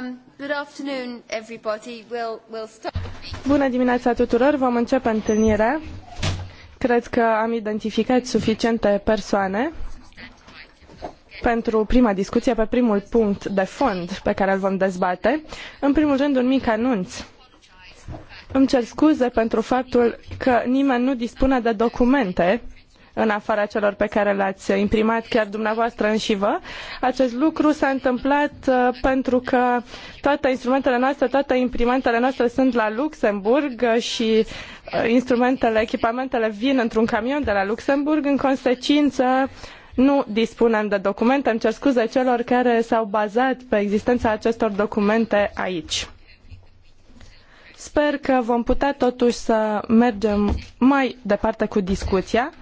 Um, Bună dimineața tuturor, vom începe întâlnirea. Cred că am identificat suficiente persoane pentru prima discuție pe primul punct de fond pe care îl vom dezbate. În primul rând, un mic anunț. Îmi cer scuze pentru faptul că nimeni nu dispune de documente în afara celor pe care le-ați imprimat chiar dumneavoastră vă, Acest lucru s-a întâmplat uh, pentru că toate instrumentele noastre, toate imprimantele noastre sunt la Luxemburg și uh, instrumentele, echipamentele vin într-un camion de la Luxemburg. În consecință, nu dispunem de documente. Îmi cer scuze celor care s-au bazat pe existența acestor documente aici. Sper că vom putea totuși să mergem mai departe cu discuția.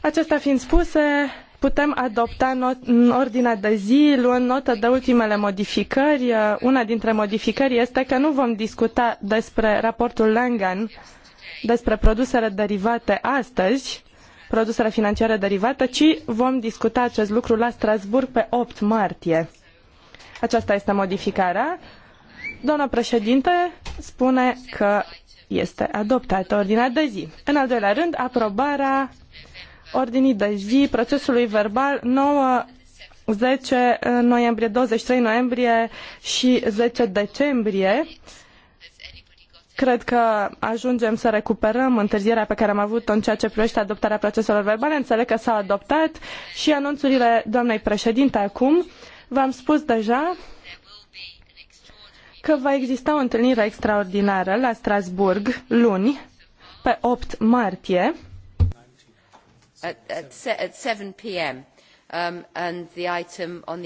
Acestea fiind spuse, putem adopta ordinea de zi luând notă de ultimele modificări. Una dintre modificări este că nu vom discuta despre raportul Langan despre produsele derivate astăzi, produsele financiare derivate, ci vom discuta acest lucru la Strasbourg pe 8 martie. Aceasta este modificarea. Doamna președinte spune că este adoptată ordinea de zi. În al doilea rând, aprobarea ordinii de zi procesului verbal 9 10 noiembrie, 23 noiembrie și 10 decembrie. Cred că ajungem să recuperăm întârzierea pe care am avut-o în ceea ce privește adoptarea proceselor verbale. Înțeleg că s-au adoptat și anunțurile doamnei președinte acum. V-am spus deja că va exista o întâlnire extraordinară la Strasbourg luni, pe 8 martie, 7 um,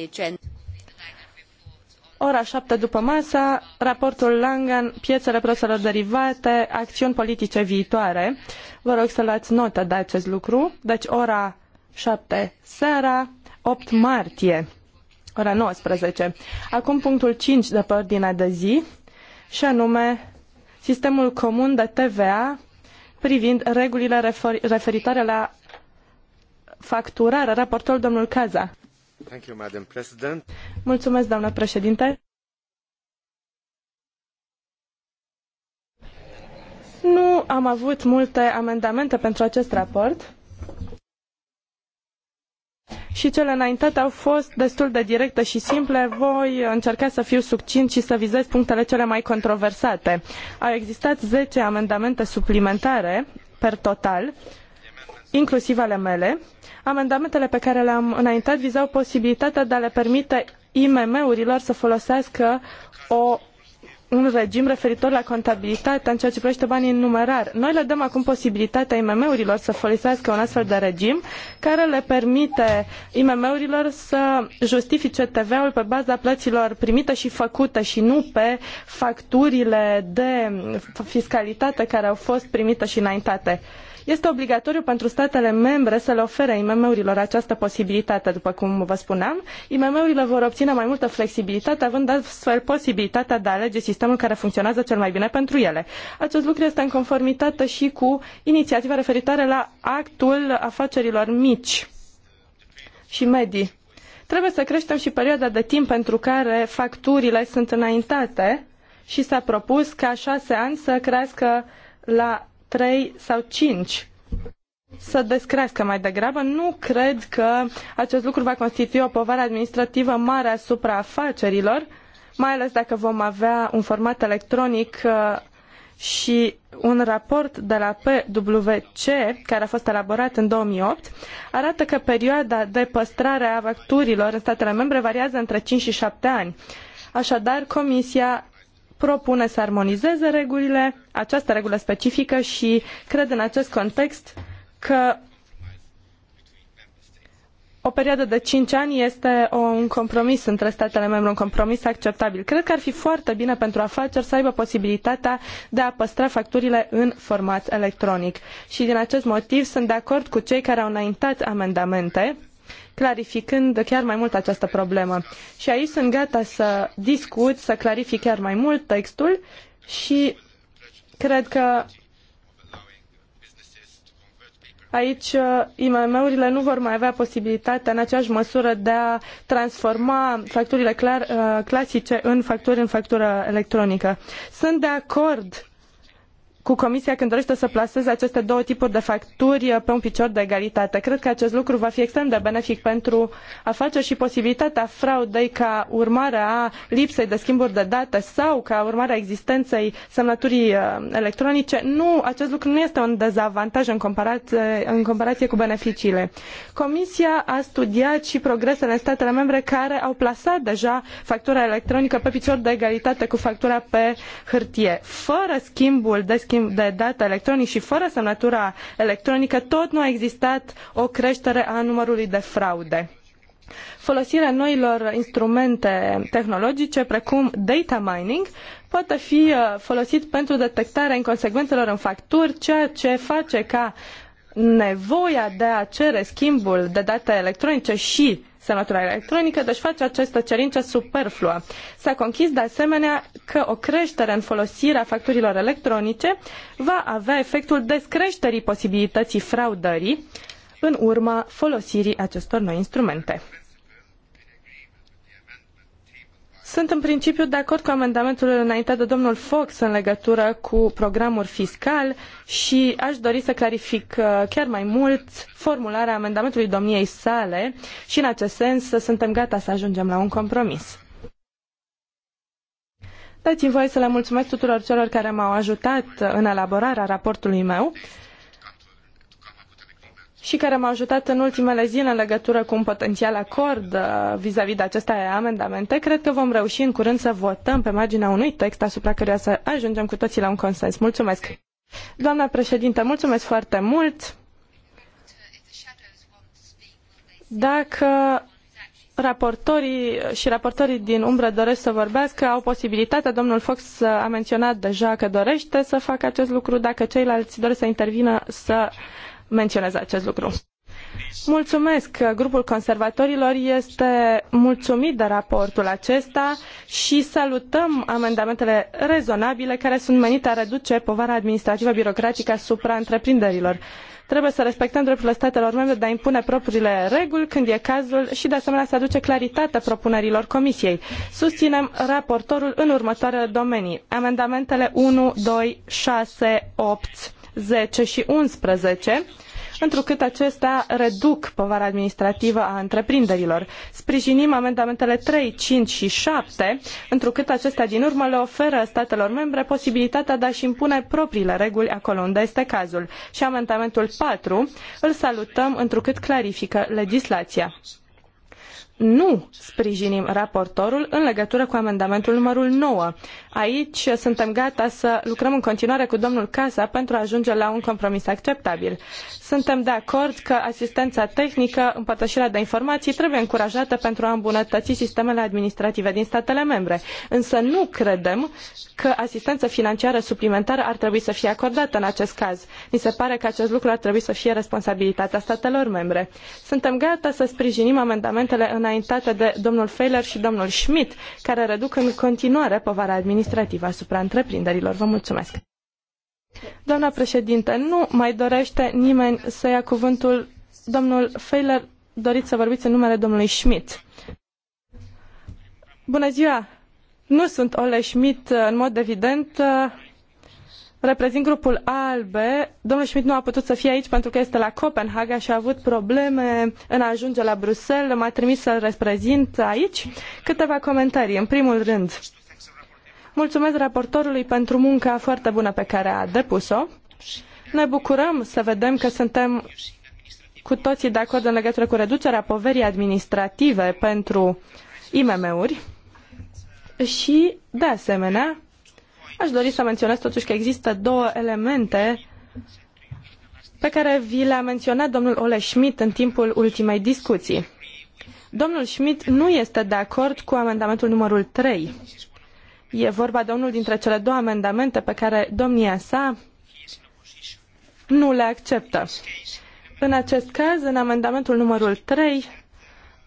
ora șapte după masa, raportul Langan, piețele produselor derivate, acțiuni politice viitoare. Vă rog să luați notă de acest lucru. Deci ora șapte seara, opt martie ora 19. Acum punctul 5 de pe ordinea de zi și anume sistemul comun de TVA privind regulile referitoare la facturare. Raportul domnul Caza. Thank you, Madam President. Mulțumesc, doamnă președinte. Nu am avut multe amendamente pentru acest raport și cele înaintate au fost destul de directe și simple. Voi încerca să fiu succint și să vizez punctele cele mai controversate. Au existat zece amendamente suplimentare per total, inclusiv ale mele. Amendamentele pe care le-am înaintat vizau posibilitatea de a le permite IMM-urilor să folosească o un regim referitor la contabilitate, în ceea ce privește banii în numerar. Noi le dăm acum posibilitatea IMM-urilor să folosească un astfel de regim care le permite IMM-urilor să justifice TVA-ul pe baza plăților primite și făcute și nu pe facturile de fiscalitate care au fost primite și înaintate. Este obligatoriu pentru statele membre să le ofere IMM-urilor această posibilitate, după cum vă spuneam. IMM-urile vor obține mai multă flexibilitate, având astfel posibilitatea de a alege sistemul care funcționează cel mai bine pentru ele. Acest lucru este în conformitate și cu inițiativa referitoare la actul afacerilor mici și medii. Trebuie să creștem și perioada de timp pentru care facturile sunt înaintate și s-a propus ca șase ani să crească la trei sau cinci să descrească mai degrabă. Nu cred că acest lucru va constitui o povară administrativă mare asupra afacerilor, mai ales dacă vom avea un format electronic uh, și un raport de la PwC, care a fost elaborat în 2008, arată că perioada de păstrare a facturilor în statele membre variază între 5 și 7 ani. Așadar, Comisia propune să armonizeze regulile, această regulă specifică și cred în acest context că o perioadă de cinci ani este un compromis între statele membre, un compromis acceptabil. Cred că ar fi foarte bine pentru afaceri să aibă posibilitatea de a păstra facturile în format electronic. Și din acest motiv sunt de acord cu cei care au înaintat amendamente clarificând chiar mai mult această problemă. Și aici sunt gata să discut, să clarific chiar mai mult textul și cred că aici uh, IMM-urile nu vor mai avea posibilitatea în aceeași măsură de a transforma facturile clar, uh, clasice în facturi în factură electronică. Sunt de acord cu Comisia când dorește să plaseze aceste două tipuri de facturi uh, pe un picior de egalitate. Cred că acest lucru va fi extrem de benefic pentru afaceri și posibilitatea fraudei ca urmare a lipsei de schimburi de date sau ca urmare a existenței semnăturii uh, electronice. Nu, acest lucru nu este un dezavantaj în comparație, uh, în comparație cu beneficiile. Comisia a studiat și progresele în statele membre care au plasat deja factura electronică pe picior de egalitate cu factura pe hârtie, fără schimbul de schimb schimb de date electronic și fără semnătura electronică, tot nu a existat o creștere a numărului de fraude. Folosirea noilor instrumente tehnologice, precum data mining, poate fi uh, folosit pentru detectarea inconsecvențelor în facturi, ceea ce face ca nevoia de a cere schimbul de date electronice și semnătura electronică, deci face această cerință superfluă. S-a conchis de asemenea că o creștere în folosirea facturilor electronice va avea efectul descreșterii posibilității fraudării în urma folosirii acestor noi instrumente. Sunt în principiu de acord cu amendamentul înaintat de domnul Fox în legătură cu programul fiscal și aș dori să clarific uh, chiar mai mult formularea amendamentului domniei sale și în acest sens suntem gata să ajungem la un compromis. Dați-mi voie să le mulțumesc tuturor celor care m-au ajutat în elaborarea raportului meu și care m a ajutat în ultimele zile în legătură cu un potențial acord uh, vis-a-vis -vis de aceste amendamente, cred că vom reuși în curând să votăm pe marginea unui text asupra căruia să ajungem cu toții la un consens. Mulțumesc! Doamna președintă, mulțumesc foarte mult! Dacă raportorii și raportorii din umbră doresc să vorbească, au posibilitatea, domnul Fox a menționat deja că dorește să facă acest lucru, dacă ceilalți doresc să intervină, să menționez acest lucru. Mulțumesc. Grupul conservatorilor este mulțumit de raportul acesta și salutăm amendamentele rezonabile care sunt menite a reduce povara administrativă birocratică asupra întreprinderilor. Trebuie să respectăm drepturile statelor membre de a impune propriile reguli când e cazul și de asemenea să aduce claritate propunerilor comisiei. Susținem raportorul în următoarele domenii. Amendamentele 1, 2, 6, 8, 10 și 11, întrucât acestea reduc povara administrativă a întreprinderilor. Sprijinim amendamentele 3, 5 și 7, întrucât acestea din urmă le oferă statelor membre posibilitatea de a-și impune propriile reguli acolo unde este cazul. Și amendamentul 4 îl salutăm întrucât clarifică legislația nu sprijinim raportorul în legătură cu amendamentul numărul 9. Aici suntem gata să lucrăm în continuare cu domnul Casa pentru a ajunge la un compromis acceptabil. Suntem de acord că asistența tehnică, împărtășirea de informații trebuie încurajată pentru a îmbunătăți sistemele administrative din statele membre, însă nu credem că asistența financiară suplimentară ar trebui să fie acordată în acest caz. Mi se pare că acest lucru ar trebui să fie responsabilitatea statelor membre. Suntem gata să sprijinim amendamentele în înaintate de domnul Feiler și domnul Schmidt, care reduc în continuare povara administrativă asupra întreprinderilor. Vă mulțumesc! Doamna președinte, nu mai dorește nimeni să ia cuvântul. Domnul Feiler, doriți să vorbiți în numele domnului Schmidt. Bună ziua! Nu sunt Ole Schmidt, în mod evident, reprezint grupul ALBE. Domnul Schmidt nu a putut să fie aici pentru că este la Copenhaga și a avut probleme în a ajunge la Bruxelles. M-a trimis să-l reprezint aici. Câteva comentarii. În primul rând, mulțumesc raportorului pentru munca foarte bună pe care a depus-o. Ne bucurăm să vedem că suntem cu toții de acord în legătură cu reducerea poverii administrative pentru IMM-uri și, de asemenea, Aș dori să menționez totuși că există două elemente pe care vi le-a menționat domnul Ole Schmidt în timpul ultimei discuții. Domnul Schmidt nu este de acord cu amendamentul numărul 3. E vorba de unul dintre cele două amendamente pe care domnia sa nu le acceptă. În acest caz, în amendamentul numărul 3,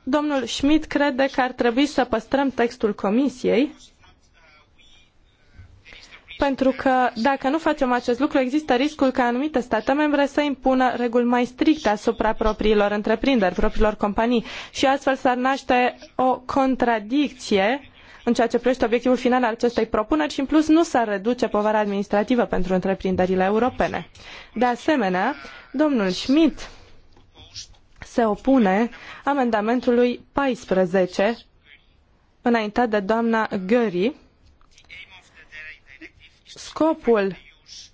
domnul Schmidt crede că ar trebui să păstrăm textul comisiei pentru că dacă nu facem acest lucru, există riscul ca anumite state membre să impună reguli mai stricte asupra propriilor întreprinderi, propriilor companii și astfel s-ar naște o contradicție în ceea ce privește obiectivul final al acestei propuneri și în plus nu s-ar reduce povara administrativă pentru întreprinderile europene. De asemenea, domnul Schmidt se opune amendamentului 14 înaintat de doamna Gării, Scopul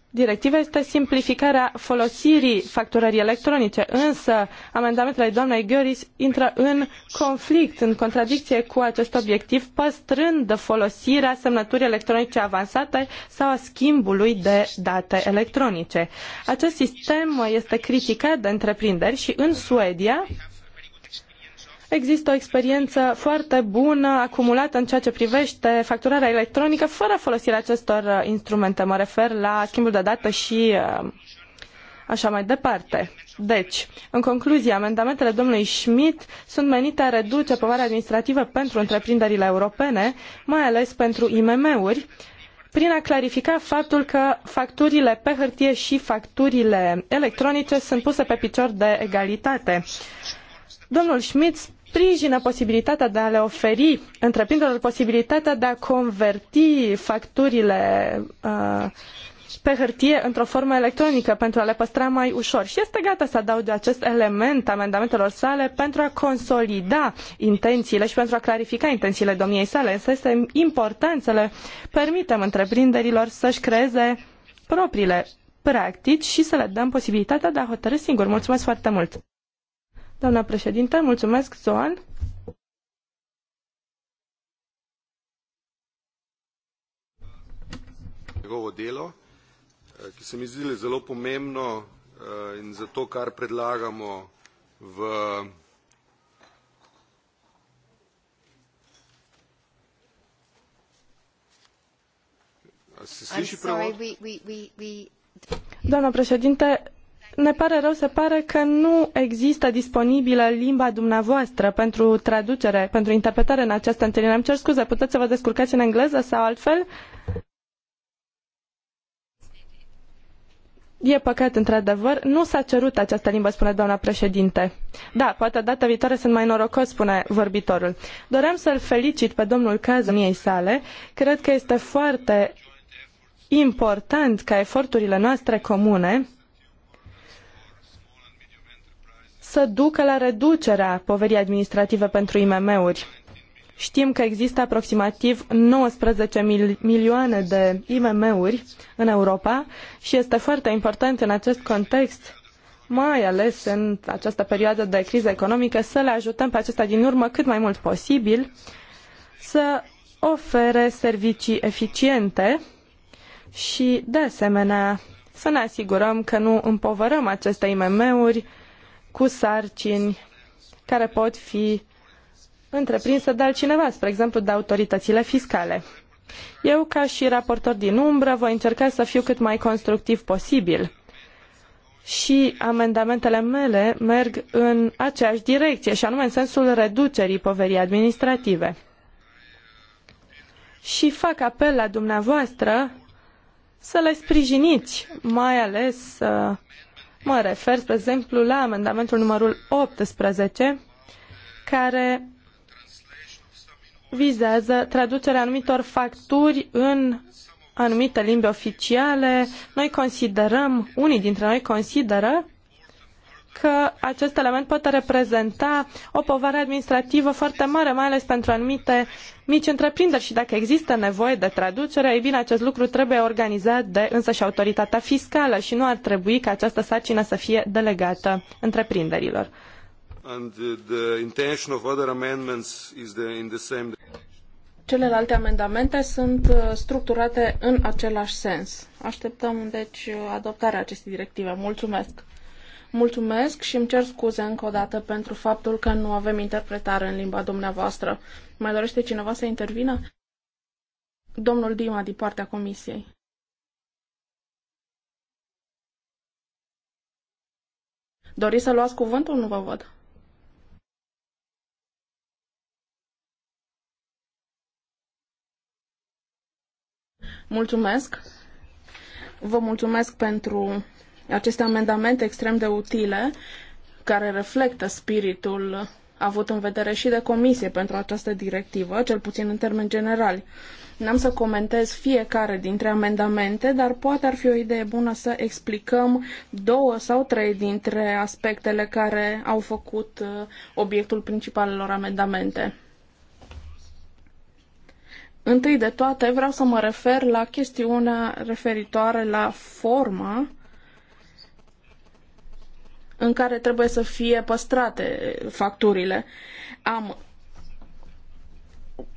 directivei este simplificarea folosirii facturării electronice, însă amendamentele doamnei Gheoris intră în conflict, în contradicție cu acest obiectiv, păstrând folosirea semnăturii electronice avansate sau a schimbului de date electronice. Acest sistem este criticat de întreprinderi și în Suedia Există o experiență foarte bună acumulată în ceea ce privește facturarea electronică fără folosirea acestor uh, instrumente. Mă refer la schimbul de dată și uh, așa mai departe. Deci, în concluzie, amendamentele domnului Schmidt sunt menite a reduce povara administrativă pentru întreprinderile europene, mai ales pentru IMM-uri, prin a clarifica faptul că facturile pe hârtie și facturile electronice sunt puse pe picior de egalitate. Domnul Schmidt sprijină posibilitatea de a le oferi întreprinderilor posibilitatea de a converti facturile uh, pe hârtie într-o formă electronică pentru a le păstra mai ușor. Și este gata să adauge acest element amendamentelor sale pentru a consolida intențiile și pentru a clarifica intențiile domniei sale. Însă este important să le permitem întreprinderilor să-și creeze propriile practici și să le dăm posibilitatea de a hotărî singur. Mulțumesc foarte mult! Doamna președinte, mulțumesc, Zoan. njegovo delo, eh, ki se mi zdi zelo pomembno eh, in zato, kar predlagamo v Se sliši prevod? Doamna președinte, ne pare rău, se pare că nu există disponibilă limba dumneavoastră pentru traducere, pentru interpretare în această întâlnire. Îmi cer scuze, puteți să vă descurcați în engleză sau altfel? E păcat, într-adevăr, nu s-a cerut această limbă, spune doamna președinte. Da, poate data viitoare sunt mai norocos, spune vorbitorul. Doream să-l felicit pe domnul Cazăniei sale. Cred că este foarte important ca eforturile noastre comune să ducă la reducerea poverii administrative pentru IMM-uri. Știm că există aproximativ 19 milioane de IMM-uri în Europa și este foarte important în acest context mai ales în această perioadă de criză economică, să le ajutăm pe acestea din urmă cât mai mult posibil să ofere servicii eficiente și, de asemenea, să ne asigurăm că nu împovărăm aceste IMM-uri cu sarcini care pot fi întreprinse de altcineva, spre exemplu de autoritățile fiscale. Eu, ca și raportor din umbră, voi încerca să fiu cât mai constructiv posibil. Și amendamentele mele merg în aceeași direcție, și anume în sensul reducerii poverii administrative. Și fac apel la dumneavoastră să le sprijiniți, mai ales uh, Mă refer, spre exemplu, la amendamentul numărul 18, care vizează traducerea anumitor facturi în anumite limbi oficiale. Noi considerăm, unii dintre noi consideră că acest element poate reprezenta o povară administrativă foarte mare, mai ales pentru anumite mici întreprinderi și dacă există nevoie de traducere, ei bine, acest lucru trebuie organizat de însă și autoritatea fiscală și nu ar trebui ca această sarcină să fie delegată întreprinderilor. Celelalte amendamente sunt uh, structurate în același sens. Așteptăm, deci, uh, adoptarea acestei directive. Mulțumesc! Mulțumesc și îmi cer scuze încă o dată pentru faptul că nu avem interpretare în limba dumneavoastră. Mai dorește cineva să intervină? Domnul Dima, din partea comisiei. Doriți să luați cuvântul? Nu vă văd. Mulțumesc. Vă mulțumesc pentru aceste amendamente extrem de utile care reflectă spiritul avut în vedere și de comisie pentru această directivă, cel puțin în termeni generali. N-am să comentez fiecare dintre amendamente, dar poate ar fi o idee bună să explicăm două sau trei dintre aspectele care au făcut uh, obiectul principalelor amendamente. Întâi de toate, vreau să mă refer la chestiunea referitoare la forma în care trebuie să fie păstrate facturile. Am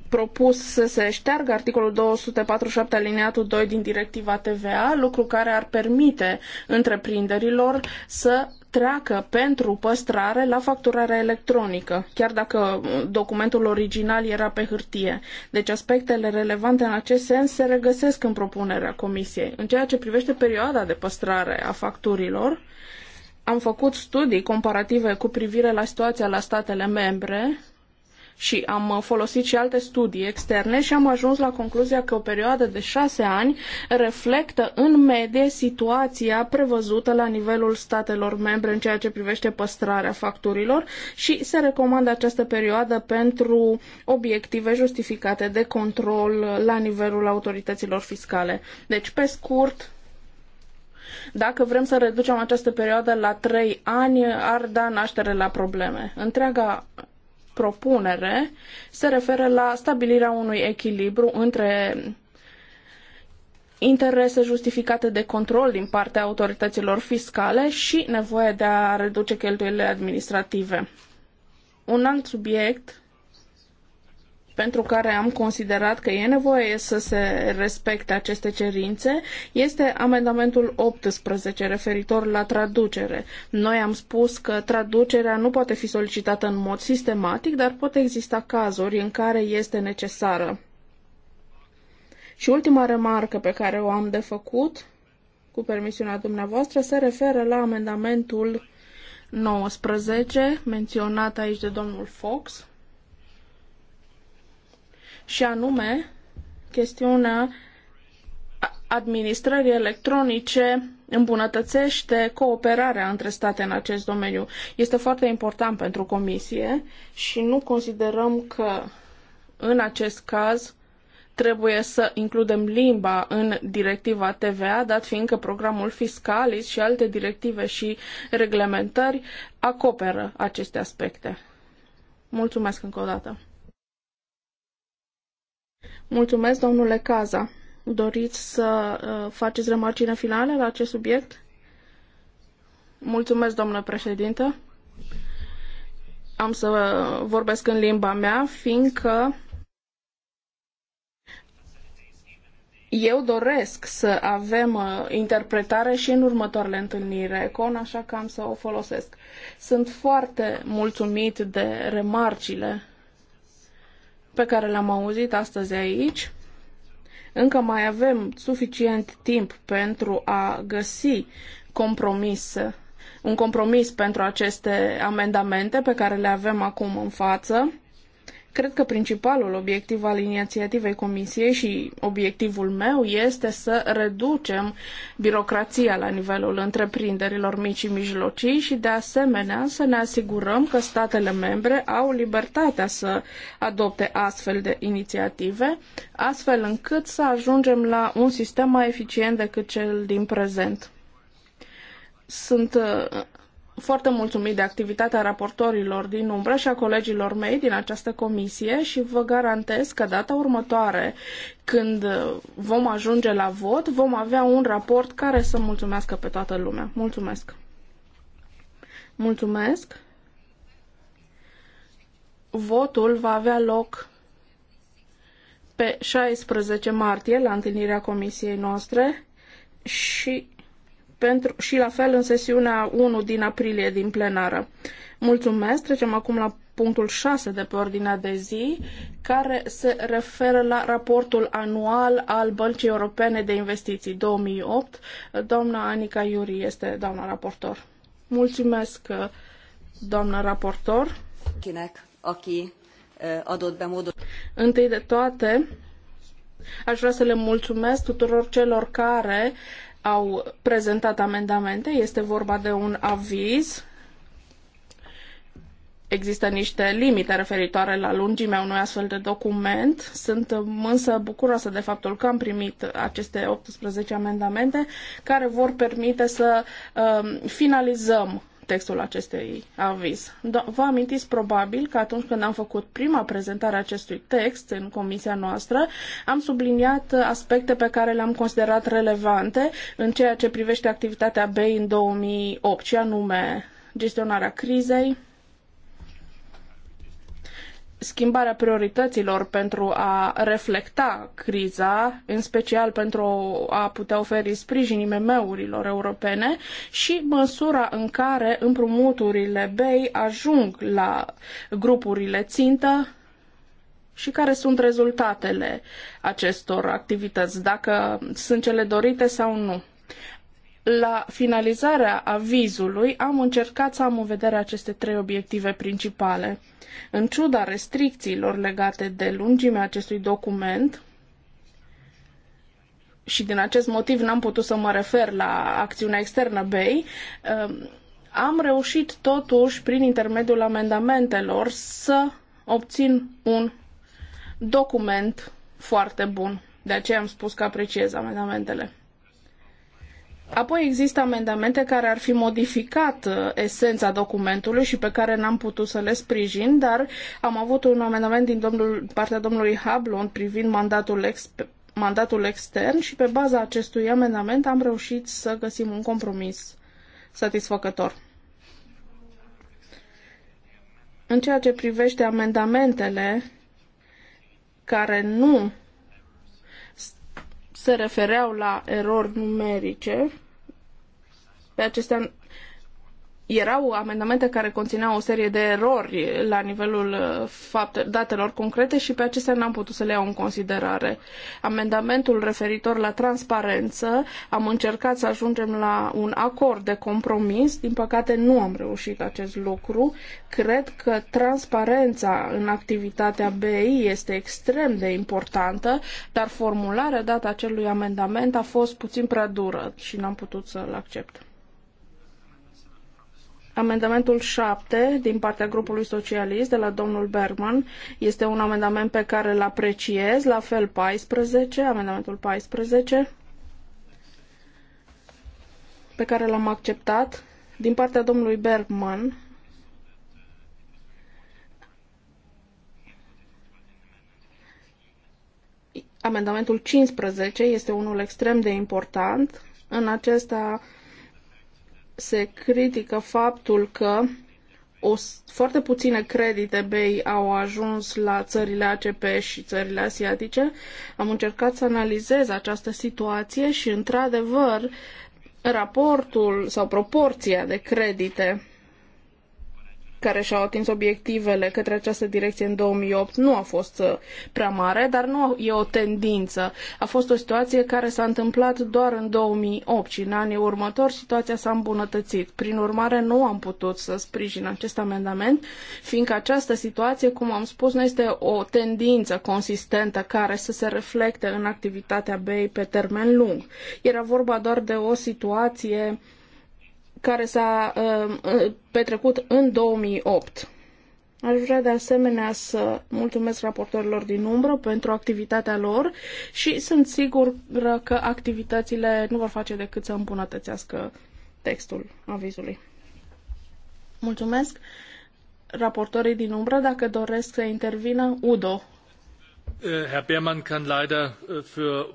propus să se șteargă articolul 247 aliniatul 2 din directiva TVA, lucru care ar permite întreprinderilor să treacă pentru păstrare la facturarea electronică, chiar dacă documentul original era pe hârtie. Deci aspectele relevante în acest sens se regăsesc în propunerea Comisiei. În ceea ce privește perioada de păstrare a facturilor, am făcut studii comparative cu privire la situația la statele membre și am folosit și alte studii externe și am ajuns la concluzia că o perioadă de șase ani reflectă în medie situația prevăzută la nivelul statelor membre în ceea ce privește păstrarea facturilor și se recomandă această perioadă pentru obiective justificate de control la nivelul autorităților fiscale. Deci, pe scurt, dacă vrem să reducem această perioadă la 3 ani, ar da naștere la probleme. Întreaga propunere se referă la stabilirea unui echilibru între interese justificate de control din partea autorităților fiscale și nevoia de a reduce cheltuielile administrative. Un alt subiect pentru care am considerat că e nevoie să se respecte aceste cerințe este amendamentul 18 referitor la traducere. Noi am spus că traducerea nu poate fi solicitată în mod sistematic, dar pot exista cazuri în care este necesară. Și ultima remarcă pe care o am de făcut, cu permisiunea dumneavoastră, se referă la amendamentul 19, menționat aici de domnul Fox, și anume chestiunea administrării electronice îmbunătățește cooperarea între state în acest domeniu. Este foarte important pentru Comisie și nu considerăm că în acest caz trebuie să includem limba în directiva TVA, dat fiindcă programul fiscalis și alte directive și reglementări acoperă aceste aspecte. Mulțumesc încă o dată. Mulțumesc, domnule Caza. Doriți să uh, faceți remarcine finale la acest subiect? Mulțumesc, domnule președinte. Am să vorbesc în limba mea, fiindcă eu doresc să avem uh, interpretare și în următoarele întâlniri Econ, așa că am să o folosesc. Sunt foarte mulțumit de remarcile pe care le-am auzit astăzi aici, încă mai avem suficient timp pentru a găsi compromis, un compromis pentru aceste amendamente pe care le avem acum în față Cred că principalul obiectiv al inițiativei Comisiei și obiectivul meu este să reducem birocrația la nivelul întreprinderilor mici și mijlocii și de asemenea să ne asigurăm că statele membre au libertatea să adopte astfel de inițiative, astfel încât să ajungem la un sistem mai eficient decât cel din prezent sunt uh, foarte mulțumit de activitatea raportorilor din umbră și a colegilor mei din această comisie și vă garantez că data următoare, când vom ajunge la vot, vom avea un raport care să mulțumească pe toată lumea. Mulțumesc! Mulțumesc! Votul va avea loc pe 16 martie la întâlnirea comisiei noastre și pentru, și la fel în sesiunea 1 din aprilie din plenară. Mulțumesc. Trecem acum la punctul 6 de pe ordinea de zi, care se referă la raportul anual al Băncii Europene de Investiții 2008. Doamna Anica Iuri este doamna raportor. Mulțumesc, doamna raportor. Kinek, eh, Întâi de toate, aș vrea să le mulțumesc tuturor celor care au prezentat amendamente. Este vorba de un aviz. Există niște limite referitoare la lungimea unui astfel de document. Sunt însă bucuroasă de faptul că am primit aceste 18 amendamente care vor permite să uh, finalizăm textul acestei aviz. Da, vă amintiți probabil că atunci când am făcut prima prezentare a acestui text în comisia noastră, am subliniat aspecte pe care le-am considerat relevante în ceea ce privește activitatea BEI în 2008, și anume gestionarea crizei, schimbarea priorităților pentru a reflecta criza, în special pentru a putea oferi sprijin IMM-urilor europene și măsura în care împrumuturile BEI ajung la grupurile țintă și care sunt rezultatele acestor activități, dacă sunt cele dorite sau nu. La finalizarea avizului am încercat să am în vedere aceste trei obiective principale. În ciuda restricțiilor legate de lungimea acestui document, și din acest motiv n-am putut să mă refer la acțiunea externă BEI, um, am reușit totuși, prin intermediul amendamentelor, să obțin un document foarte bun. De aceea am spus că apreciez amendamentele. Apoi există amendamente care ar fi modificat uh, esența documentului și pe care n-am putut să le sprijin, dar am avut un amendament din domnul, partea domnului Hablon privind mandatul, ex, mandatul extern și pe baza acestui amendament am reușit să găsim un compromis satisfăcător. În ceea ce privește amendamentele care nu se refereau la erori numerice. Pe acestea erau amendamente care conțineau o serie de erori la nivelul uh, fapt, datelor concrete și pe acestea n-am putut să le iau în considerare. Amendamentul referitor la transparență, am încercat să ajungem la un acord de compromis, din păcate nu am reușit acest lucru. Cred că transparența în activitatea BI este extrem de importantă, dar formularea dată acelui amendament a fost puțin prea dură și n-am putut să-l accept. Amendamentul 7 din partea grupului socialist de la domnul Bergman este un amendament pe care îl apreciez, la fel 14, amendamentul 14 pe care l-am acceptat din partea domnului Bergman. Amendamentul 15 este unul extrem de important. În acesta se critică faptul că o, foarte puține credite BEI au ajuns la țările ACP și țările asiatice. Am încercat să analizez această situație și, într-adevăr, raportul sau proporția de credite care și-au atins obiectivele către această direcție în 2008 nu a fost uh, prea mare, dar nu e o tendință. A fost o situație care s-a întâmplat doar în 2008 și în anii următori situația s-a îmbunătățit. Prin urmare, nu am putut să sprijin acest amendament, fiindcă această situație, cum am spus, nu este o tendință consistentă care să se reflecte în activitatea BEI pe termen lung. Era vorba doar de o situație care s-a uh, uh petrecut în 2008. Aș vrea de asemenea să mulțumesc raportorilor din umbră pentru activitatea lor și sunt sigur că activitățile nu vor face decât să îmbunătățească textul avizului. Mulțumesc! Raportorii din umbră, dacă doresc să intervină, Udo, Äh, Herr Beermann kann leider äh, für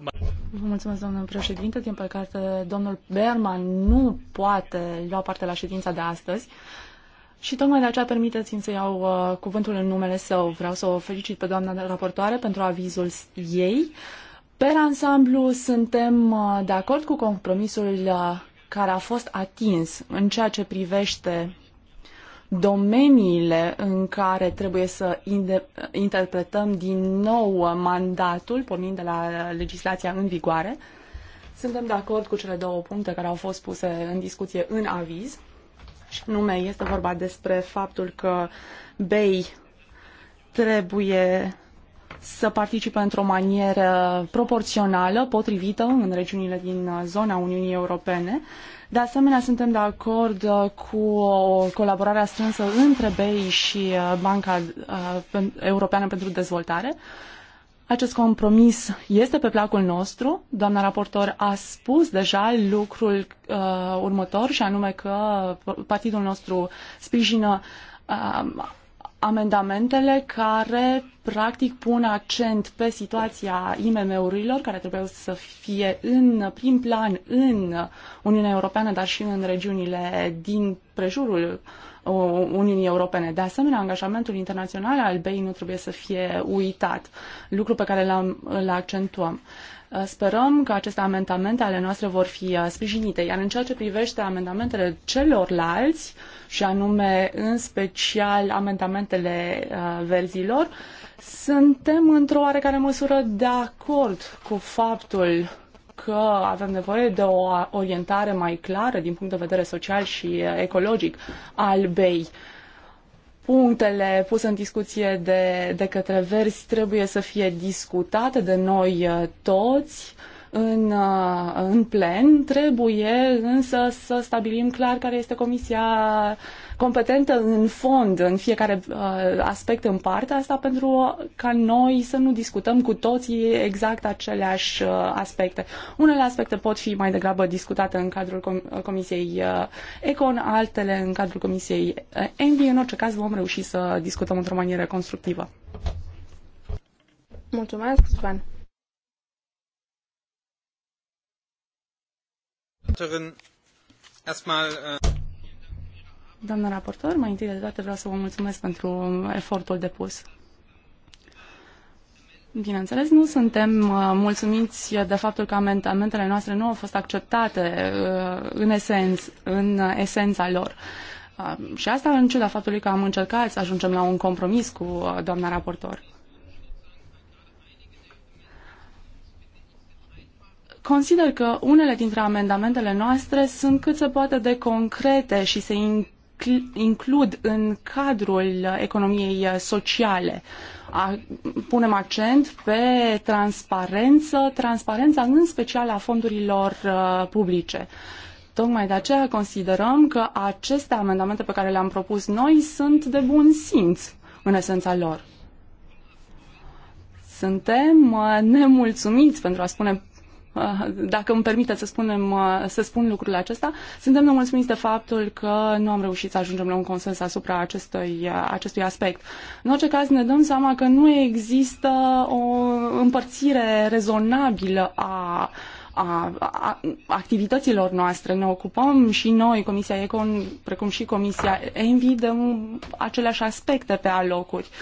mulțumesc, domnule președinte. Din păcate, domnul Berman nu poate lua parte la ședința de astăzi. Și tocmai de aceea permiteți-mi să iau uh, cuvântul în numele său. Vreau să o felicit pe doamna raportoare pentru avizul ei. Per ansamblu, suntem uh, de acord cu compromisul uh, care a fost atins în ceea ce privește domeniile în care trebuie să interpretăm din nou mandatul, pornind de la legislația în vigoare. Suntem de acord cu cele două puncte care au fost puse în discuție în aviz, și anume este vorba despre faptul că BEI trebuie să participe într-o manieră proporțională, potrivită în regiunile din zona Uniunii Europene. De asemenea, suntem de acord uh, cu o colaborare strânsă între BEI și uh, Banca uh, Europeană pentru Dezvoltare. Acest compromis este pe placul nostru. Doamna raportor a spus deja lucrul uh, următor și anume că partidul nostru sprijină uh, amendamentele care practic pun accent pe situația IMM-urilor care trebuie să fie în prim plan în Uniunea Europeană, dar și în regiunile din prejurul uh, Uniunii Europene. De asemenea, angajamentul internațional al BEI nu trebuie să fie uitat, lucru pe care l-am, îl accentuăm. Uh, Uh, sperăm că aceste amendamente ale noastre vor fi uh, sprijinite. Iar în ceea ce privește amendamentele celorlalți, și anume în special amendamentele uh, verzilor, suntem într-o oarecare măsură de acord cu faptul că avem nevoie de o orientare mai clară din punct de vedere social și ecologic al BEI punctele puse în discuție de, de către verzi trebuie să fie discutate de noi uh, toți în, uh, în plen. Trebuie însă să stabilim clar care este comisia uh, competentă în fond în fiecare uh, aspect în parte, asta pentru ca noi să nu discutăm cu toții exact aceleași uh, aspecte. Unele aspecte pot fi mai degrabă discutate în cadrul uh, Comisiei Econ, altele în cadrul Comisiei Envi. În orice caz vom reuși să discutăm într-o manieră constructivă. Mulțumesc, Sven. Erstmal, Doamna raportor, mai întâi de toate vreau să vă mulțumesc pentru efortul depus. Bineînțeles, nu suntem uh, mulțumiți de faptul că amendamentele noastre nu au fost acceptate uh, în, esenț, în esența lor. Uh, și asta în ciuda faptului că am încercat să ajungem la un compromis cu doamna raportor. consider că unele dintre amendamentele noastre sunt cât se poate de concrete și se in, includ în cadrul economiei sociale. A, punem accent pe transparență, transparența în special a fondurilor uh, publice. Tocmai de aceea considerăm că aceste amendamente pe care le-am propus noi sunt de bun simț în esența lor. Suntem uh, nemulțumiți, pentru a spune Uh, dacă îmi permite să, spunem, uh, să spun lucrul acesta, suntem nemulțumiți de faptul că nu am reușit să ajungem la un consens asupra acestui, uh, acestui aspect. În orice caz, ne dăm seama că nu există o împărțire rezonabilă a a, a activităților noastre. Ne ocupăm și noi, Comisia Econ, precum și Comisia Envi, de aceleași aspecte pe alocuri. Uh,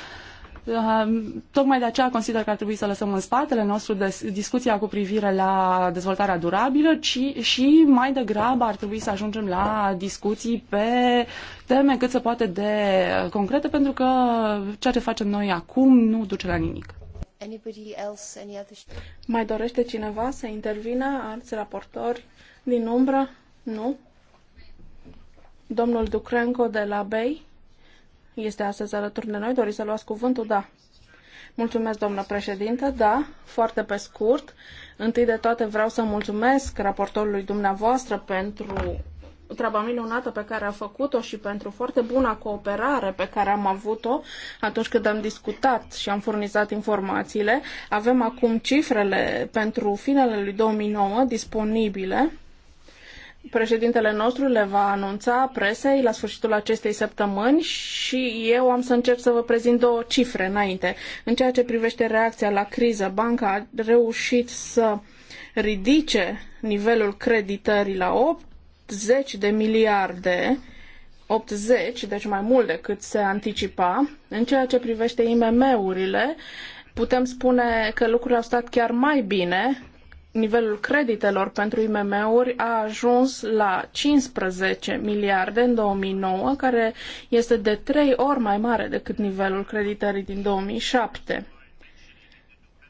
Um, tocmai de aceea consider că ar trebui să lăsăm în spatele nostru discuția cu privire la dezvoltarea durabilă, ci și mai degrabă ar trebui să ajungem la discuții pe teme cât se poate de concrete, pentru că ceea ce facem noi acum nu duce la nimic. Else, other... Mai dorește cineva să intervină? Alți raportori din umbră? Nu? Domnul Ducrenco de la BEI? este astăzi alături de noi. Doriți să luați cuvântul? Da. Mulțumesc, doamnă președintă. Da, foarte pe scurt. Întâi de toate vreau să mulțumesc raportorului dumneavoastră pentru treaba minunată pe care a făcut-o și pentru foarte buna cooperare pe care am avut-o atunci când am discutat și am furnizat informațiile. Avem acum cifrele pentru finele lui 2009 disponibile Președintele nostru le va anunța presei la sfârșitul acestei săptămâni și eu am să încep să vă prezint două cifre înainte. În ceea ce privește reacția la criză, banca a reușit să ridice nivelul creditării la 80 de miliarde 80, deci mai mult decât se anticipa. În ceea ce privește IMM-urile, putem spune că lucrurile au stat chiar mai bine nivelul creditelor pentru IMM-uri a ajuns la 15 miliarde în 2009, care este de trei ori mai mare decât nivelul creditării din 2007.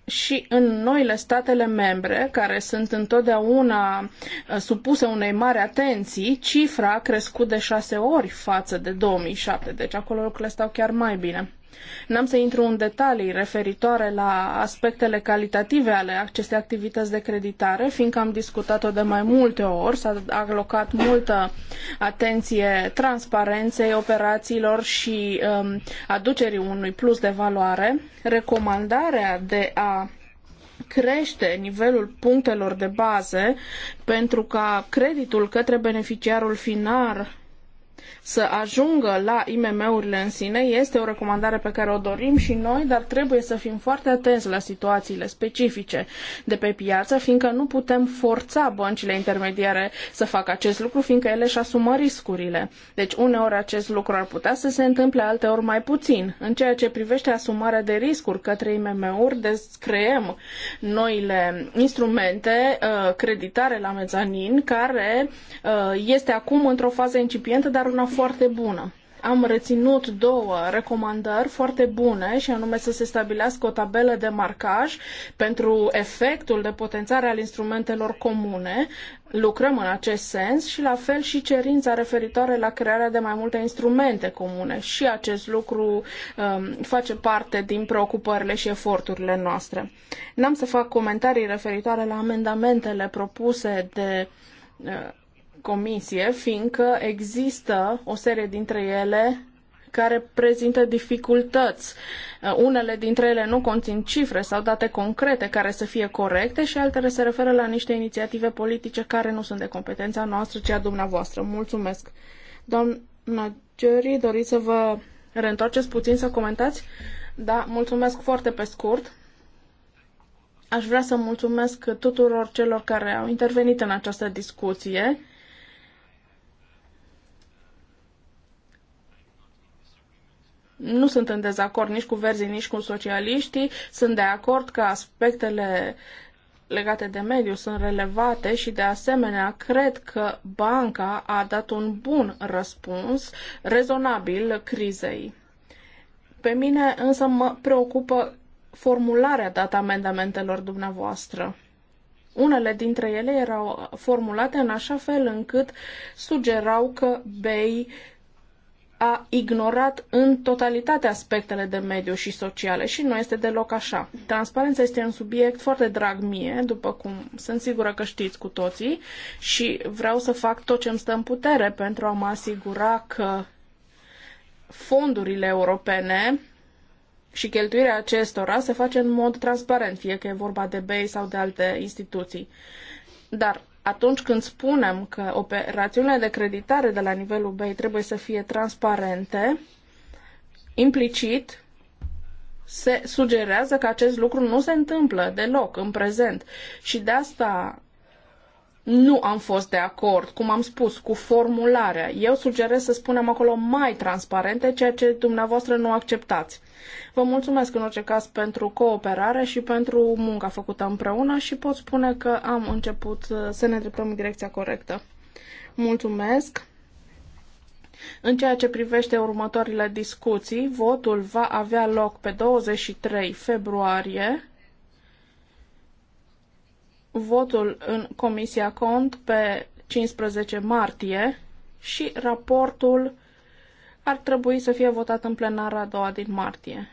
Și în noile statele membre, care sunt întotdeauna uh, supuse unei mari atenții, cifra a crescut de șase ori față de 2007, deci acolo lucrurile stau chiar mai bine. N-am să intru în detalii referitoare la aspectele calitative ale acestei activități de creditare, fiindcă am discutat-o de mai multe ori, s-a alocat multă atenție transparenței operațiilor și um, aducerii unui plus de valoare. Recomandarea de a crește nivelul punctelor de bază pentru ca creditul către beneficiarul final să ajungă la IMM-urile în sine este o recomandare pe care o dorim și noi, dar trebuie să fim foarte atenți la situațiile specifice de pe piață, fiindcă nu putem forța băncile intermediare să facă acest lucru, fiindcă ele își asumă riscurile. Deci uneori acest lucru ar putea să se întâmple, alteori mai puțin. În ceea ce privește asumarea de riscuri către IMM-uri, descreem noile instrumente, uh, creditare la mezanin, care uh, este acum într-o fază incipientă, dar una foarte bună. Am reținut două recomandări foarte bune și anume să se stabilească o tabelă de marcaj pentru efectul de potențare al instrumentelor comune. Lucrăm în acest sens și la fel și cerința referitoare la crearea de mai multe instrumente comune. Și acest lucru um, face parte din preocupările și eforturile noastre. N-am să fac comentarii referitoare la amendamentele propuse de uh, comisie, fiindcă există o serie dintre ele care prezintă dificultăți. Uh, unele dintre ele nu conțin cifre sau date concrete care să fie corecte și altele se referă la niște inițiative politice care nu sunt de competența noastră, ci a dumneavoastră. Mulțumesc. Doamna Jerry, doriți să vă reîntoarceți puțin să comentați? Da, mulțumesc foarte pe scurt. Aș vrea să mulțumesc tuturor celor care au intervenit în această discuție nu sunt în dezacord nici cu verzii, nici cu socialiștii. Sunt de acord că aspectele legate de mediu sunt relevate și de asemenea cred că banca a dat un bun răspuns rezonabil crizei. Pe mine însă mă preocupă formularea dată amendamentelor dumneavoastră. Unele dintre ele erau formulate în așa fel încât sugerau că BEI a ignorat în totalitate aspectele de mediu și sociale și nu este deloc așa. Transparența este un subiect foarte drag mie, după cum sunt sigură că știți cu toții, și vreau să fac tot ce îmi stă în putere pentru a mă asigura că fondurile europene și cheltuirea acestora se face în mod transparent, fie că e vorba de BEI sau de alte instituții. Dar atunci când spunem că operațiunile de creditare de la nivelul BEI trebuie să fie transparente, implicit se sugerează că acest lucru nu se întâmplă deloc în prezent și de asta nu am fost de acord, cum am spus, cu formularea. Eu sugerez să spunem acolo mai transparente, ceea ce dumneavoastră nu acceptați. Vă mulțumesc în orice caz pentru cooperare și pentru munca făcută împreună și pot spune că am început uh, să ne îndreptăm în direcția corectă. Mulțumesc! În ceea ce privește următoarele discuții, votul va avea loc pe 23 februarie votul în Comisia Cont pe 15 martie și raportul ar trebui să fie votat în plenara a doua din martie,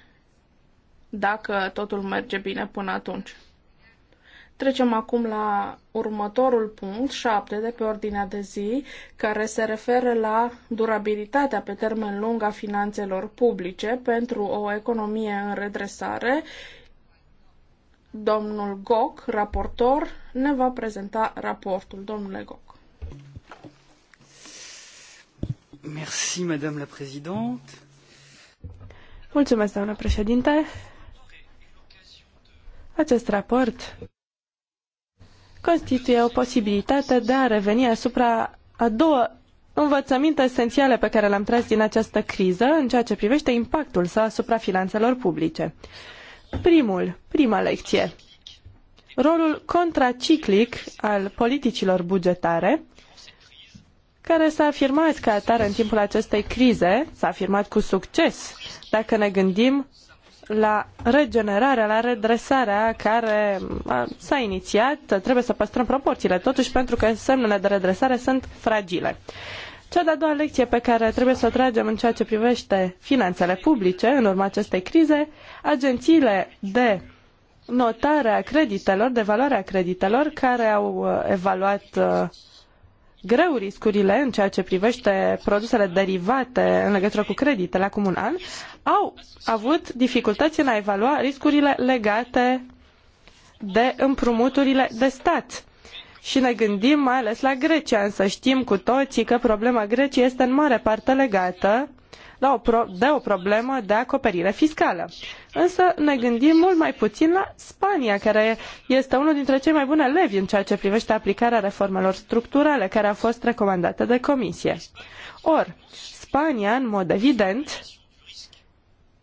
dacă totul merge bine până atunci. Trecem acum la următorul punct, 7, de pe ordinea de zi, care se referă la durabilitatea pe termen lung a finanțelor publice pentru o economie în redresare Domnul Goc, raportor, ne va prezenta raportul. Domnule Goc. Merci, Madame la Présidente. Mulțumesc, doamnă președinte. Acest raport constituie o posibilitate de a reveni asupra a două învățăminte esențiale pe care le-am tras din această criză în ceea ce privește impactul său asupra finanțelor publice. Primul, prima lecție. Rolul contraciclic al politicilor bugetare, care s-a afirmat ca atare în timpul acestei crize, s-a afirmat cu succes, dacă ne gândim la regenerarea, la redresarea care s-a inițiat, trebuie să păstrăm proporțiile, totuși pentru că semnele de redresare sunt fragile. Cea de-a doua lecție pe care trebuie să o tragem în ceea ce privește finanțele publice în urma acestei crize, agențiile de notare a creditelor, de valoare a creditelor, care au uh, evaluat uh, greu riscurile în ceea ce privește produsele derivate în legătură cu creditele acum un an, au avut dificultăți în a evalua riscurile legate de împrumuturile de stat și ne gândim mai ales la Grecia, însă știm cu toții că problema Greciei este în mare parte legată de o problemă de acoperire fiscală. Însă ne gândim mult mai puțin la Spania, care este unul dintre cei mai buni elevi în ceea ce privește aplicarea reformelor structurale care au fost recomandate de Comisie. Or, Spania, în mod evident,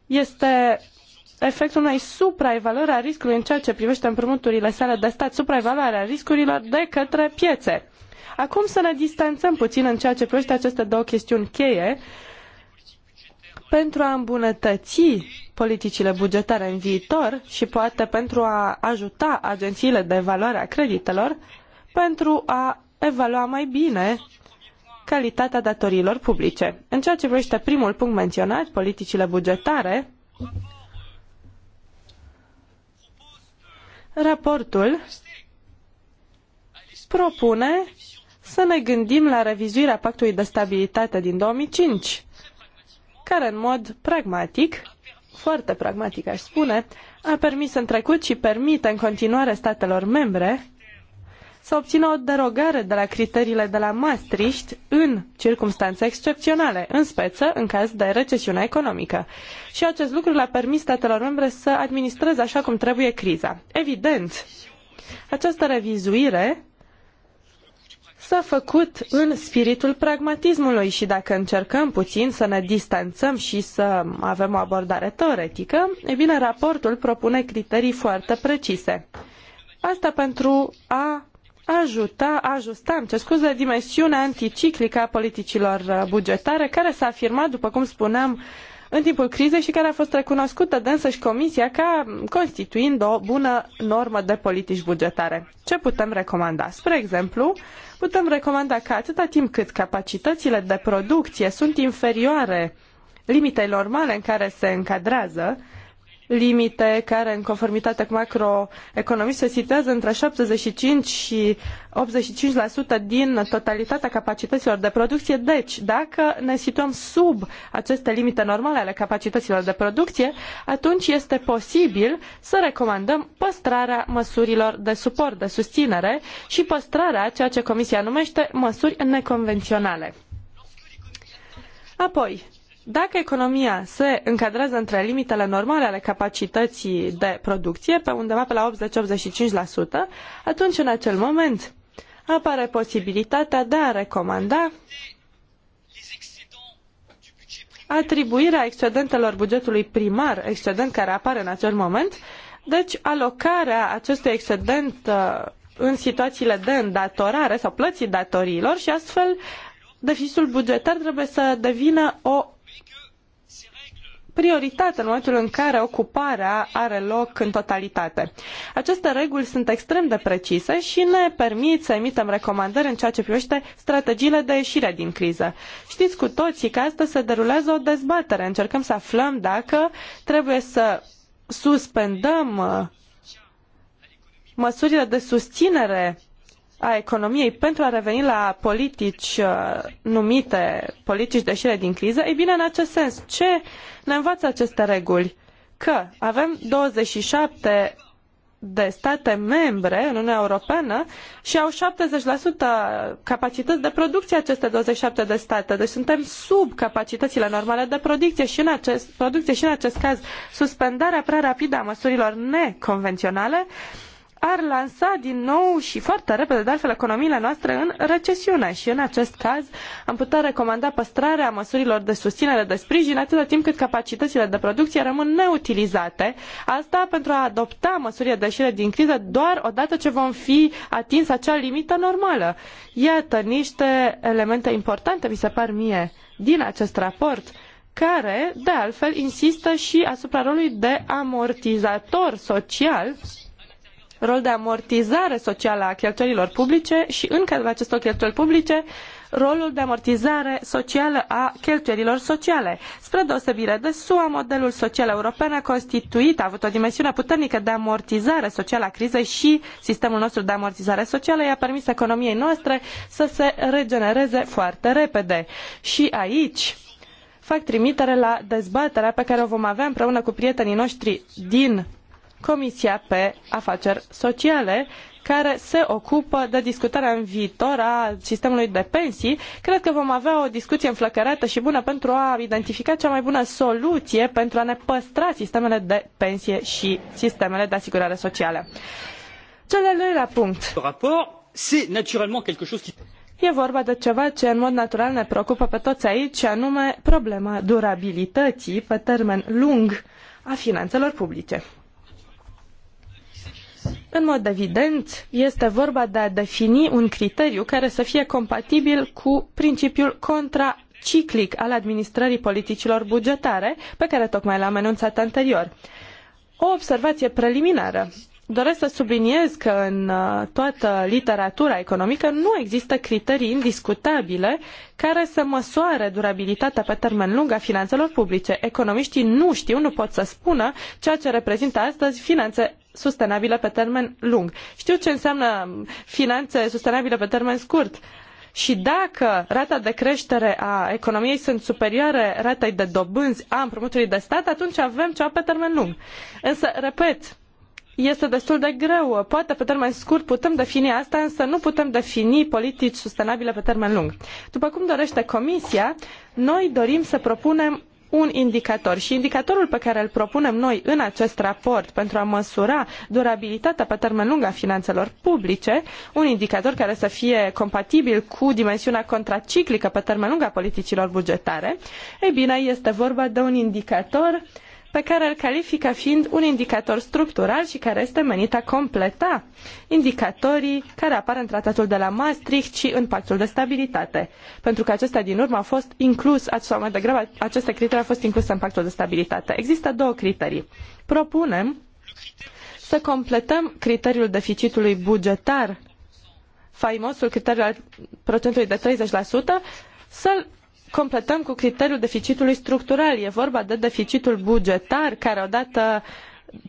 este efectul unei supraevaluări a riscului în ceea ce privește împrumuturile sale de stat, supraevaluarea riscurilor de către piețe. Acum să ne distanțăm puțin în ceea ce privește aceste două chestiuni cheie pentru a îmbunătăți politicile bugetare în viitor și poate pentru a ajuta agențiile de evaluare a creditelor pentru a evalua mai bine calitatea datoriilor publice. În ceea ce privește primul punct menționat, politicile bugetare, Raportul propune să ne gândim la revizuirea Pactului de Stabilitate din 2005, care în mod pragmatic, foarte pragmatic aș spune, a permis în trecut și permite în continuare statelor membre să obțină o derogare de la criteriile de la Maastricht în circunstanțe excepționale, în speță în caz de recesiune economică. Și acest lucru le-a permis statelor membre să administreze așa cum trebuie criza. Evident, această revizuire s-a făcut în spiritul pragmatismului și dacă încercăm puțin să ne distanțăm și să avem o abordare teoretică, e bine, raportul propune criterii foarte precise. Asta pentru a ajuta, ajusta, îmi cer scuze, dimensiunea anticiclică a politicilor uh, bugetare, care s-a afirmat, după cum spuneam, în timpul crizei și care a fost recunoscută de însăși Comisia ca constituind o bună normă de politici bugetare. Ce putem recomanda? Spre exemplu, putem recomanda că atâta timp cât capacitățile de producție sunt inferioare limitei normale în care se încadrează, limite care, în conformitate cu macroeconomii se situează între 75 și 85% din totalitatea capacităților de producție. Deci, dacă ne situăm sub aceste limite normale ale capacităților de producție, atunci este posibil să recomandăm păstrarea măsurilor de suport, de susținere și păstrarea ceea ce Comisia numește măsuri neconvenționale. Apoi, dacă economia se încadrează între limitele normale ale capacității de producție, pe undeva pe la 80-85%, atunci în acel moment apare posibilitatea de a recomanda atribuirea excedentelor bugetului primar, excedent care apare în acel moment, deci alocarea acestui excedent uh, în situațiile de îndatorare sau plății datoriilor și astfel deficitul bugetar trebuie să devină o prioritate în momentul în care ocuparea are loc în totalitate. Aceste reguli sunt extrem de precise și ne permit să emitem recomandări în ceea ce privește strategiile de ieșire din criză. Știți cu toții că astăzi se derulează o dezbatere. Încercăm să aflăm dacă trebuie să suspendăm uh, măsurile de susținere a economiei pentru a reveni la politici uh, numite politici de ieșire din criză, ei bine, în acest sens, ce ne învață aceste reguli? Că avem 27 de state membre în Uniunea Europeană și au 70% capacități de producție aceste 27 de state. Deci suntem sub capacitățile normale de producție și în acest, producție și în acest caz suspendarea prea rapidă a măsurilor neconvenționale uh, ar lansa din nou și foarte repede, de altfel, economiile noastre în recesiune și în acest caz am putea recomanda păstrarea măsurilor de susținere de sprijin atâta timp cât capacitățile de producție rămân neutilizate. Asta pentru a adopta măsurile de ieșire din criză doar odată ce vom fi atins acea limită normală. Iată niște elemente importante, mi se par mie, din acest raport care, de altfel, insistă și asupra rolului de amortizator social rol de amortizare socială a cheltuielilor publice și în cadrul acestor cheltuieli publice rolul de amortizare socială a cheltuielilor sociale. Spre deosebire de SUA, modelul social european a constituit, a avut o dimensiune puternică de amortizare socială a crizei și sistemul nostru de amortizare socială i-a permis economiei noastre să se regenereze foarte repede. Și aici fac trimitere la dezbaterea pe care o vom avea împreună cu prietenii noștri din Comisia pe Afaceri Sociale, care se ocupă de discutarea în viitor a sistemului de pensii. Cred că vom avea o discuție înflăcărată și bună pentru a identifica cea mai bună soluție pentru a ne păstra sistemele de pensie și sistemele de asigurare socială. Cel de-al doilea punct. Raport, c'est naturellement quelque chose qui... E vorba de ceva ce în mod natural ne preocupă pe toți aici, și anume problema durabilității pe termen lung a finanțelor publice. În mod evident, este vorba de a defini un criteriu care să fie compatibil cu principiul contraciclic al administrării politicilor bugetare, pe care tocmai l-am enunțat anterior. O observație preliminară. Doresc să subliniez că în uh, toată literatura economică nu există criterii indiscutabile care să măsoare durabilitatea pe termen lung a finanțelor publice. Economiștii nu știu, nu pot să spună ceea ce reprezintă astăzi finanțe sustenabile pe termen lung. Știu ce înseamnă finanțe sustenabile pe termen scurt. Și dacă rata de creștere a economiei sunt superioare ratei de dobânzi a împrumutului de stat, atunci avem ceva pe termen lung. Însă, repet, este destul de greu. Poate pe termen scurt putem defini asta, însă nu putem defini politici sustenabile pe termen lung. După cum dorește Comisia, noi dorim să propunem un indicator și indicatorul pe care îl propunem noi în acest raport pentru a măsura durabilitatea pe termen lung a finanțelor publice, un indicator care să fie compatibil cu dimensiunea contraciclică pe termen lung a politicilor bugetare, ei bine, este vorba de un indicator uh, pe care îl califică fiind un indicator structural și care este menit a completa indicatorii care apar în tratatul de la Maastricht și în pactul de stabilitate. Pentru că acesta din urmă a fost inclus, sau mai degrabă aceste criterii au fost incluse în pactul de stabilitate. Există două criterii. Propunem să completăm criteriul deficitului bugetar, faimosul criteriu al procentului de 30%, să-l completăm cu criteriul deficitului structural. E vorba de deficitul bugetar care odată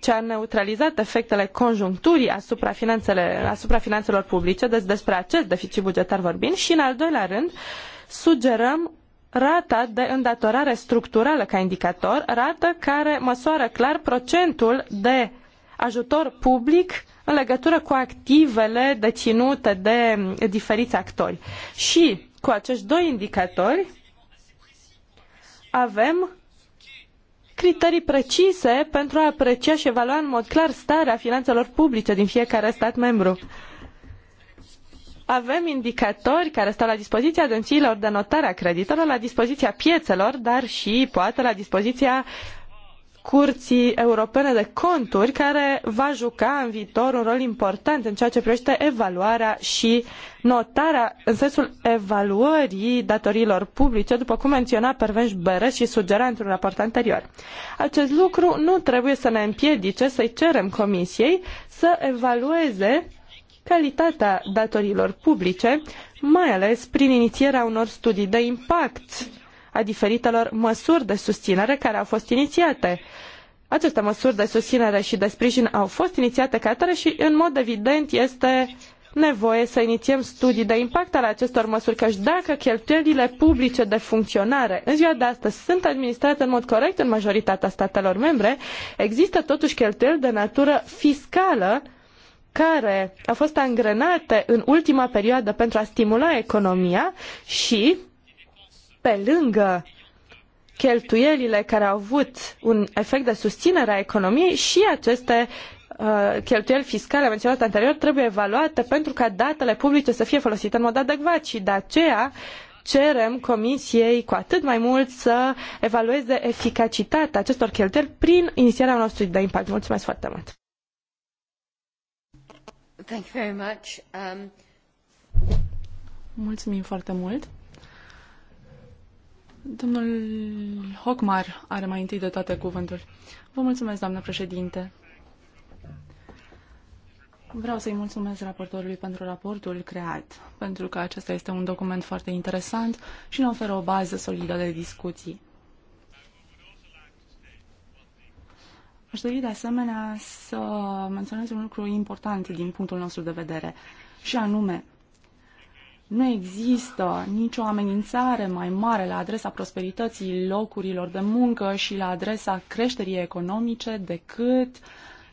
ce a neutralizat efectele conjuncturii asupra, finanțele, asupra finanțelor publice, deci despre acest deficit bugetar vorbim, și în al doilea rând sugerăm rata de îndatorare structurală ca indicator, rată care măsoară clar procentul de ajutor public în legătură cu activele deținute de diferiți actori. Și cu acești doi indicatori avem criterii precise pentru a aprecia și evalua în mod clar starea finanțelor publice din fiecare stat membru. Avem indicatori care stau la dispoziția agențiilor de notare a creditelor, la dispoziția piețelor, dar și poate la dispoziția Curții Europene de Conturi, care va juca în viitor un rol important în ceea ce privește evaluarea și notarea în sensul evaluării datoriilor publice, după cum menționa Pervenș Beres și sugera într-un raport anterior. Acest lucru nu trebuie să ne împiedice să-i cerem Comisiei să evalueze calitatea datoriilor publice, mai ales prin inițierea unor studii de impact a diferitelor măsuri de susținere care au fost inițiate. Aceste măsuri de susținere și de sprijin au fost inițiate ca atare și, în mod evident, este nevoie să inițiem studii de impact ale acestor măsuri, căci dacă cheltuielile publice de funcționare în ziua de astăzi sunt administrate în mod corect în majoritatea statelor membre, există totuși cheltuieli de natură fiscală care au fost angrenate în ultima perioadă pentru a stimula economia și pe lângă cheltuielile care au avut un efect de susținere a economiei și aceste uh, cheltuieli fiscale menționate anterior trebuie evaluate pentru ca datele publice să fie folosite în mod adecvat și de aceea cerem Comisiei cu atât mai mult să evalueze eficacitatea acestor cheltuieli prin inițierea unor studii de impact. Mulțumesc foarte mult! Um, Mulțumim foarte mult! Domnul Hockmar are mai întâi de toate cuvântul. Vă mulțumesc, doamnă președinte. Vreau să-i mulțumesc raportorului pentru raportul creat, pentru că acesta este un document foarte interesant și ne oferă o bază solidă de discuții. Aș dori de asemenea să menționez un lucru important din punctul nostru de vedere, și anume, nu există nicio amenințare mai mare la adresa prosperității locurilor de muncă și la adresa creșterii economice decât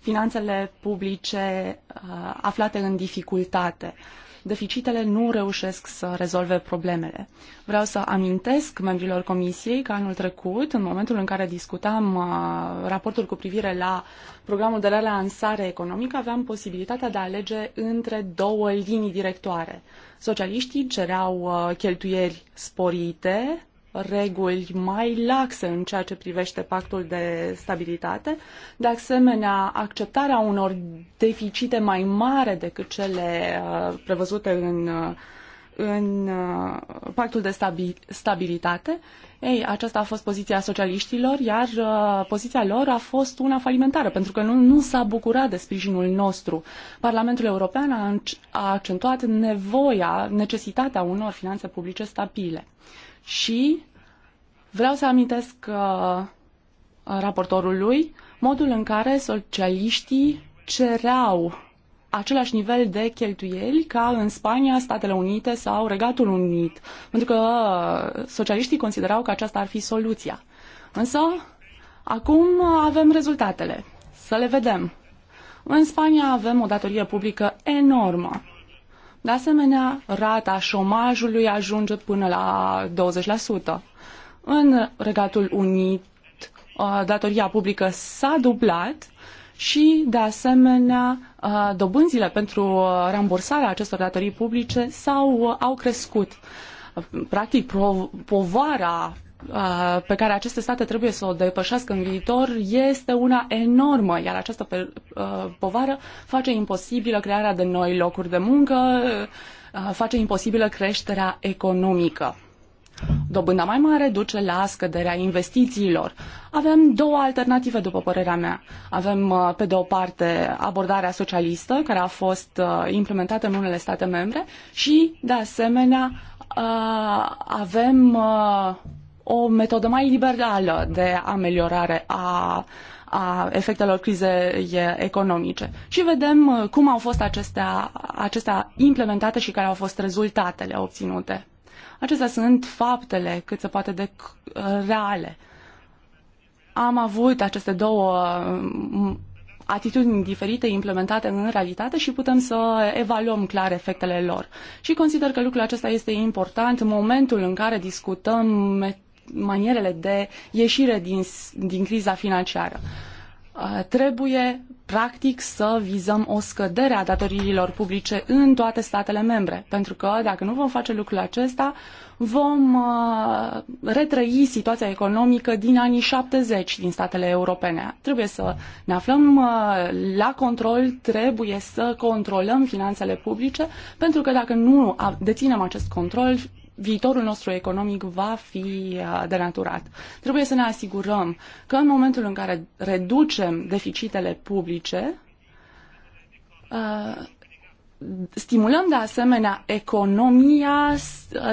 finanțele publice uh, aflate în dificultate. Deficitele nu reușesc să rezolve problemele. Vreau să amintesc membrilor comisiei că anul trecut, în momentul în care discutam uh, raportul cu privire la programul de relansare economică, aveam posibilitatea de a alege între două linii directoare. Socialiștii cereau uh, cheltuieri sporite, reguli mai laxe în ceea ce privește pactul de stabilitate, de asemenea acceptarea unor deficite mai mari decât cele uh, prevăzute în uh, în uh, pactul de stabilitate. Ei, aceasta a fost poziția socialiștilor, iar uh, poziția lor a fost una falimentară, pentru că nu, nu s-a bucurat de sprijinul nostru. Parlamentul European a, a accentuat nevoia, necesitatea unor finanțe publice stabile. Și vreau să amintesc uh, raportorului modul în care socialiștii cereau același nivel de cheltuieli ca în Spania, Statele Unite sau Regatul Unit, pentru că uh, socialiștii considerau că aceasta ar fi soluția. Însă, acum avem rezultatele. Să le vedem. În Spania avem o datorie publică enormă. De asemenea, rata șomajului ajunge până la 20%. În Regatul Unit, uh, datoria publică s-a dublat și, de asemenea, dobânzile pentru rambursarea acestor datorii publice sau au crescut. Practic, povara pe care aceste state trebuie să o depășească în viitor este una enormă, iar această povară face imposibilă crearea de noi locuri de muncă, face imposibilă creșterea economică. Dobânda mai mare duce la scăderea investițiilor. Avem două alternative, după părerea mea. Avem, uh, pe de o parte, abordarea socialistă, care a fost uh, implementată în unele state membre și, de asemenea, uh, avem o metodă mai liberală de ameliorare a a efectelor crizei economice. Și vedem cum au fost acestea, acestea implementate și care au fost rezultatele obținute. Acestea sunt faptele cât se poate de uh, reale. Am avut aceste două mm, atitudini diferite implementate în realitate și putem să evaluăm clar efectele lor. Și consider că lucrul acesta este important în momentul în care discutăm manierele de ieșire din, din criza financiară. Uh, trebuie practic să vizăm o scădere a datoriilor publice în toate statele membre, pentru că dacă nu vom face lucrul acesta, vom uh, retrăi situația economică din anii 70 din statele europene. Trebuie să ne aflăm uh, la control, trebuie să controlăm finanțele publice, pentru că dacă nu deținem acest control, viitorul nostru economic va fi uh, denaturat. Trebuie să ne asigurăm că în momentul în care reducem deficitele publice, uh, stimulăm de asemenea economia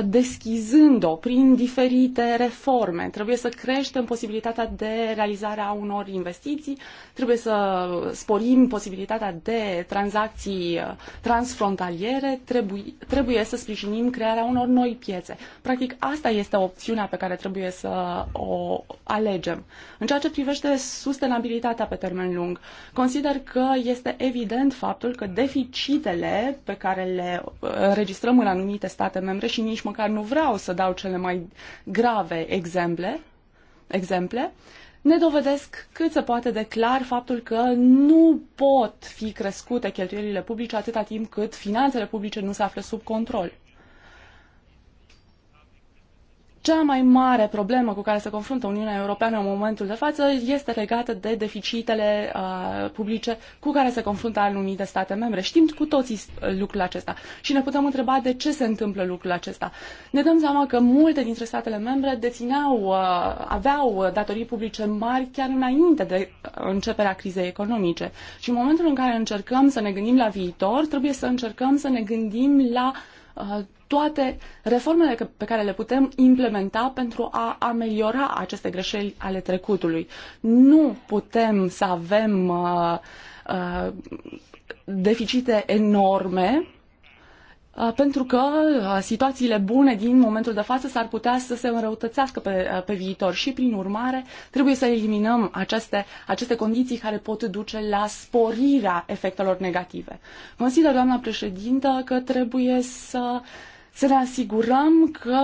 deschizând-o prin diferite reforme. Trebuie să creștem posibilitatea de realizare a unor investiții, trebuie să sporim posibilitatea de tranzacții uh, transfrontaliere, trebuie, trebuie să sprijinim crearea unor noi piețe. Practic, asta este opțiunea pe care trebuie să o alegem. În ceea ce privește sustenabilitatea pe termen lung, consider că este evident faptul că deficitele pe care le uh, înregistrăm în anumite state membre și nici măcar nu vreau să dau cele mai grave exemple, exemple ne dovedesc cât se poate de clar faptul că nu pot fi crescute cheltuielile publice atâta timp cât finanțele publice nu se află sub control. Cea mai mare problemă cu care se confruntă Uniunea Europeană în momentul de față este legată de deficitele uh, publice cu care se confruntă anumite state membre. Știm cu toții uh, lucrul acesta și ne putem întreba de ce se întâmplă lucrul acesta. Ne dăm seama că multe dintre statele membre dețineau, uh, aveau datorii publice mari chiar înainte de uh, începerea crizei economice. Și în momentul în care încercăm să ne gândim la viitor, trebuie să încercăm să ne gândim la uh, toate reformele pe care le putem implementa pentru a ameliora aceste greșeli ale trecutului. Nu putem să avem uh, uh, deficite enorme uh, pentru că uh, situațiile bune din momentul de față s-ar putea să se înrăutățească pe, uh, pe viitor și, prin urmare, trebuie să eliminăm aceste, aceste condiții care pot duce la sporirea efectelor negative. Consider, doamna președintă, că trebuie să uh, să ne asigurăm că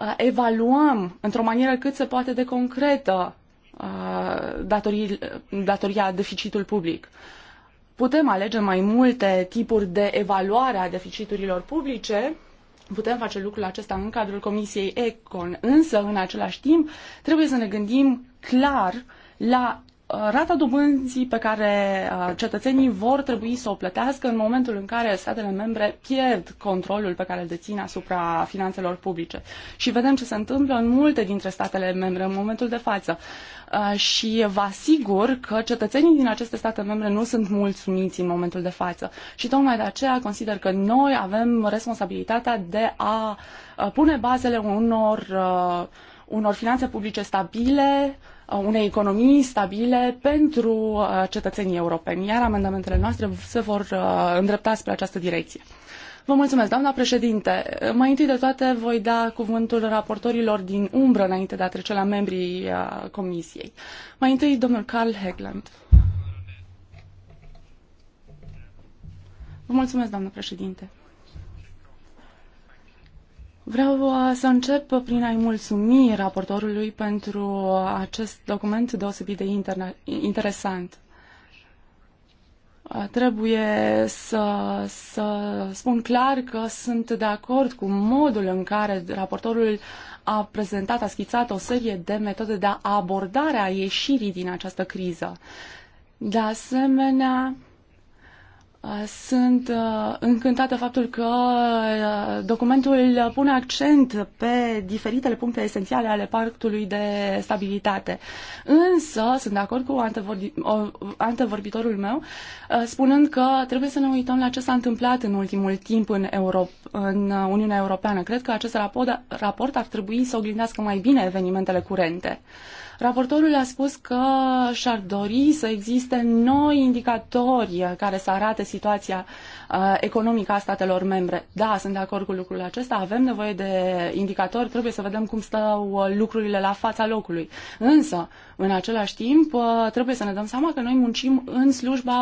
uh, evaluăm într-o manieră cât se poate de concretă uh, datorii, uh, datoria, deficitul public. Putem alege mai multe tipuri de evaluare a deficiturilor publice, putem face lucrul acesta în cadrul Comisiei ECON, însă în același timp trebuie să ne gândim clar la rata dobânzii pe care uh, cetățenii vor trebui să o plătească în momentul în care statele membre pierd controlul pe care îl dețin asupra finanțelor publice. Și vedem ce se întâmplă în multe dintre statele membre în momentul de față. Uh, și vă asigur că cetățenii din aceste state membre nu sunt mulțumiți în momentul de față. Și tocmai de aceea consider că noi avem responsabilitatea de a uh, pune bazele unor, unor finanțe publice stabile, Uh, unei economii stabile pentru uh, cetățenii europeni, iar amendamentele noastre se vor uh, îndrepta spre această direcție. Vă mulțumesc, doamna președinte. Mai întâi de toate voi da cuvântul raportorilor din umbră înainte de a trece la membrii comisiei. Mai întâi, domnul Carl Hegland. Vă mulțumesc, doamnă președinte. Vreau uh, să încep prin a-i mulțumi raportorului pentru acest document deosebit de interesant. Uh, trebuie să, să spun clar că sunt de acord cu modul în care raportorul a prezentat, a schițat o serie de metode de abordare a ieșirii din această criză. De asemenea, sunt uh, încântată faptul că uh, documentul pune accent pe diferitele puncte esențiale ale pactului de stabilitate. Însă sunt de acord cu antevorbitorul meu uh, spunând că trebuie să ne uităm la ce s-a întâmplat în ultimul timp în, Europa, în Uniunea Europeană. Cred că acest raport, ar trebui să oglindească mai bine evenimentele curente. Raportorul a spus că și-ar dori să existe noi indicatori care să arate situația uh, economică a statelor membre. Da, sunt de acord cu lucrul acesta, avem nevoie de indicatori, trebuie să vedem cum stau uh, lucrurile la fața locului. Însă, în același timp, uh, trebuie să ne dăm seama că noi muncim în slujba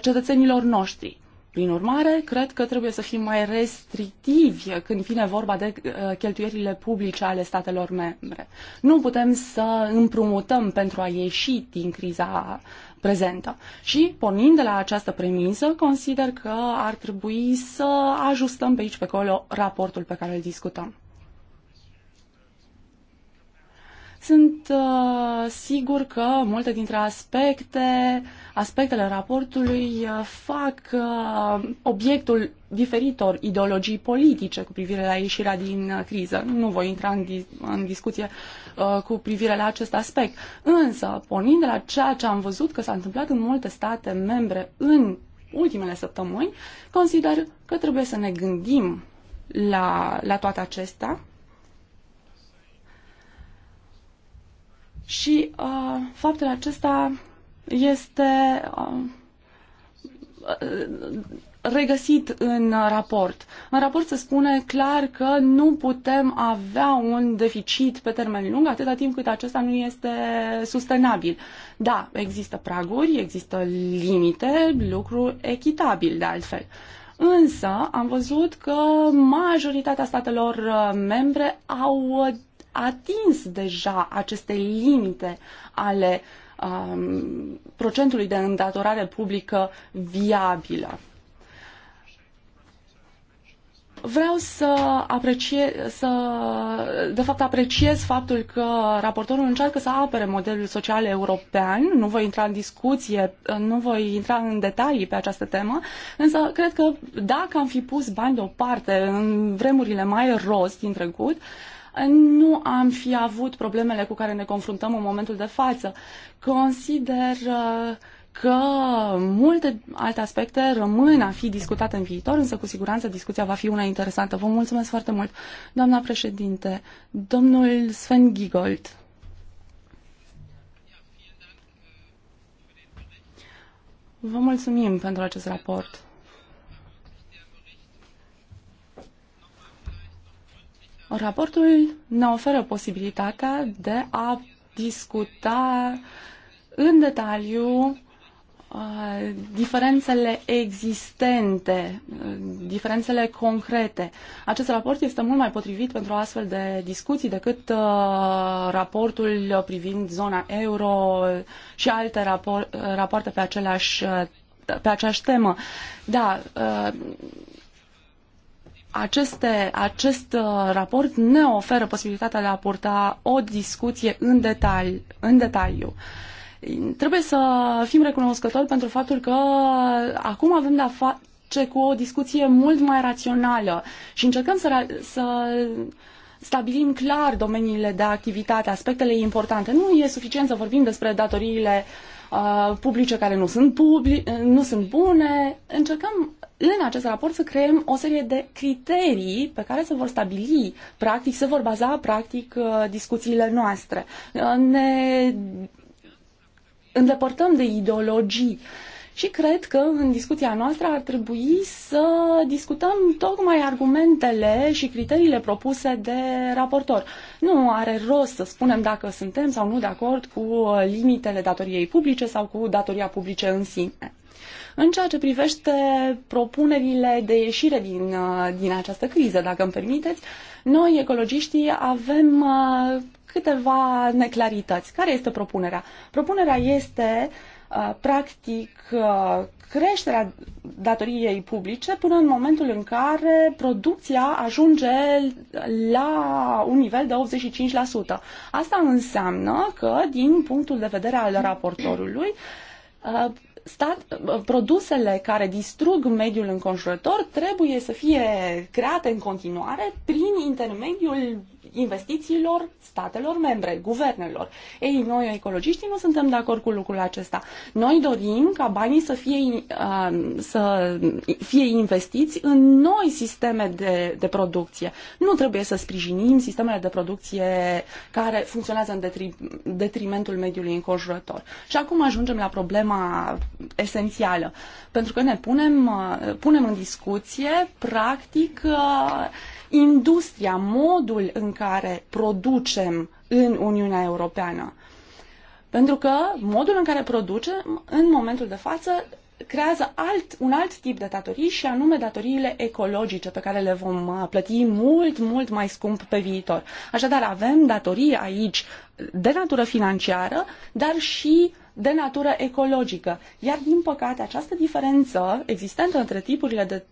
cetățenilor noștri. Prin urmare, cred că trebuie să fim mai restrictivi când vine vorba de uh, cheltuierile publice ale statelor membre. Nu putem să împrumutăm pentru a ieși din criza prezentă. Și, pornind de la această premisă, consider că ar trebui să ajustăm pe aici, pe acolo, raportul pe care îl discutăm. Sunt uh, sigur că multe dintre aspecte, aspectele raportului uh, fac uh, obiectul diferitor ideologii politice cu privire la ieșirea din uh, criză. Nu voi intra în, di- în discuție uh, cu privire la acest aspect. Însă, pornind de la ceea ce am văzut că s-a întâmplat în multe state membre în ultimele săptămâni, consider că trebuie să ne gândim la, la toate acestea Și uh, faptul acesta este um, uh, regăsit în raport. În raport se spune clar că nu putem avea un deficit pe termen lung atâta timp cât acesta nu este sustenabil. Da, există praguri, există limite, lucru echitabil de altfel. Însă am văzut că majoritatea statelor uh, membre au atins deja aceste limite ale um, procentului de îndatorare publică viabilă. Vreau să apreciez, să, de fapt apreciez faptul că raportorul încearcă să apere modelul social european. Nu voi intra în discuție, nu voi intra în detalii pe această temă, însă cred că dacă am fi pus bani deoparte în vremurile mai roz din trecut, uh, nu am fi avut problemele cu care ne confruntăm în momentul de față. Consider uh, că multe alte aspecte rămân a fi discutate în viitor, însă cu siguranță discuția va fi una interesantă. Vă mulțumesc foarte mult, doamna președinte. Domnul Sven Gigold. Vă mulțumim pentru acest raport. Raportul ne oferă posibilitatea de a discuta în detaliu uh, diferențele existente, uh, diferențele concrete. Acest raport este mult mai potrivit pentru astfel de discuții decât uh, raportul privind zona euro și alte rapor, rapoarte pe aceleași pe aceeași temă. Da, aceste, acest uh, raport ne oferă posibilitatea de a purta o discuție în, detali, în detaliu. Trebuie să fim recunoscători pentru faptul că acum avem de-a face cu o discuție mult mai rațională și încercăm să, să stabilim clar domeniile de activitate, aspectele importante. Nu e suficient să vorbim despre datoriile uh, publice care nu sunt, publi- nu sunt bune. Încercăm în acest raport să creăm o serie de criterii pe care se vor stabili, practic, se vor baza, practic, uh, discuțiile noastre. Uh, ne îndepărtăm de ideologii și cred că în discuția noastră ar trebui să discutăm tocmai argumentele și criteriile propuse de raportor. Nu are rost să spunem dacă suntem sau nu de acord cu limitele datoriei publice sau cu datoria publice în sine. În ceea ce privește propunerile de ieșire din, uh, din această criză, dacă îmi permiteți, noi, ecologiștii, avem uh, câteva neclarități. Care este propunerea? Propunerea este uh, practic creșterea datoriei publice până în momentul în care producția ajunge la un nivel de 85%. Asta înseamnă că, din punctul de vedere al raportorului, stat, produsele care distrug mediul înconjurător trebuie să fie create în continuare prin intermediul investițiilor statelor membre, guvernelor. Ei, noi, ecologiștii, nu suntem de acord cu lucrul acesta. Noi dorim ca banii să fie, uh, să fie investiți în noi sisteme de, de producție. Nu trebuie să sprijinim sistemele de producție care funcționează în detri, detrimentul mediului înconjurător. Și acum ajungem la problema esențială, pentru că ne punem, uh, punem în discuție, practic, uh, industria, modul în care producem în Uniunea Europeană. Pentru că modul în care producem, în momentul de față, creează alt, un alt tip de datorii și anume datoriile ecologice pe care le vom uh, plăti mult, mult mai scump pe viitor. Așadar, avem datorii aici de natură financiară, dar și de natură ecologică. Iar, din păcate, această diferență existentă între tipurile de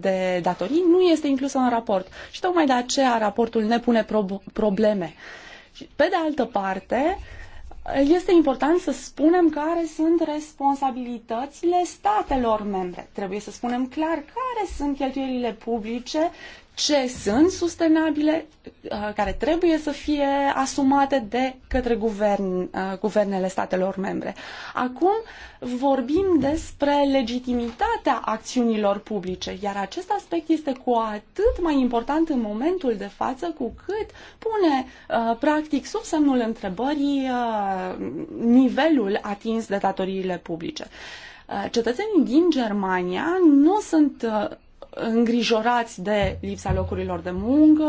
de datorii nu este inclusă în raport. Și tocmai de aceea raportul ne pune pro- probleme. Pe de altă parte, este important să spunem care sunt responsabilitățile statelor membre. Trebuie să spunem clar care sunt cheltuielile publice ce sunt sustenabile, uh, care trebuie să fie asumate de către guvern, uh, guvernele statelor membre. Acum vorbim despre legitimitatea acțiunilor publice, iar acest aspect este cu atât mai important în momentul de față cu cât pune uh, practic sub semnul întrebării nivelul atins de datoriile publice. Cetățenii din Germania nu sunt îngrijorați de lipsa locurilor de muncă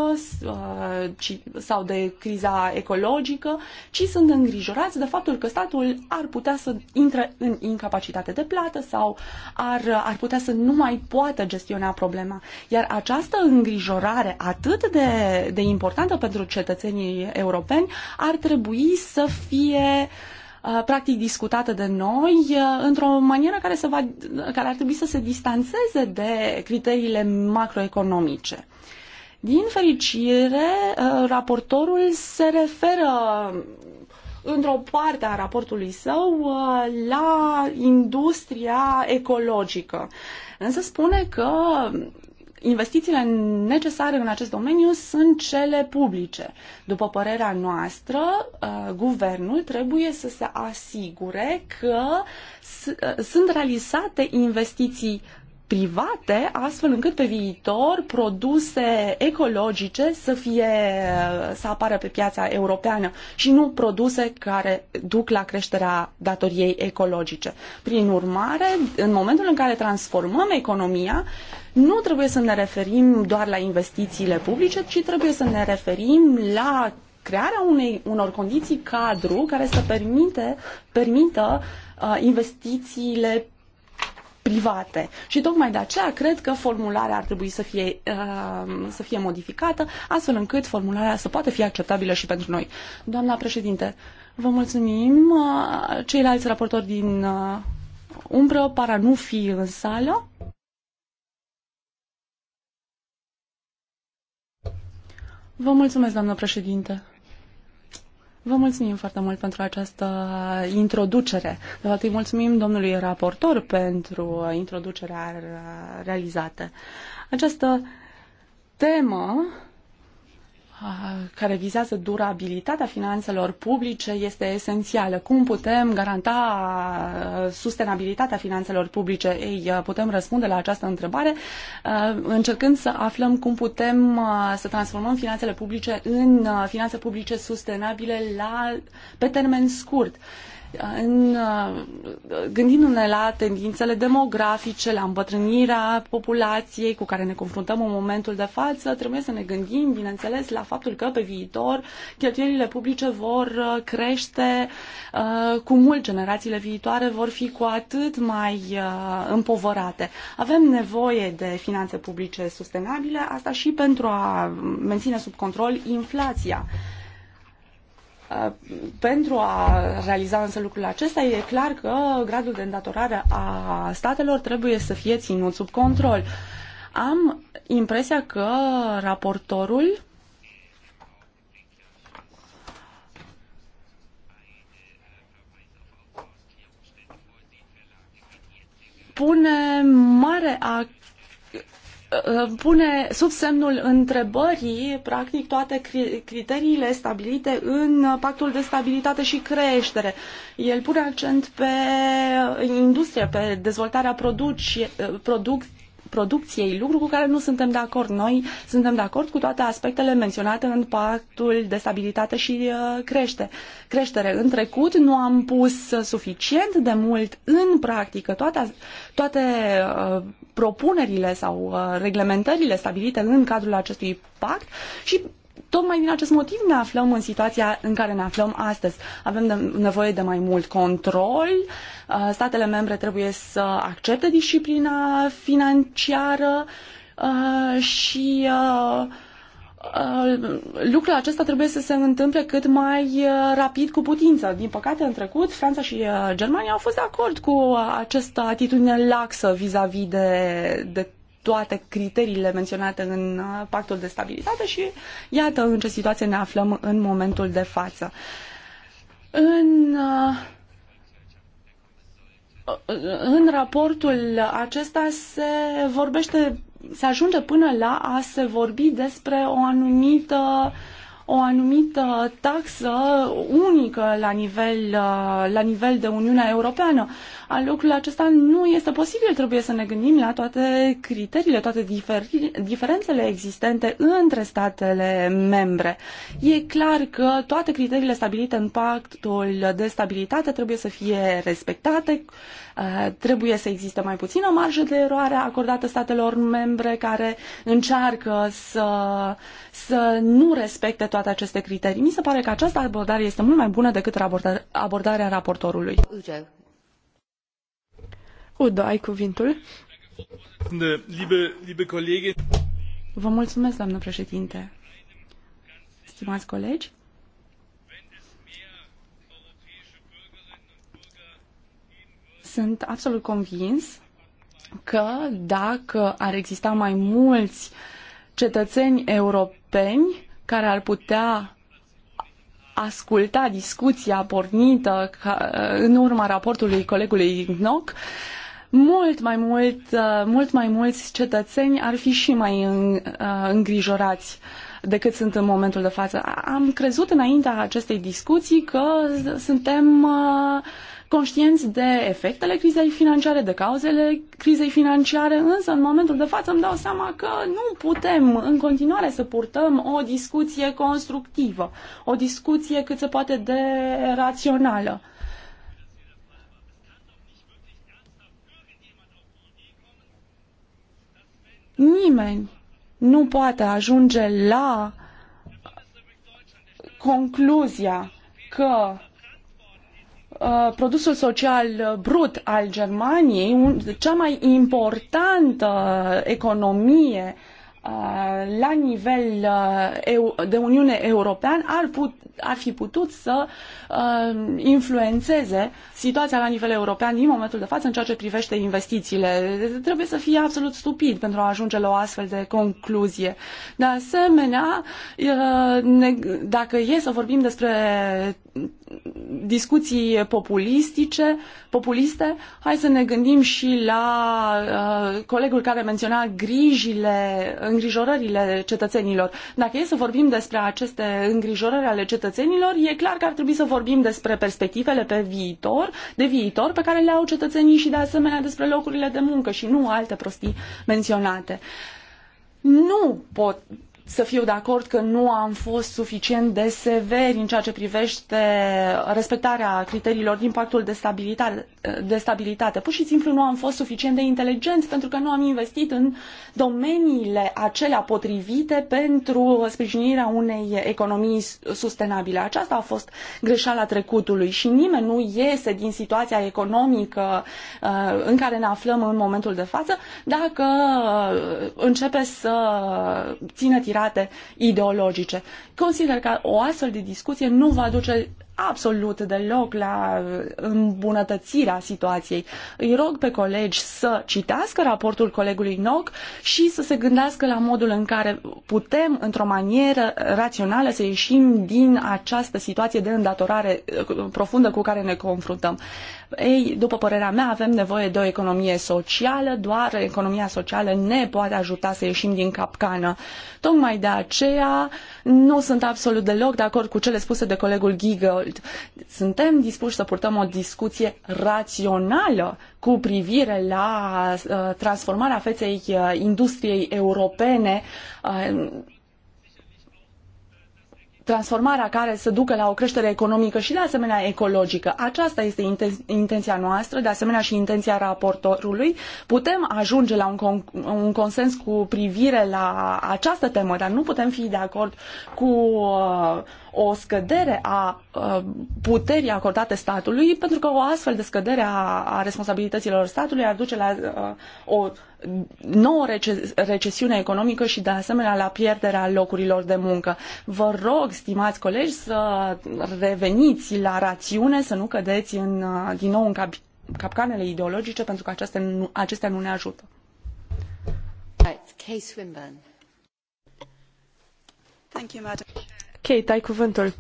uh, sau de criza ecologică, ci sunt îngrijorați de faptul că statul ar putea să intre în incapacitate de plată sau ar, ar putea să nu mai poată gestiona problema. Iar această îngrijorare atât de, de importantă pentru cetățenii europeni ar trebui să fie uh, Uh, practic discutată de noi uh, într-o manieră care, se va, care ar trebui să se distanțeze de criteriile macroeconomice. Din fericire, uh, raportorul se referă într-o parte a raportului său la industria ecologică. Însă spune că investițiile necesare în acest domeniu sunt cele publice. După părerea noastră, uh, guvernul trebuie să se asigure că uh, sunt realizate investiții private, astfel încât pe viitor produse ecologice să fie să apară pe piața europeană și nu produse care duc la creșterea datoriei ecologice. Prin urmare, în momentul în care transformăm economia, nu trebuie să ne referim doar la investițiile publice, ci trebuie să ne referim la crearea unei, unor condiții cadru care să permite, permită uh, investițiile private. Și tocmai de aceea cred că formularea ar trebui să fie, uh, să fie modificată, astfel încât formularea să poată fi acceptabilă și pentru noi. Doamna președinte, vă mulțumim. Uh, ceilalți raportori din uh, umbră para nu fi în sală. Vă mulțumesc, doamnă președinte. Vă mulțumim foarte mult pentru această introducere. De fapt, îi mulțumim domnului raportor pentru introducerea realizată. Această temă care vizează durabilitatea finanțelor publice este esențială. Cum putem garanta sustenabilitatea finanțelor publice? Ei, putem răspunde la această întrebare încercând să aflăm cum putem să transformăm finanțele publice în finanțe publice sustenabile la, pe termen scurt în, uh, gândindu-ne la tendințele demografice, la îmbătrânirea populației cu care ne confruntăm în momentul de față, trebuie să ne gândim, bineînțeles, la faptul că pe viitor cheltuielile publice vor uh, crește uh, cu mult, generațiile viitoare vor fi cu atât mai împovărate. Avem nevoie de finanțe publice sustenabile, asta și pentru a menține sub control inflația. Pentru a realiza însă lucrul acesta, e clar că gradul de îndatorare a statelor trebuie să fie ținut sub control. Am impresia că raportorul pune mare ac Uh, pune sub semnul întrebării, practic, toate criteriile stabilite în Pactul de Stabilitate și Creștere. El pune accent pe industrie, pe dezvoltarea producției, uh, producției, lucru cu care nu suntem de acord. Noi suntem de acord cu toate aspectele menționate în pactul de stabilitate și uh, crește. creștere. În trecut nu am pus suficient de mult în practică toate, toate uh, propunerile sau uh, reglementările stabilite în cadrul acestui pact și tocmai din acest motiv ne aflăm în situația în care ne aflăm astăzi. Avem de nevoie de mai mult control, uh, statele membre trebuie să accepte disciplina financiară uh, și uh, lucrul acesta trebuie să se întâmple cât mai rapid cu putință. Din păcate, în trecut, Franța și Germania au fost de acord cu această atitudine laxă vis-a-vis -vis de, de toate criteriile menționate în uh, pactul de stabilitate și iată în ce situație ne aflăm în momentul de față. În uh, în raportul acesta se vorbește, se ajunge până la a se vorbi despre o anumită uh, o anumită taxă unică la nivel, uh, la nivel de Uniunea Europeană. Lucrul acesta nu este posibil. Trebuie să ne gândim la toate criteriile, toate diferi, diferențele existente între statele membre. E clar că toate criteriile stabilite în pactul de stabilitate trebuie să fie respectate Eh, trebuie să existe mai puțină marjă de eroare acordată statelor membre care încearcă să, să nu respecte toate aceste criterii. Mi se pare că această abordare este mult mai bună decât abordarea raportorului. Udo. Udo, ai cuvântul? Liebe, liebe Vă mulțumesc, doamnă președinte. Stimați colegi, Sunt absolut convins că dacă ar exista mai mulți cetățeni europeni care ar putea asculta discuția pornită ca, în urma raportului colegului Ignoc, mult mai mult, mult mai mulți cetățeni ar fi și mai îngrijorați decât sunt în momentul de față. Am crezut înaintea acestei discuții că suntem uh, conștienți de efectele crizei financiare, de cauzele crizei financiare, însă în momentul de față îmi dau seama că nu putem în continuare să purtăm o discuție constructivă, o discuție cât se poate de rațională. Nimeni nu poate ajunge la concluzia că Uh, produsul social brut al Germaniei, cea mai importantă economie uh, Uh, la nivel uh, de Uniune Europeană ar, put, ar fi putut să uh, influențeze situația la nivel european din momentul de față în ceea ce privește investițiile. Trebuie să fie absolut stupid pentru a ajunge la o astfel de concluzie. De asemenea, dacă e să vorbim despre discuții populistice, populiste, hai să ne gândim și la colegul care menționa grijile îngrijorările cetățenilor. Dacă e să vorbim despre aceste îngrijorări ale cetățenilor, e clar că ar trebui să vorbim despre perspectivele pe viitor, de viitor pe care le au cetățenii și de asemenea despre locurile de muncă și nu alte prostii menționate. Nu pot, să fiu de acord că nu am fost suficient de severi în ceea ce privește respectarea criteriilor din pactul de stabilitate. De stabilitate. Pur și simplu nu am fost suficient de inteligenți pentru că nu am investit în domeniile acelea potrivite pentru sprijinirea unei economii sustenabile. Aceasta a fost greșeala trecutului și nimeni nu iese din situația economică uh, în care ne aflăm în momentul de față dacă uh, începe să țină tirare justificate ideologice. Consider că o astfel de discuție nu va duce absolut deloc la uh, îmbunătățirea situației. Îi rog pe colegi să citească raportul colegului NOC și să se gândească la modul în care putem, într-o manieră rațională, să ieșim din această situație de îndatorare uh, profundă cu care ne confruntăm. Ei, după părerea mea, avem nevoie de o economie socială, doar economia socială ne poate ajuta să ieșim din capcană. Tocmai de aceea nu sunt absolut deloc de acord cu cele spuse de colegul Giggle mult. Suntem dispuși să purtăm o discuție rațională cu privire la uh, transformarea feței uh, industriei europene uh, transformarea care să ducă la o creștere economică și de asemenea ecologică. Aceasta este intenția noastră, de asemenea și intenția raportorului. Putem ajunge la un, con- un consens cu privire la această temă, dar nu putem fi de acord cu uh, o scădere a puterii acordate statului, pentru că o astfel de scădere a, a responsabilităților statului ar duce la o nouă recesiune economică și de asemenea la pierderea locurilor de muncă. Vă rog, stimați colegi, să reveniți la rațiune, să nu cădeți în, din nou în cap- capcanele ideologice, pentru că acestea nu, acestea nu ne ajută. Swinburne. Thank you, Madam Kate, ai cuvântul.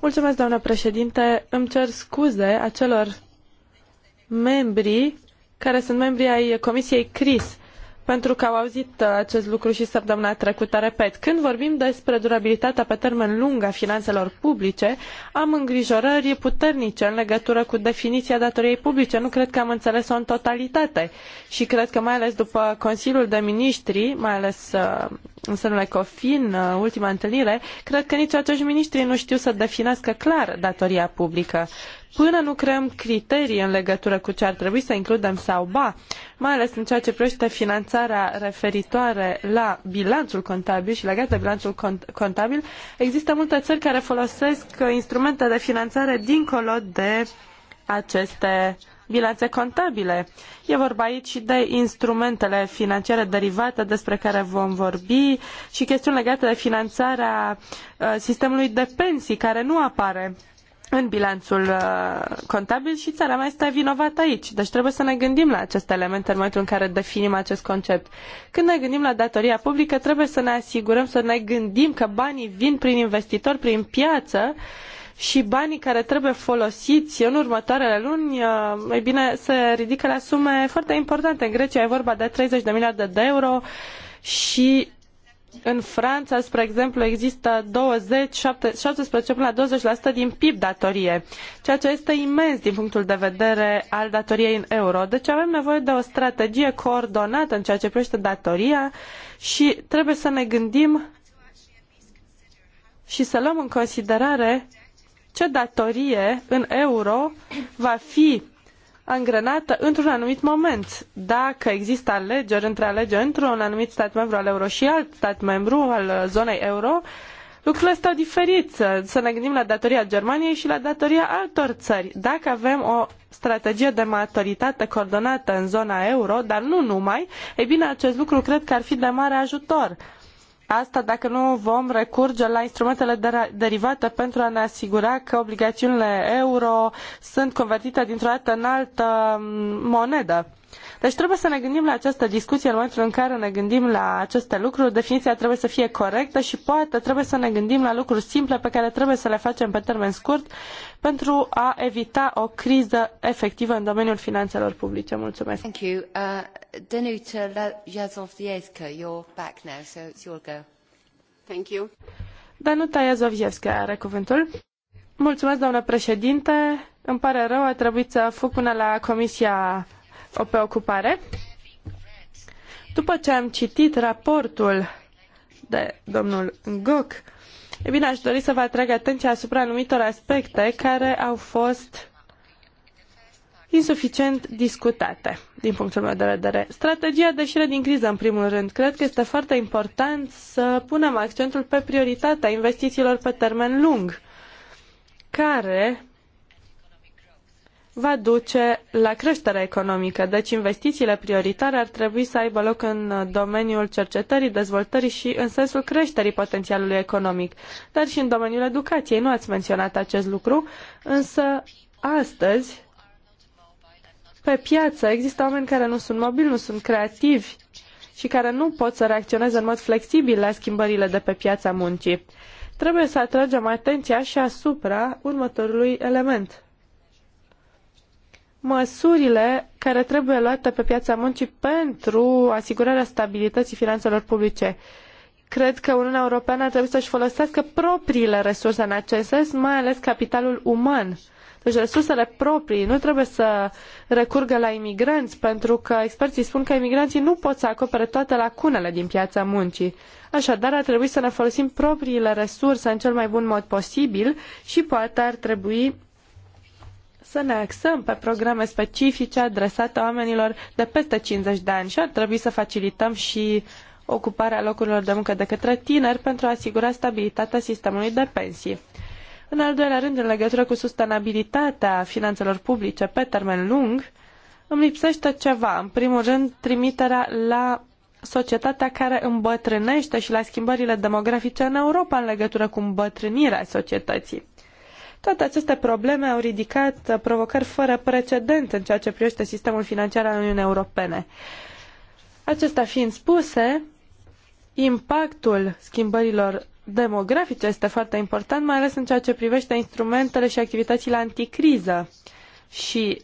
Mulțumesc, doamnă președinte. Îmi cer scuze acelor membri care sunt membri ai Comisiei CRIS pentru că au auzit acest lucru și săptămâna trecută, repet, când vorbim despre durabilitatea pe termen lung a finanțelor publice, am îngrijorări puternice în legătură cu definiția datoriei publice. Nu cred că am înțeles-o în totalitate și cred că mai ales după Consiliul de Ministri, mai ales uh, în sânul ECOFIN, uh, ultima întâlnire, cred că nici acești miniștri nu știu să definească clar datoria publică. Până nu creăm criterii în legătură cu ce ar trebui să includem sau ba, mai ales în ceea ce privește finanțarea referitoare la bilanțul contabil și legat de bilanțul contabil, există multe țări care folosesc uh, instrumente de finanțare dincolo de aceste uh, bilanțe contabile. E vorba aici și de instrumentele financiare derivate despre care vom vorbi și chestiuni legate de finanțarea uh, sistemului de pensii care nu apare în bilanțul uh, contabil și țara mea este vinovată aici. Deci trebuie să ne gândim la aceste elemente în momentul în care definim acest concept. Când ne gândim la datoria publică, trebuie să ne asigurăm, să ne gândim că banii vin prin investitori, prin piață și banii care trebuie folosiți în următoarele luni, mai uh, bine, se ridică la sume foarte importante. În Grecia e vorba de 30 de miliarde de euro și în Franța, spre exemplu, există 20, 7, 17 până la 20% din PIB datorie, ceea ce este imens din punctul de vedere al datoriei în euro. Deci avem nevoie de o strategie coordonată în ceea ce privește datoria și trebuie să ne gândim și să luăm în considerare ce datorie în euro va fi angrenată într-un anumit moment. Dacă există alegeri între alegeri într-un anumit stat membru al euro și alt stat membru al zonei euro, lucrurile stau diferit. Să ne gândim la datoria Germaniei și la datoria altor țări. Dacă avem o strategie de maturitate coordonată în zona euro, dar nu numai, e bine, acest lucru cred că ar fi de mare ajutor. Asta dacă nu vom recurge la instrumentele derivate pentru a ne asigura că obligațiunile euro sunt convertite dintr-o dată în altă mm, monedă. Deci trebuie să ne gândim la această discuție în momentul în care ne gândim la aceste lucruri. Definiția trebuie să fie corectă și poate trebuie să ne gândim la lucruri simple pe care trebuie să le facem pe termen scurt pentru a evita o criză efectivă în domeniul finanțelor publice. Mulțumesc. Thank you. Uh, Danuta Jazovieska, you're back now, so it's your go. Thank you. Danuta Jazovieska are cuvântul. Mulțumesc, doamnă președinte. Îmi pare rău, a trebuit să fug până la Comisia o preocupare. După ce am citit raportul de domnul Ngoc, e bine, aș dori să vă atrag atenția asupra anumitor aspecte care au fost insuficient discutate, din punctul meu de vedere. Strategia de șire din criză, în primul rând. Cred că este foarte important să punem accentul pe prioritatea investițiilor pe termen lung, care va duce la creșterea economică. Deci investițiile prioritare ar trebui să aibă loc în domeniul cercetării, dezvoltării și în sensul creșterii potențialului economic, dar și în domeniul educației. Nu ați menționat acest lucru, însă astăzi pe piață există oameni care nu sunt mobili, nu sunt creativi și care nu pot să reacționeze în mod flexibil la schimbările de pe piața muncii. Trebuie să atragem atenția și asupra următorului element – măsurile care trebuie luate pe piața muncii pentru asigurarea stabilității finanțelor publice. Cred că Uniunea Europeană ar trebui să-și folosească propriile resurse în acest sens, mai ales capitalul uman. Deci resursele proprii nu trebuie să recurgă la imigranți, pentru că experții spun că imigranții nu pot să acopere toate lacunele din piața muncii. Așadar, ar trebui să ne folosim propriile resurse în cel mai bun mod posibil și poate ar trebui să ne axăm pe programe specifice adresate oamenilor de peste 50 de ani și ar trebui să facilităm și ocuparea locurilor de muncă de către tineri pentru a asigura stabilitatea sistemului de pensii. În al doilea rând, în legătură cu sustenabilitatea finanțelor publice pe termen lung, îmi lipsește ceva. În primul rând, trimiterea la societatea care îmbătrânește și la schimbările demografice în Europa în legătură cu îmbătrânirea societății. Toate aceste probleme au ridicat provocări fără precedent în ceea ce privește sistemul financiar al Uniunii Europene. Acestea fiind spuse, impactul schimbărilor demografice este foarte important, mai ales în ceea ce privește instrumentele și activitățile anticriză. Și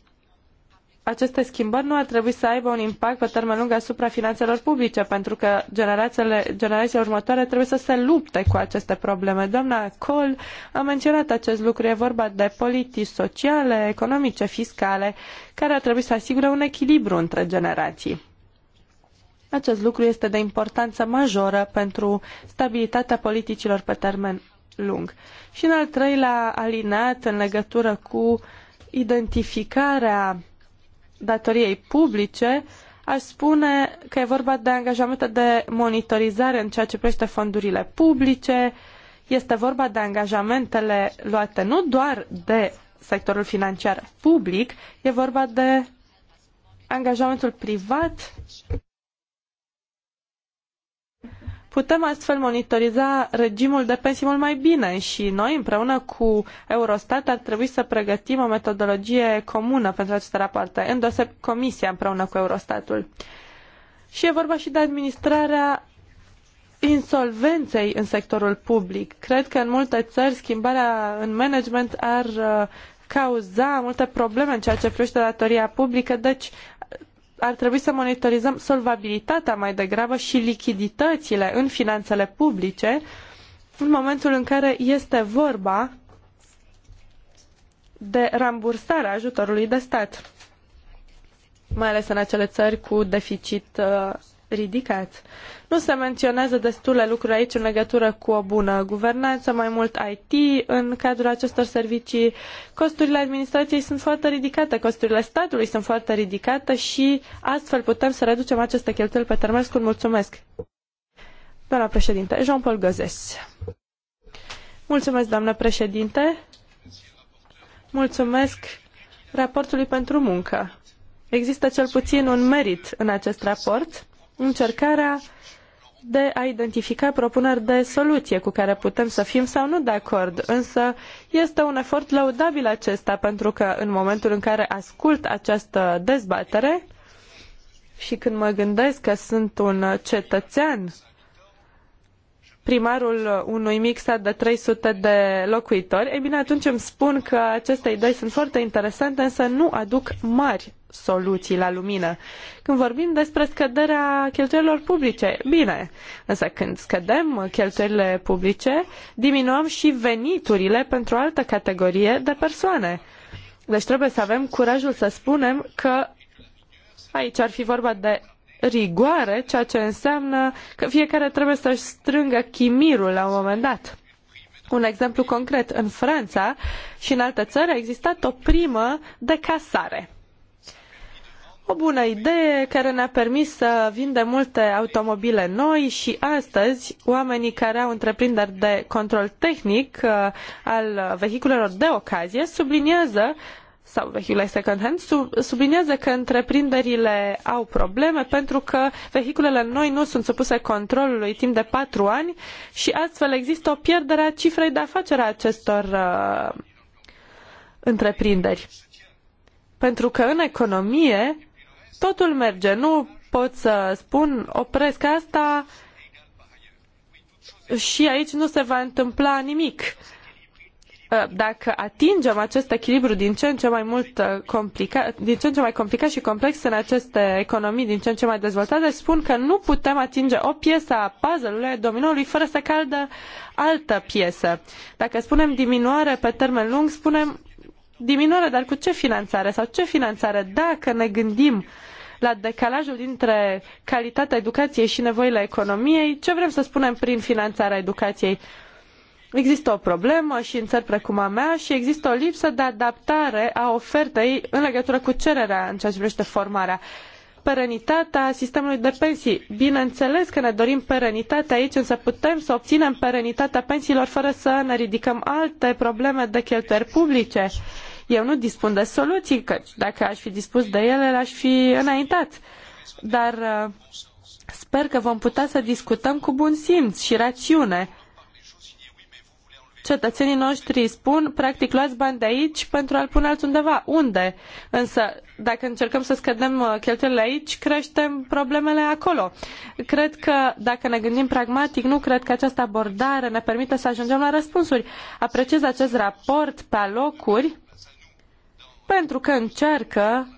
aceste schimbări nu ar trebui să aibă un impact pe termen lung asupra finanțelor publice, pentru că generațiile, generațiile următoare trebuie să se lupte cu aceste probleme. Doamna Col a menționat acest lucru. E vorba de politici sociale, economice, fiscale, care ar trebui să asigure un echilibru între generații. Acest lucru este de importanță majoră pentru stabilitatea politicilor pe termen lung. Și în al treilea alinat, în legătură cu identificarea datoriei publice, aș spune că e vorba de angajamente de monitorizare în ceea ce privește fondurile publice, este vorba de angajamentele luate nu doar de sectorul financiar public, e vorba de angajamentul privat Putem astfel monitoriza regimul de pensii mult mai bine și noi împreună cu Eurostat ar trebui să pregătim o metodologie comună pentru aceste rapoarte, îndoseb Comisia împreună cu Eurostatul. Și e vorba și de administrarea insolvenței în sectorul public. Cred că în multe țări schimbarea în management ar uh, cauza multe probleme în ceea ce privește datoria publică, deci ar trebui să monitorizăm solvabilitatea mai degrabă și lichiditățile în finanțele publice în momentul în care este vorba de rambursarea ajutorului de stat, mai ales în acele țări cu deficit uh, ridicat. Nu se menționează destule lucruri aici în legătură cu o bună guvernanță, mai mult IT în cadrul acestor servicii. Costurile administrației sunt foarte ridicate, costurile statului sunt foarte ridicate și astfel putem să reducem aceste cheltuieli pe termen scurt. Mulțumesc! Doamna președinte, Jean-Paul Găzes. Mulțumesc, doamnă președinte. Mulțumesc raportului pentru muncă. Există cel puțin un merit în acest raport încercarea de a identifica propuneri de soluție cu care putem să fim sau nu de acord, însă este un efort lăudabil acesta pentru că în momentul în care ascult această dezbatere și când mă gândesc că sunt un cetățean primarul unui mic sat de 300 de locuitori, e bine atunci îmi spun că aceste idei sunt foarte interesante, însă nu aduc mari soluții la lumină. Când vorbim despre scăderea cheltuielor publice, bine, însă când scădem cheltuielile publice, diminuăm și veniturile pentru o altă categorie de persoane. Deci trebuie să avem curajul să spunem că aici ar fi vorba de rigoare, ceea ce înseamnă că fiecare trebuie să-și strângă chimirul la un moment dat. Un exemplu concret, în Franța și în alte țări a existat o primă de casare o bună idee care ne-a permis să vindem multe automobile noi și astăzi oamenii care au întreprinderi de control tehnic uh, al vehiculelor de ocazie subliniază sau vehicule second hand, subliniază că întreprinderile au probleme pentru că vehiculele noi nu sunt supuse controlului timp de patru ani și astfel există o pierdere a cifrei de afacere a acestor uh, întreprinderi. Pentru că în economie totul merge. Nu pot să spun, opresc asta și aici nu se va întâmpla nimic. Uh, dacă atingem acest echilibru din ce în ce mai mult uh, complicat, din ce în ce mai complicat și complex în aceste economii din ce în ce mai dezvoltate, spun că nu putem atinge o piesă a puzzle-ului, dominoului, fără să caldă altă piesă. Dacă spunem diminuare pe termen lung, spunem diminuare, dar cu ce finanțare sau ce finanțare? Dacă ne gândim uh, la decalajul dintre calitatea educației și nevoile economiei, ce vrem să spunem prin finanțarea educației? Există o problemă și în țări precum a mea și există o lipsă de adaptare a ofertei în legătură cu cererea în ceea ce privește formarea perenitatea sistemului de pensii. Bineînțeles că ne dorim perenitatea aici, însă putem să obținem perenitatea pensiilor fără să ne ridicăm alte probleme de cheltuieli publice. Eu nu dispun de soluții, că dacă aș fi dispus de ele, le-aș fi înaintat. Dar uh, sper că vom putea să discutăm cu bun simț și rațiune. Cetățenii noștri spun, practic, luați bani de aici pentru a-l pune altundeva. Unde? Însă, dacă încercăm să scădem uh, cheltuielile aici, creștem problemele acolo. Cred că, dacă ne gândim pragmatic, nu cred că această abordare ne permite să ajungem la răspunsuri. Apreciez acest raport pe alocuri, pentru că încearcă,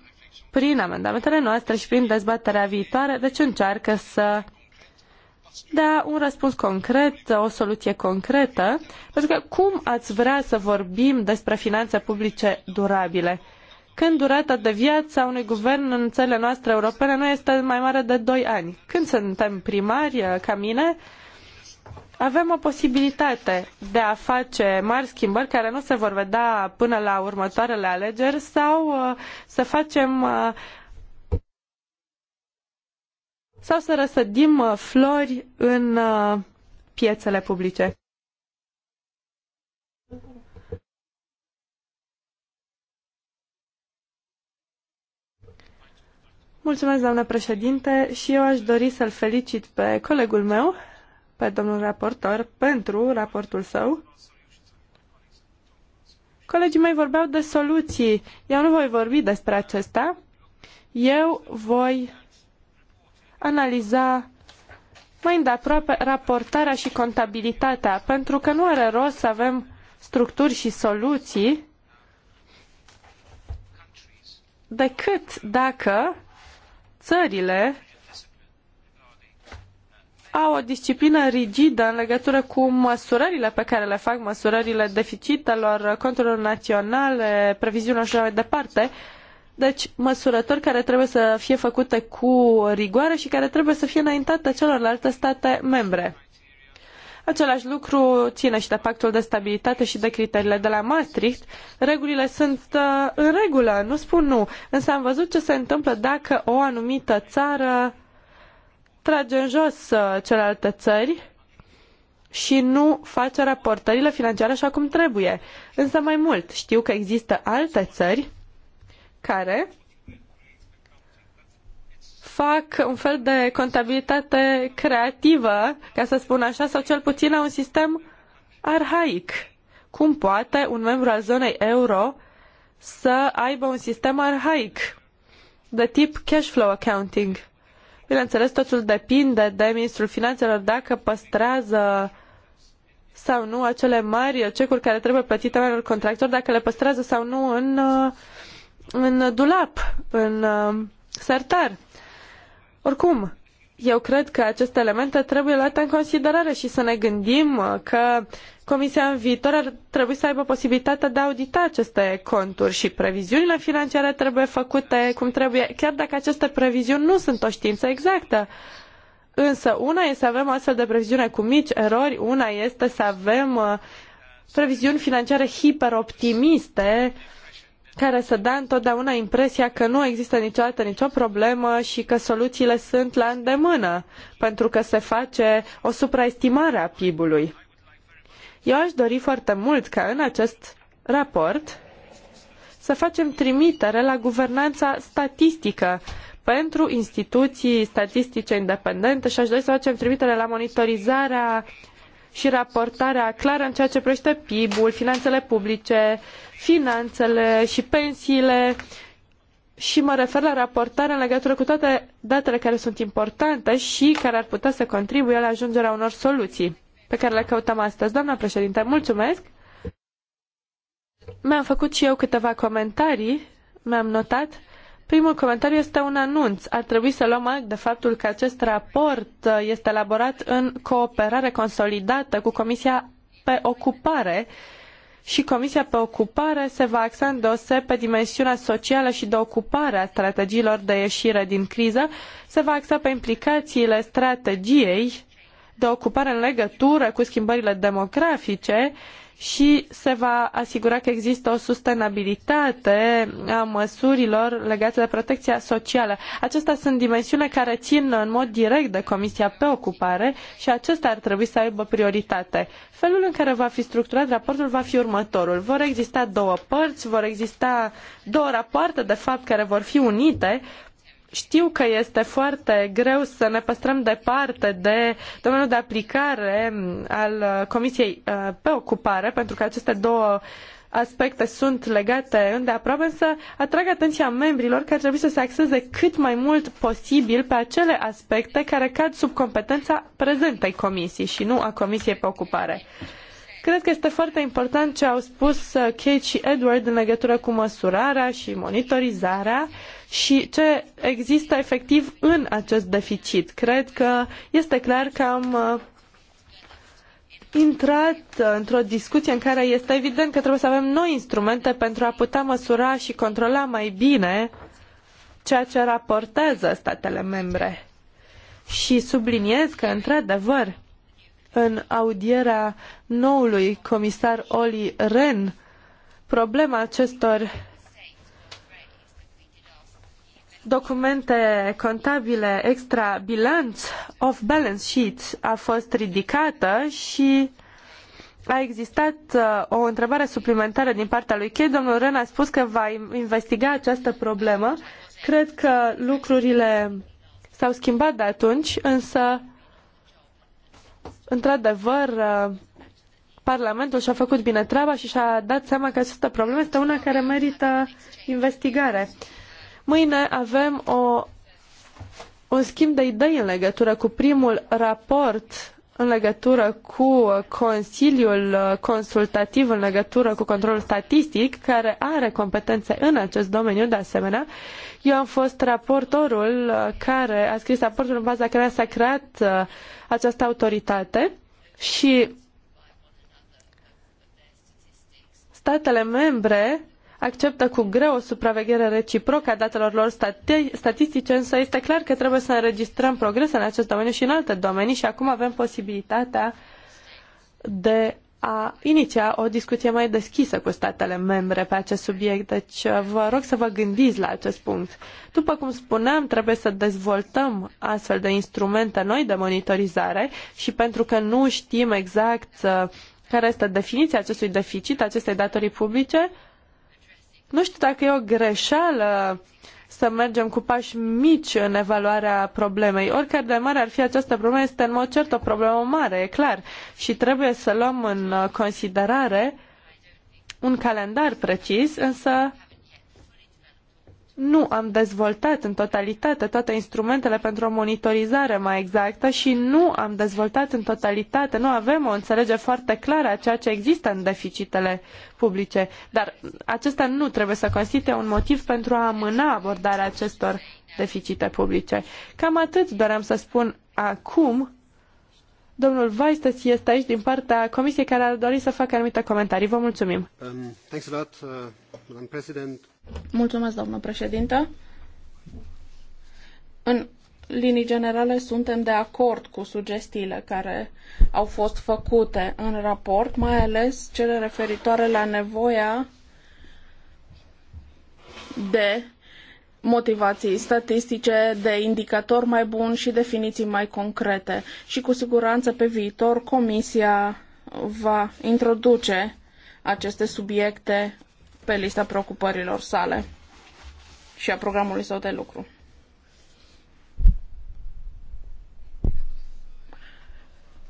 prin amendamentele noastre și prin dezbaterea viitoare, deci încearcă să dea un răspuns concret, o soluție concretă, pentru că cum ați vrea să vorbim despre finanțe publice durabile? Când durata de viață a unui guvern în țările noastre europene nu este mai mare de 2 ani. Când suntem primari, uh, ca mine, avem o posibilitate de a face mari schimbări care nu se vor vedea până la următoarele alegeri sau uh, să facem uh, sau să răsădim uh, flori în piețele publice. Mulțumesc, doamnă președinte, și eu aș dori să-l felicit pe colegul meu, pe domnul raportor pentru raportul său. Colegii mei vorbeau de soluții. Eu nu voi vorbi despre acesta. Eu voi analiza mai îndeaproape raportarea și contabilitatea, pentru că nu are rost să avem structuri și soluții decât dacă țările au o disciplină rigidă în legătură cu măsurările pe care le fac, măsurările deficitelor, conturilor naționale, previziunilor și așa mai departe. Deci, măsurători care trebuie să fie făcute cu rigoare și care trebuie să fie înaintate celorlalte state membre. Același lucru ține și de pactul de stabilitate și de criteriile de la Maastricht. Regulile sunt uh, în regulă, nu spun nu, însă am văzut ce se întâmplă dacă o anumită țară trage în jos uh, celelalte țări și nu face raportările financiare așa cum trebuie. Însă mai mult, știu că există alte țări care fac un fel de contabilitate creativă, ca să spun așa, sau cel puțin un sistem arhaic. Cum poate un membru al zonei euro să aibă un sistem arhaic de tip cash flow accounting? Bineînțeles, totul depinde de ministrul finanțelor dacă păstrează sau nu acele mari cecuri care trebuie plătite marilor contractori, dacă le păstrează sau nu în, în dulap, în uh, sertar. Oricum, eu cred că aceste elemente trebuie luate în considerare și să ne gândim că Comisia în viitor ar trebui să aibă posibilitatea de a audita aceste conturi și previziunile financiare trebuie făcute cum trebuie, chiar dacă aceste previziuni nu sunt o știință exactă. Însă una este să avem astfel de previziune cu mici erori, una este să avem uh, previziuni financiare hiperoptimiste care să dea întotdeauna impresia că nu există niciodată nicio problemă și că soluțiile sunt la îndemână, pentru că se face o supraestimare a PIB-ului. Eu aș dori foarte mult ca în acest raport să facem trimitere la guvernanța statistică pentru instituții statistice independente și aș dori să facem trimitere la monitorizarea și raportarea clară în ceea ce privește PIB-ul, finanțele publice, finanțele și pensiile și mă refer la raportarea în legătură cu toate datele care sunt importante și care ar putea să contribuie la ajungerea unor soluții pe care le căutăm astăzi. Doamna președinte, mulțumesc! Mi-am făcut și eu câteva comentarii, mi-am notat. Primul comentariu este un anunț. Ar trebui să luăm act de faptul că acest raport uh, este elaborat în cooperare consolidată cu Comisia pe Ocupare și Comisia pe Ocupare se va axa dose pe dimensiunea socială și de ocupare a strategiilor de ieșire din criză, se va axa pe implicațiile strategiei de ocupare în legătură cu schimbările demografice și se va asigura că există o sustenabilitate a măsurilor legate de protecția socială. Acestea sunt dimensiune care țin în mod direct de Comisia pe Ocupare și acestea ar trebui să aibă prioritate. Felul în care va fi structurat raportul va fi următorul. Vor exista două părți, vor exista două rapoarte, de fapt, care vor fi unite știu că este foarte greu să ne păstrăm departe de domeniul de aplicare al Comisiei uh, pe ocupare, pentru că aceste două aspecte sunt legate îndeaproape, însă atrag atenția membrilor că ar trebui să se axeze cât mai mult posibil pe acele aspecte care cad sub competența prezentei comisii și nu a Comisiei pe ocupare. Cred că este foarte important ce au spus uh, Kate și Edward în legătură cu măsurarea și monitorizarea și ce există efectiv în acest deficit. Cred că este clar că am uh, intrat uh, într-o discuție în care este evident că trebuie să avem noi instrumente pentru a putea măsura și controla mai bine ceea ce raportează statele membre. Și subliniez că, într-adevăr, în audierea noului comisar Oli Ren, problema acestor documente contabile extra bilanț, off balance sheet, a fost ridicată și a existat uh, o întrebare suplimentară din partea lui Chei. Domnul Ren a spus că va investiga această problemă. Cred că lucrurile s-au schimbat de atunci, însă, într-adevăr, uh, Parlamentul și-a făcut bine treaba și și-a dat seama că această problemă este una care merită investigare. Mâine avem o, un schimb de idei în legătură cu primul raport în legătură cu Consiliul Consultativ în legătură cu controlul statistic, care are competențe în acest domeniu, de asemenea. Eu am fost raportorul care a scris raportul în baza care s-a creat uh, această autoritate și statele membre acceptă cu greu o supraveghere reciprocă a datelor lor stati statistice, însă este clar că trebuie să înregistrăm progrese în acest domeniu și în alte domenii și acum avem posibilitatea de a iniția o discuție mai deschisă cu statele membre pe acest subiect, deci vă rog să vă gândiți la acest punct. După cum spuneam, trebuie să dezvoltăm astfel de instrumente noi de monitorizare și pentru că nu știm exact uh, care este definiția acestui deficit, acestei datorii publice, nu știu dacă e o greșeală să mergem cu pași mici în evaluarea problemei. Oricare de mare ar fi această problemă, este în mod cert o problemă mare, e clar. Și trebuie să luăm în considerare un calendar precis, însă nu am dezvoltat în totalitate toate instrumentele pentru o monitorizare mai exactă și nu am dezvoltat în totalitate, nu avem o înțelegere foarte clară a ceea ce există în deficitele publice. Dar acesta nu trebuie să constituie un motiv pentru a amâna abordarea acestor deficite publice. Cam atât doream să spun acum. Domnul Vaistes este aici din partea comisiei care ar dori să facă anumite comentarii. Vă mulțumim. Um, Mulțumesc, doamnă președintă. În linii generale suntem de acord cu sugestiile care au fost făcute în raport, mai ales cele referitoare la nevoia de motivații statistice, de indicatori mai buni și definiții mai concrete. Și cu siguranță pe viitor Comisia va introduce aceste subiecte pe lista preocupărilor sale și a programului său de lucru.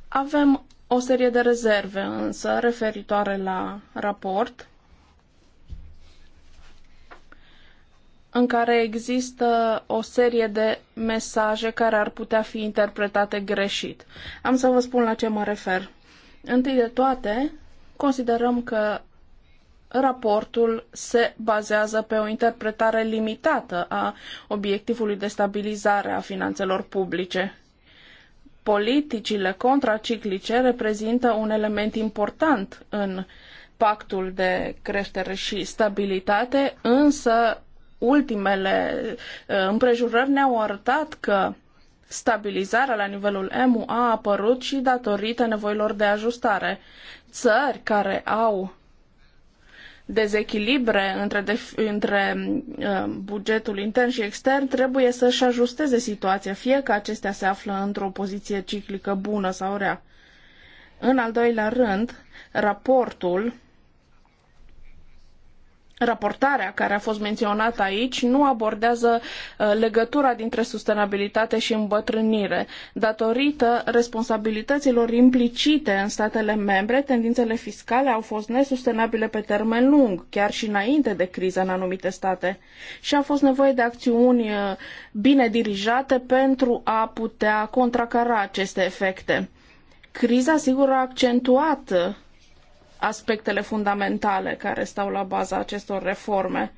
Avem o serie de rezerve însă referitoare la raport în care există o serie de mesaje care ar putea fi interpretate greșit. Am să vă spun la ce mă refer. Întâi de toate, considerăm că raportul se bazează pe o interpretare limitată a obiectivului de stabilizare a finanțelor publice. Politicile contraciclice reprezintă un element important în pactul de creștere și stabilitate, însă ultimele uh, împrejurări ne-au arătat că Stabilizarea la nivelul EMU a apărut și datorită nevoilor de ajustare. Țări care au dezechilibre între, între uh, bugetul intern și extern, trebuie să-și ajusteze situația, fie că acestea se află într-o poziție ciclică bună sau rea. În al doilea rând, raportul Raportarea care a fost menționată aici nu abordează uh, legătura dintre sustenabilitate și îmbătrânire. Datorită responsabilităților implicite în statele membre, tendințele fiscale au fost nesustenabile pe termen lung, chiar și înainte de criză în anumite state. Și a fost nevoie de acțiuni uh, bine dirijate pentru a putea contracara aceste efecte. Criza, sigur, a accentuat uh, aspectele fundamentale care stau la baza acestor reforme.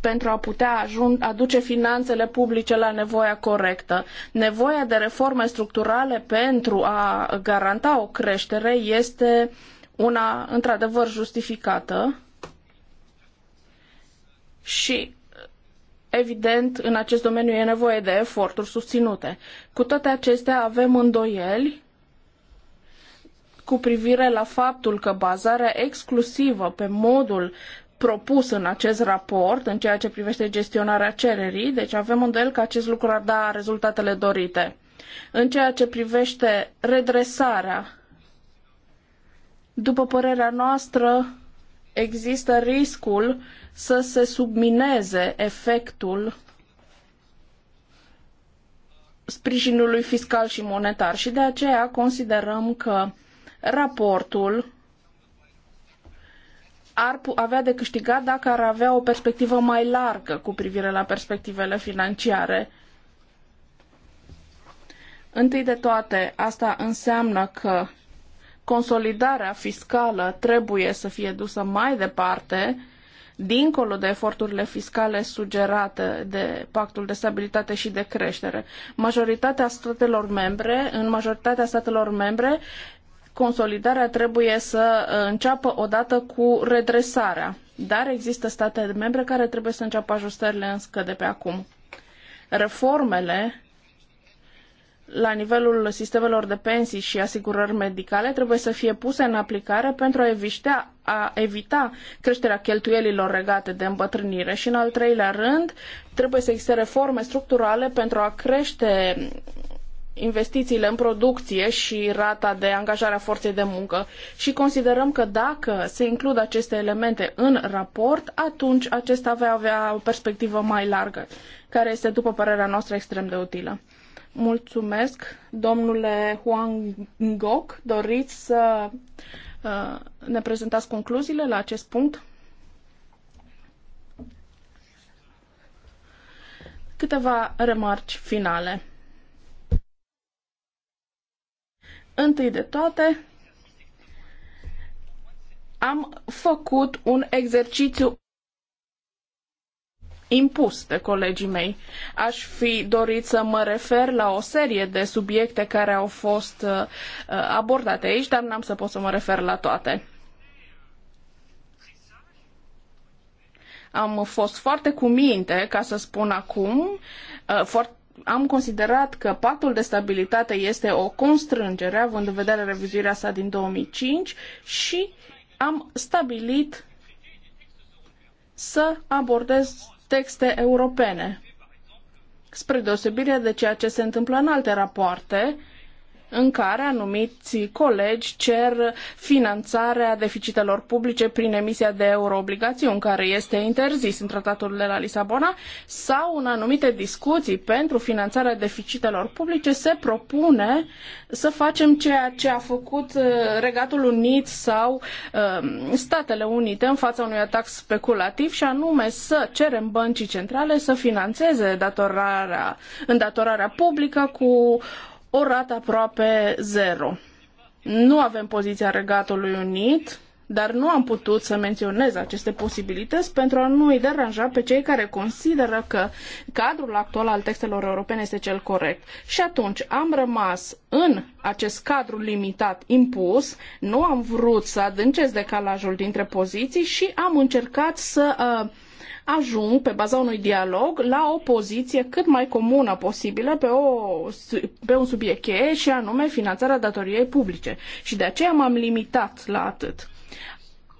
pentru a putea ajung, aduce finanțele publice la nevoia corectă. Nevoia de reforme structurale pentru a garanta o creștere este una într-adevăr justificată și Evident, în acest domeniu e nevoie de eforturi susținute. Cu toate acestea, avem îndoieli cu privire la faptul că bazarea exclusivă pe modul propus în acest raport, în ceea ce privește gestionarea cererii, deci avem îndoiel că acest lucru ar da rezultatele dorite. În ceea ce privește redresarea, după părerea noastră, există riscul să se submineze efectul sprijinului fiscal și monetar și de aceea considerăm că raportul ar avea de câștigat dacă ar avea o perspectivă mai largă cu privire la perspectivele financiare. Întâi de toate, asta înseamnă că consolidarea fiscală trebuie să fie dusă mai departe, dincolo de eforturile fiscale sugerate de Pactul de Stabilitate și de Creștere. Majoritatea statelor membre, în majoritatea statelor membre, consolidarea trebuie să înceapă odată cu redresarea, dar există state membre care trebuie să înceapă ajustările înscă de pe acum. Reformele la nivelul sistemelor de pensii și asigurări medicale trebuie să fie puse în aplicare pentru a evita, a evita creșterea cheltuielilor regate de îmbătrânire și, în al treilea rând, trebuie să existe reforme structurale pentru a crește investițiile în producție și rata de angajare a forței de muncă și considerăm că dacă se includ aceste elemente în raport, atunci acesta va avea o perspectivă mai largă, care este, după părerea noastră, extrem de utilă. Mulțumesc, domnule Huang Ngoc. Doriți să uh, ne prezentați concluziile la acest punct? Câteva remarci finale. Întâi de toate, am făcut un exercițiu impus de colegii mei. Aș fi dorit să mă refer la o serie de subiecte care au fost uh, uh, abordate aici, dar n-am să pot să mă refer la toate. Am fost foarte cu minte, ca să spun acum, uh, foarte am considerat că pactul de stabilitate este o constrângere, având în vedere revizuirea sa din 2005 și am stabilit să abordez texte europene. Spre deosebire de ceea ce se întâmplă în alte rapoarte, în care anumiți colegi cer finanțarea deficitelor publice prin emisia de euroobligațiuni, care este interzis în tratatul de la Lisabona, sau în anumite discuții pentru finanțarea deficitelor publice se propune să facem ceea ce a făcut uh, Regatul Unit sau uh, Statele Unite în fața unui atac speculativ și anume să cerem băncii centrale să financeze datorarea, îndatorarea publică cu o rată aproape zero. Nu avem poziția Regatului Unit, dar nu am putut să menționez aceste posibilități pentru a nu îi deranja pe cei care consideră că cadrul actual al textelor europene este cel corect. Și atunci am rămas în acest cadru limitat impus, nu am vrut să adâncesc decalajul dintre poziții și am încercat să uh, ajung pe baza unui dialog la o poziție cât mai comună posibilă pe, o, pe un subiect cheie și anume finanțarea datoriei publice. Și de aceea m-am limitat la atât.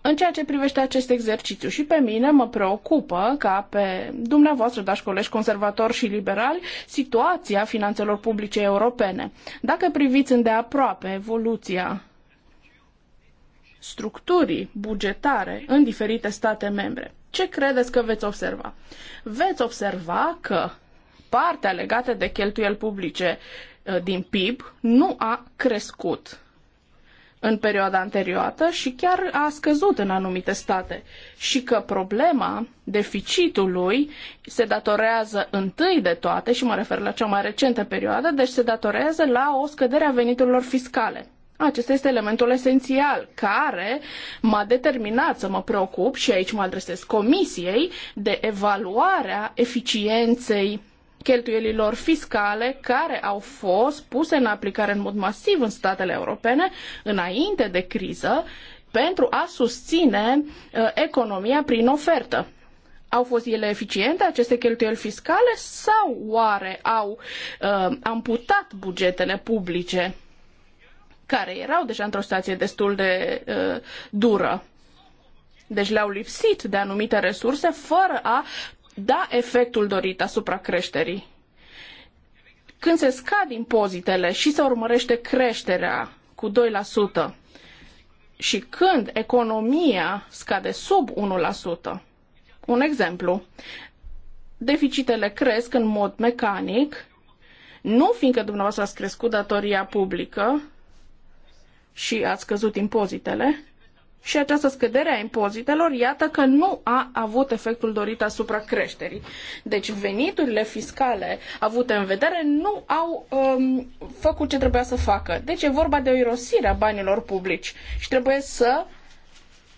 În ceea ce privește acest exercițiu și pe mine mă preocupă ca pe dumneavoastră, dași colegi conservatori și liberali, situația finanțelor publice europene. Dacă priviți îndeaproape evoluția structurii bugetare în diferite state membre, ce credeți că veți observa? Veți observa că partea legată de cheltuieli publice uh, din PIB nu a crescut în perioada anterioară și chiar a scăzut în anumite state și că problema deficitului se datorează întâi de toate, și mă refer la cea mai recentă perioadă, deci se datorează la o scădere a veniturilor fiscale. Acesta este elementul esențial care m-a determinat să mă preocup și aici mă adresez comisiei de evaluarea eficienței cheltuielilor fiscale care au fost puse în aplicare în mod masiv în statele europene înainte de criză pentru a susține uh, economia prin ofertă. Au fost ele eficiente, aceste cheltuieli fiscale, sau oare au uh, amputat bugetele publice care erau deja într-o situație destul de uh, dură. Deci le-au lipsit de anumite resurse fără a da efectul dorit asupra creșterii. Când se scad impozitele și se urmărește creșterea cu 2% și când economia scade sub 1%, un exemplu, deficitele cresc în mod mecanic, nu fiindcă dumneavoastră ați crescut datoria publică, și a scăzut impozitele. Și această scădere a impozitelor, iată că nu a avut efectul dorit asupra creșterii. Deci veniturile fiscale avute în vedere nu au um, făcut ce trebuia să facă. Deci e vorba de o irosire a banilor publici și trebuie să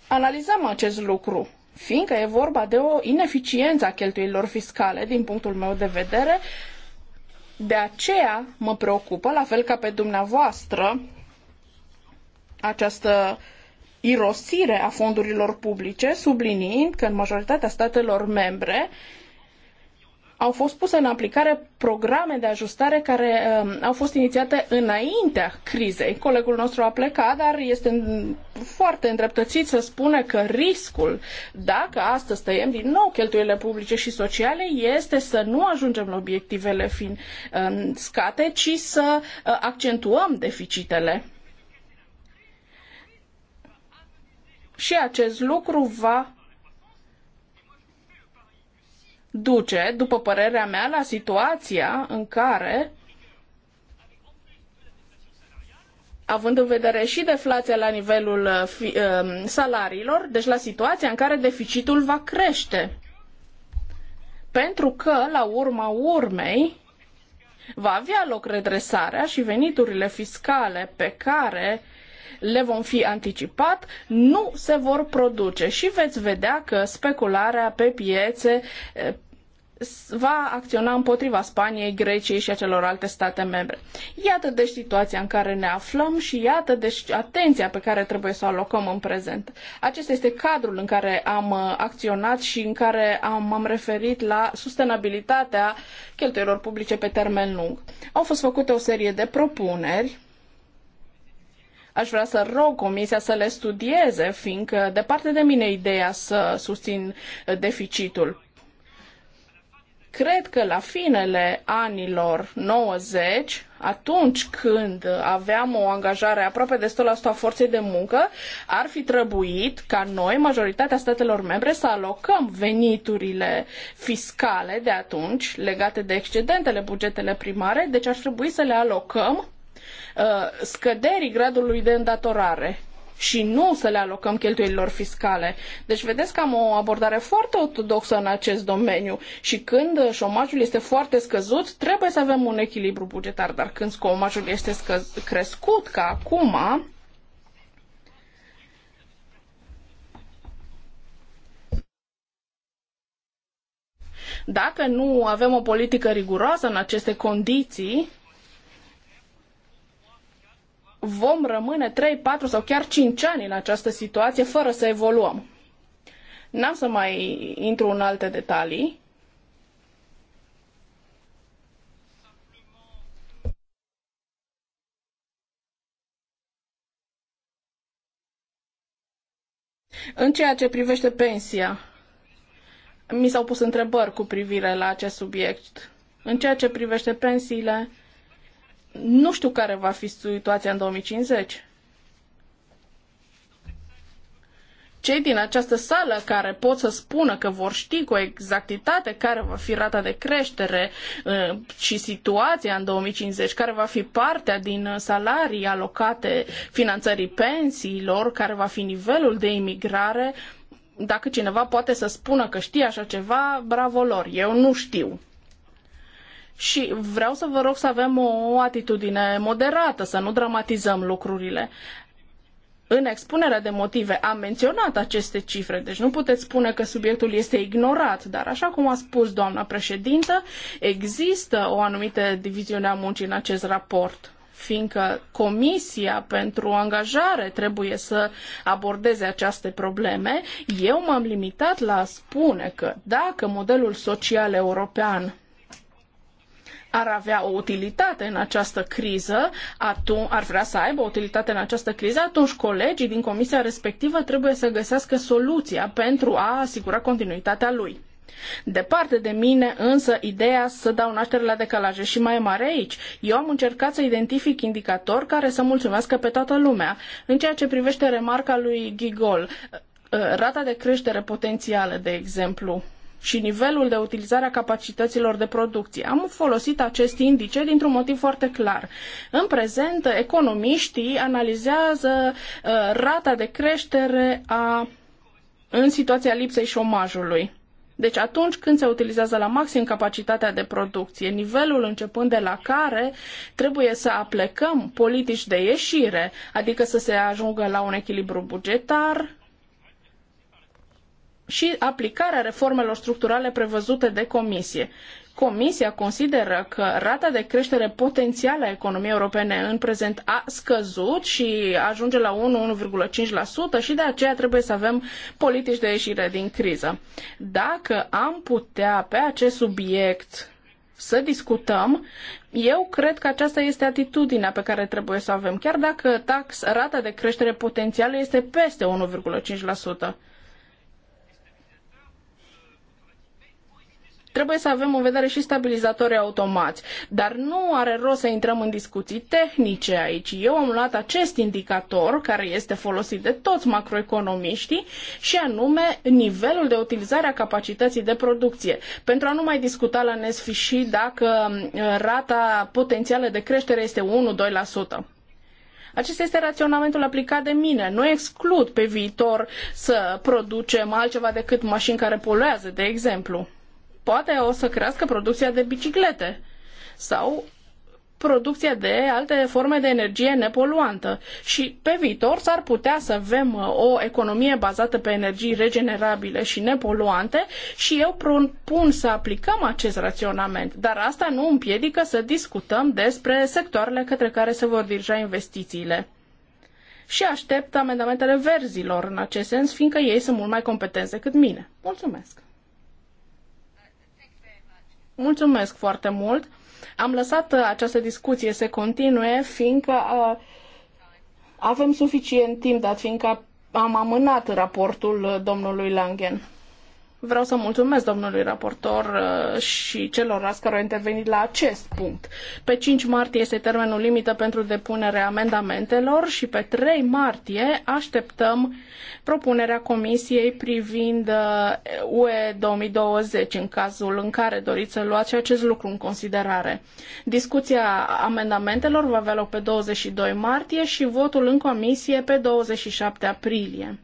analizăm acest lucru fiindcă e vorba de o ineficiență a cheltuielilor fiscale din punctul meu de vedere. De aceea mă preocupă, la fel ca pe dumneavoastră, această irosire a fondurilor publice, subliniind că în majoritatea statelor membre au fost puse în aplicare programe de ajustare care um, au fost inițiate înaintea crizei. Colegul nostru a plecat, dar este foarte îndreptățit să spune că riscul, dacă astăzi tăiem din nou cheltuielile publice și sociale, este să nu ajungem la obiectivele fin um, scate, ci să uh, accentuăm deficitele. Și acest lucru va duce, după părerea mea, la situația în care, având în vedere și deflația la nivelul uh, uh, salariilor, deci la situația în care deficitul va crește. Pentru că, la urma urmei, va avea loc redresarea și veniturile fiscale pe care le vom fi anticipat, nu se vor produce și veți vedea că specularea pe piețe eh, va acționa împotriva Spaniei, Greciei și a celor alte state membre. Iată deci situația în care ne aflăm și iată deci atenția pe care trebuie să o alocăm în prezent. Acesta este cadrul în care am eh, acționat și în care am, am referit la sustenabilitatea cheltuielor publice pe termen lung. Au fost făcute o serie de propuneri Aș vrea să rog Comisia să le studieze, fiindcă departe de mine ideea să susțin uh, deficitul. Cred că la finele anilor 90, atunci când aveam o angajare aproape de 100% a forței de muncă, ar fi trebuit ca noi, majoritatea statelor membre, să alocăm veniturile fiscale de atunci legate de excedentele bugetele primare, deci ar trebui să le alocăm Uh, scăderii gradului de îndatorare și nu să le alocăm cheltuielilor fiscale. Deci vedeți că am o abordare foarte ortodoxă în acest domeniu și când șomajul este foarte scăzut, trebuie să avem un echilibru bugetar, dar când șomajul este scăz- crescut ca acum, Dacă nu avem o politică riguroasă în aceste condiții, vom rămâne 3, 4 sau chiar 5 ani în această situație fără să evoluăm. N-am să mai intru în alte detalii. În ceea ce privește pensia, mi s-au pus întrebări cu privire la acest subiect. În ceea ce privește pensiile, nu știu care va fi situația în 2050. Cei din această sală care pot să spună că vor ști cu exactitate care va fi rata de creștere uh, și situația în 2050, care va fi partea din salarii alocate finanțării pensiilor, care va fi nivelul de imigrare, dacă cineva poate să spună că știe așa ceva, bravo lor, eu nu știu și vreau să vă rog să avem o atitudine moderată, să nu dramatizăm lucrurile. În expunerea de motive am menționat aceste cifre, deci nu puteți spune că subiectul este ignorat, dar așa cum a spus doamna președintă, există o anumită diviziune a muncii în acest raport fiindcă Comisia pentru Angajare trebuie să abordeze aceste probleme, eu m-am limitat la a spune că dacă modelul social european ar avea o utilitate în această criză, atunci, ar vrea să aibă o utilitate în această criză, atunci colegii din comisia respectivă trebuie să găsească soluția pentru a asigura continuitatea lui. Departe de mine însă ideea să dau naștere la decalaje și mai mare aici. Eu am încercat să identific indicatori care să mulțumească pe toată lumea. În ceea ce privește remarca lui Gigol, rata de creștere potențială, de exemplu, și nivelul de utilizare a capacităților de producție. Am folosit acest indice dintr-un motiv foarte clar. În prezent, economiștii analizează uh, rata de creștere a, în situația lipsei șomajului. Deci atunci când se utilizează la maxim capacitatea de producție, nivelul începând de la care trebuie să aplecăm politici de ieșire, adică să se ajungă la un echilibru bugetar, și aplicarea reformelor structurale prevăzute de Comisie. Comisia consideră că rata de creștere potențială a economiei europene în prezent a scăzut și ajunge la 1-1,5% și de aceea trebuie să avem politici de ieșire din criză. Dacă am putea pe acest subiect să discutăm, eu cred că aceasta este atitudinea pe care trebuie să o avem, chiar dacă tax, rata de creștere potențială este peste 1,5%. Trebuie să avem în vedere și stabilizatorii automați, dar nu are rost să intrăm în discuții tehnice aici. Eu am luat acest indicator care este folosit de toți macroeconomiștii și anume nivelul de utilizare a capacității de producție. Pentru a nu mai discuta la nesfârșit dacă mm, rata potențială de creștere este 1-2%. Acesta este raționamentul aplicat de mine. Nu exclud pe viitor să producem altceva decât mașini care poluează, de exemplu poate o să crească producția de biciclete sau producția de alte forme de energie nepoluantă. Și pe viitor s-ar putea să avem uh, o economie bazată pe energii regenerabile și nepoluante și eu propun să aplicăm acest raționament, dar asta nu împiedică să discutăm despre sectoarele către care se vor dirija investițiile. Și aștept amendamentele verzilor în acest sens, fiindcă ei sunt mult mai competenți decât mine. Mulțumesc! Mulțumesc foarte mult. Am lăsat uh, această discuție să continue, fiindcă uh, avem suficient timp, dat fiindcă am amânat raportul uh, domnului Langen. Vreau să mulțumesc domnului raportor uh, și celorlalți care au intervenit la acest punct. Pe 5 martie este termenul limită pentru depunerea amendamentelor și pe 3 martie așteptăm propunerea Comisiei privind uh, UE 2020 în cazul în care doriți să luați acest lucru în considerare. Discuția amendamentelor va avea loc pe 22 martie și votul în comisie pe 27 aprilie.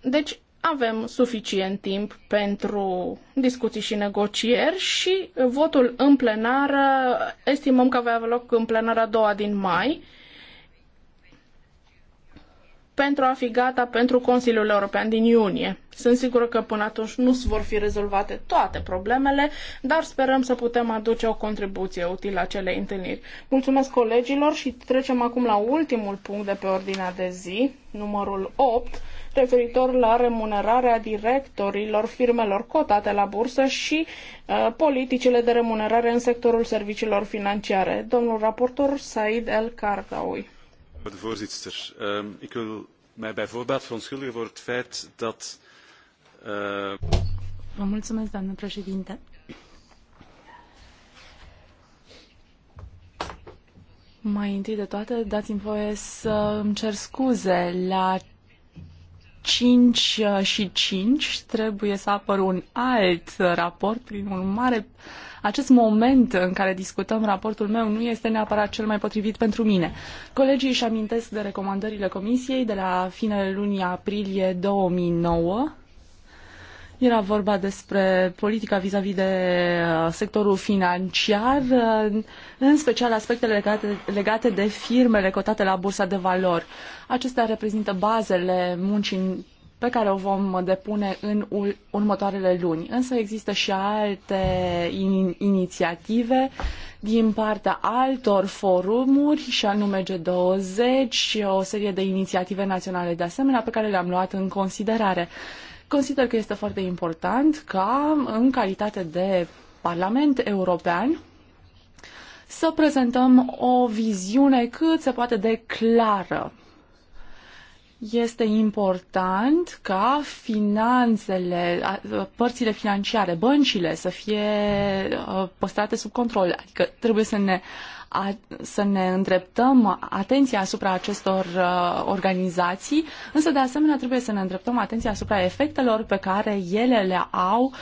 Deci, avem suficient timp pentru discuții și negocieri și votul în plenară, estimăm că va avea loc în plenara a doua din mai, pentru a fi gata pentru Consiliul European din iunie. Sunt sigură că până atunci nu vor fi rezolvate toate problemele, dar sperăm să putem aduce o contribuție utilă acelei întâlniri. Mulțumesc colegilor și trecem acum la ultimul punct de pe ordinea de zi, numărul 8, referitor la remunerarea directorilor firmelor cotate la bursă și uh, politicile de remunerare în sectorul serviciilor financiare. Domnul raportor Said El Kardaoui. Voorzitter, ehm, ik wil mij verontschuldigen voor het feit dat. Ehm, Vă mulțumesc, doamnă președinte. Mai întâi de toate, dați-mi voie să îmi cer scuze la 5 uh, și 5 trebuie să apăr un alt raport, prin urmare acest moment în care discutăm raportul meu nu este neapărat cel mai potrivit pentru mine. Colegii își amintesc de recomandările comisiei de la finele lunii aprilie 2009 era vorba despre politica vis-a-vis -vis de uh, sectorul financiar, uh, în special aspectele legate, legate de firmele cotate la bursa de valori. Acestea reprezintă bazele muncii pe care o vom depune în următoarele luni. Însă există și alte in- inițiative din partea altor forumuri, și anume G20 și o serie de inițiative naționale de asemenea pe care le-am luat în considerare. Consider că este foarte important ca, în calitate de Parlament European, să prezentăm o viziune cât se poate de clară. Este important ca finanțele, părțile financiare, băncile să fie uh, păstrate sub control. Adică trebuie să ne a, să ne îndreptăm atenția asupra acestor uh, organizații, însă de asemenea trebuie să ne îndreptăm atenția asupra efectelor pe care ele le au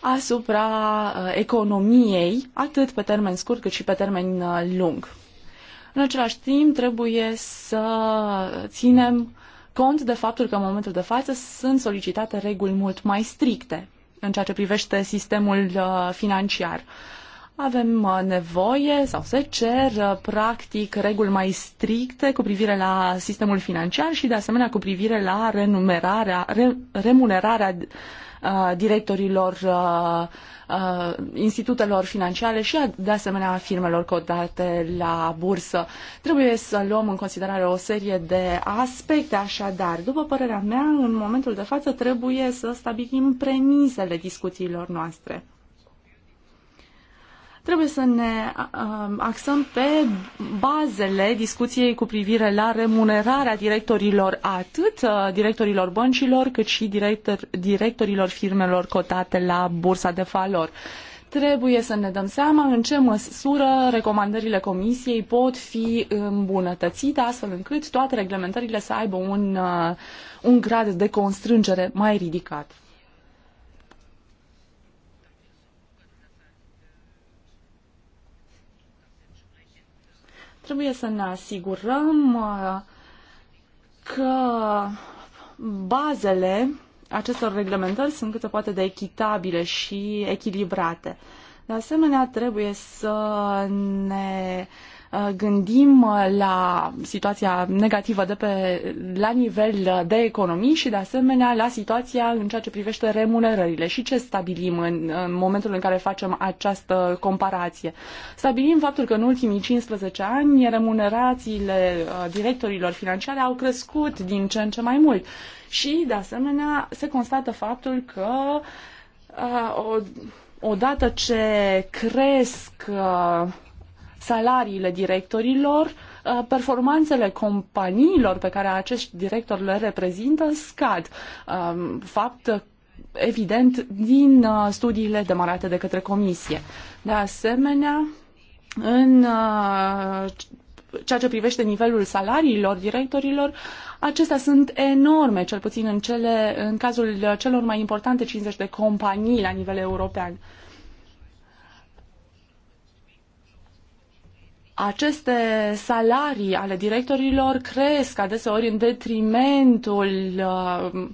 asupra uh, economiei, atât pe termen scurt cât și pe termen uh, lung. În același timp, trebuie să ținem cont de faptul că în momentul de față sunt solicitate reguli mult mai stricte în ceea ce privește sistemul uh, financiar. Uh, avem uh, nevoie sau se cer uh, practic reguli mai stricte cu privire la sistemul financiar și de asemenea cu privire la renumerarea, re, remunerarea uh, directorilor institutelor financiare și de asemenea firmelor cotate la bursă. Trebuie să luăm în considerare o serie de aspecte așadar. După părerea mea, în momentul de față trebuie să stabilim premisele discuțiilor noastre. Trebuie să ne axăm pe bazele discuției cu privire la remunerarea directorilor, atât directorilor băncilor, cât și director, directorilor firmelor cotate la bursa de valori trebuie să ne dăm seama în ce măsură recomandările comisiei pot fi îmbunătățite astfel încât toate reglementările să aibă un, un grad de constrângere mai ridicat. Trebuie să ne asigurăm uh, că bazele acestor reglementări sunt câte poate de echitabile și echilibrate. De asemenea, trebuie să ne uh, Uh, gândim uh, la situația negativă de pe, la nivel uh, de economii și de asemenea la situația în ceea ce privește remunerările și ce stabilim în, în momentul în care facem această comparație. Stabilim faptul că în ultimii 15 ani remunerațiile directorilor financiare au crescut din ce în ce mai mult și de asemenea se constată faptul că o, odată ce cresc salariile directorilor, uh, performanțele companiilor pe care acești directori le reprezintă scad. Um, fapt evident din uh, studiile demarate de către comisie. De asemenea, în uh, ceea ce privește nivelul salariilor directorilor, acestea sunt enorme, cel puțin în, cele, în cazul celor mai importante 50 de companii la nivel european. aceste salarii ale directorilor cresc adeseori în detrimentul uh,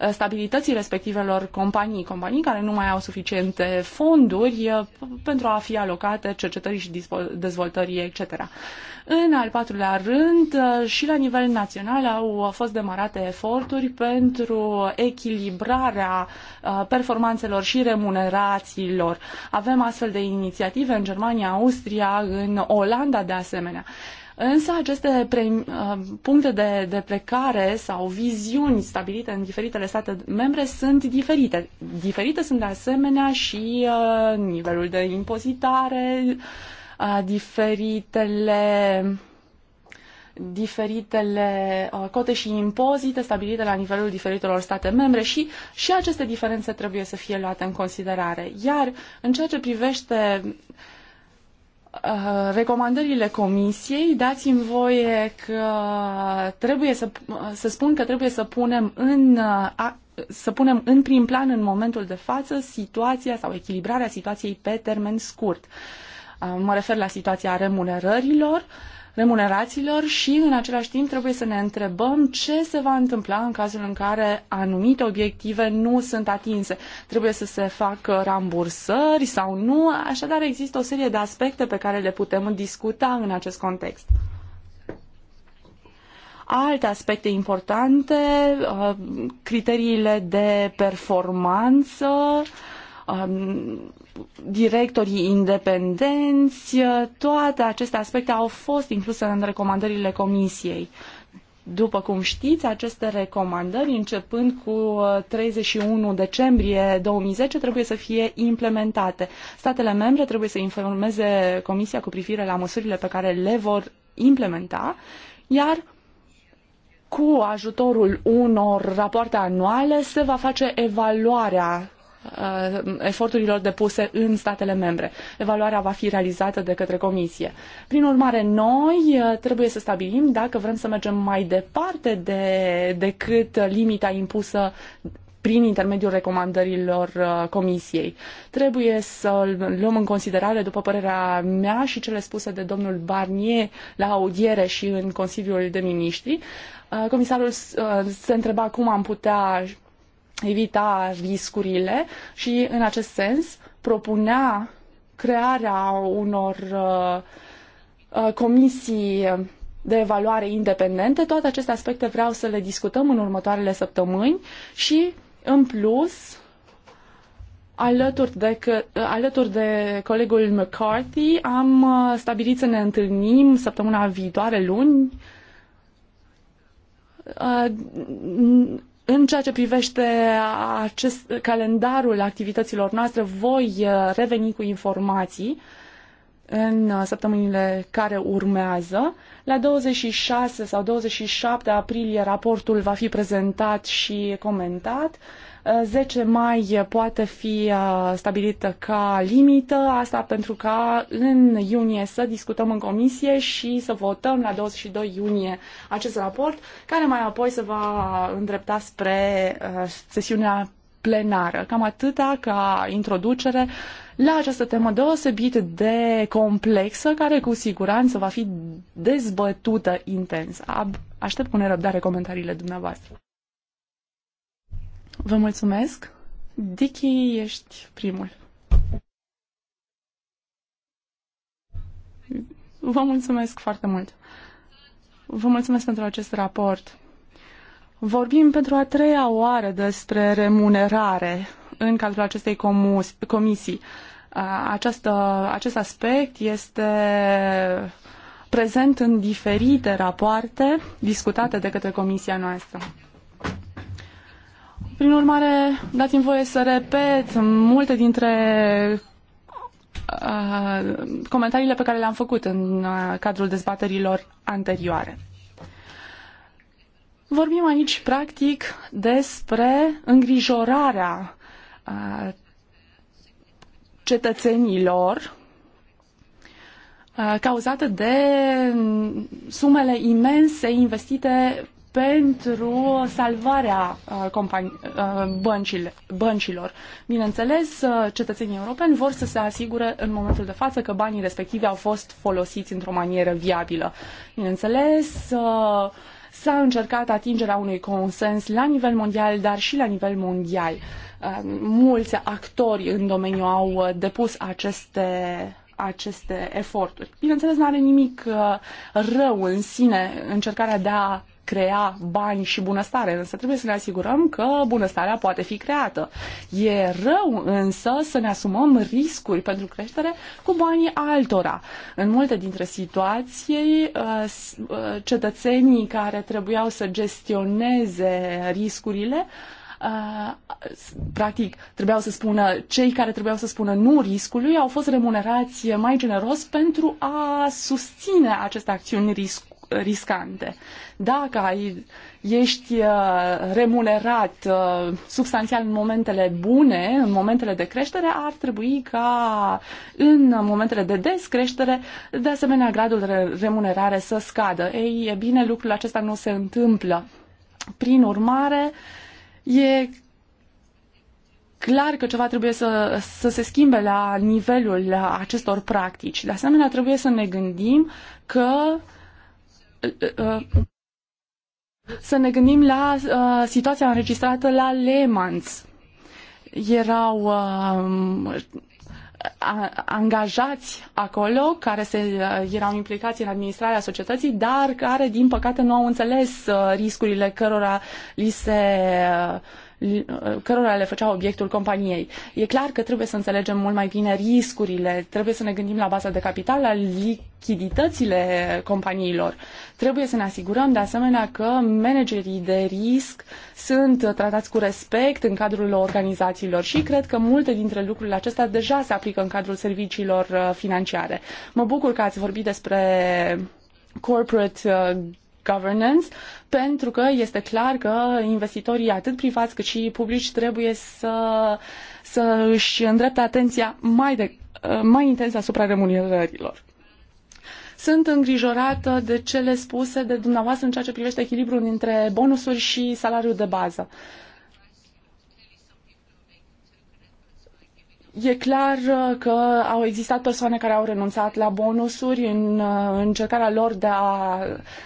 Uh, stabilității respectivelor companii, companii care nu mai au suficiente fonduri uh, pentru a fi alocate cercetării și dezvoltării, etc. În al patrulea rând, uh, și la nivel național au fost demarate eforturi pentru echilibrarea performanțelor și remunerațiilor. Avem astfel de inițiative în Germania, Austria, în Olanda de asemenea. Însă aceste pre, uh, puncte de, de plecare sau viziuni stabilite în diferitele state membre sunt diferite. Diferite sunt de asemenea și uh, nivelul de impozitare, uh, diferitele diferitele cote și impozite stabilite la nivelul diferitelor state membre și, și aceste diferențe trebuie să fie luate în considerare. Iar în ceea ce privește Uh, recomandările comisiei, dați-mi voie că trebuie să, să spun că trebuie să punem în uh, să punem în prim plan în momentul de față situația sau echilibrarea situației pe termen scurt. Uh, mă refer la situația remunerărilor, uh, remunerațiilor și, în același timp, trebuie să ne întrebăm ce se va întâmpla în cazul în care anumite obiective nu sunt atinse. Trebuie să se facă rambursări sau nu, așadar există o serie de aspecte pe care le putem discuta în acest context. Alte aspecte importante, uh, criteriile de performanță, um, directorii independenți, toate aceste aspecte au fost incluse în recomandările comisiei. După cum știți, aceste recomandări, începând cu 31 uh, decembrie 2010, trebuie să fie implementate. Statele membre trebuie să informeze Comisia cu privire la măsurile pe care le vor implementa, iar cu ajutorul unor rapoarte anuale se va face evaluarea Uh, eforturilor depuse în statele membre. Evaluarea va fi realizată de către Comisie. Prin urmare, noi uh, trebuie să stabilim dacă vrem să mergem mai departe de, decât limita impusă prin intermediul recomandărilor uh, comisiei. Trebuie să luăm în considerare, după părerea mea și cele spuse de domnul Barnier la audiere și în Consiliul de Ministri, comisarul se întreba cum am putea evita riscurile și în acest sens propunea crearea unor uh, uh, comisii de evaluare independente. Toate aceste aspecte vreau să le discutăm în următoarele săptămâni și, în plus, alături de, că, uh, alături de colegul McCarthy am stabilit să ne întâlnim săptămâna viitoare, luni, în ceea ce privește acest calendarul activităților noastre, voi uh, reveni cu informații în uh, săptămânile care urmează. La 26 sau 27 aprilie raportul va fi prezentat și comentat. 10 uh, mai poate fi uh, stabilită ca limită, asta pentru ca în iunie să discutăm în comisie și să votăm la 22 iunie acest raport, care mai apoi se va îndrepta spre uh, sesiunea plenară. Cam atâta ca introducere la această temă deosebit de complexă, care cu siguranță va fi dezbătută intens. Aștept cu nerăbdare comentariile dumneavoastră. Vă mulțumesc. Dicky, ești primul. Vă mulțumesc foarte mult. Vă mulțumesc pentru acest raport. Vorbim pentru a treia oară despre remunerare în cadrul acestei comus, comisii. Această, acest aspect este prezent în diferite rapoarte discutate de către comisia noastră. Prin urmare, dați-mi voie să repet multe dintre uh, comentariile pe care le-am făcut în uh, cadrul dezbaterilor anterioare. Vorbim aici, practic, despre îngrijorarea uh, cetățenilor cauzată de sumele imense investite pentru salvarea uh, uh, băncilor. Bineînțeles, uh, cetățenii europeni vor să se asigure în momentul de față că banii respectivi au fost folosiți într-o manieră viabilă. Bineînțeles, s-a încercat atingerea unui consens la nivel mondial, dar și la nivel mondial. Mulți actori în domeniu au depus aceste aceste eforturi. Bineînțeles, nu are nimic rău în sine încercarea de a crea bani și bunăstare, însă trebuie să ne asigurăm că bunăstarea poate fi creată. E rău însă să ne asumăm riscuri pentru creștere cu banii altora. În multe dintre situații, uh, uh, cetățenii care trebuiau să gestioneze riscurile Uh, practic trebuiau să spună, cei care trebuiau să spună nu riscului au fost remunerați mai generos pentru a susține aceste acțiuni risc, riscante. Dacă ai, ești uh, remunerat uh, substanțial în momentele bune, în momentele de creștere, ar trebui ca în momentele de descreștere, de asemenea, gradul de remunerare să scadă. Ei, e bine, lucrul acesta nu se întâmplă. Prin urmare, e clar că ceva trebuie să, să se schimbe la nivelul acestor practici. De asemenea, trebuie să ne gândim că uh, să ne gândim la uh, situația înregistrată la Lemans. Erau uh, angajați acolo care se, uh, erau implicați în administrarea societății, dar care, din păcate, nu au înțeles uh, riscurile cărora li se uh, cărora le făceau obiectul companiei. E clar că trebuie să înțelegem mult mai bine riscurile, trebuie să ne gândim la baza de capital, la lichiditățile companiilor. Trebuie să ne asigurăm de asemenea că managerii de risc sunt tratați cu respect în cadrul organizațiilor și cred că multe dintre lucrurile acestea deja se aplică în cadrul serviciilor uh, financiare. Mă bucur că ați vorbit despre corporate uh, governance, pentru că este clar că investitorii atât privați cât și publici trebuie să, să își îndrepte atenția mai, de, mai intens asupra remunerărilor. Sunt îngrijorată de cele spuse de dumneavoastră în ceea ce privește echilibrul dintre bonusuri și salariul de bază. Uh, E clar uh, că au existat persoane care au renunțat la bonusuri în uh, încercarea lor de a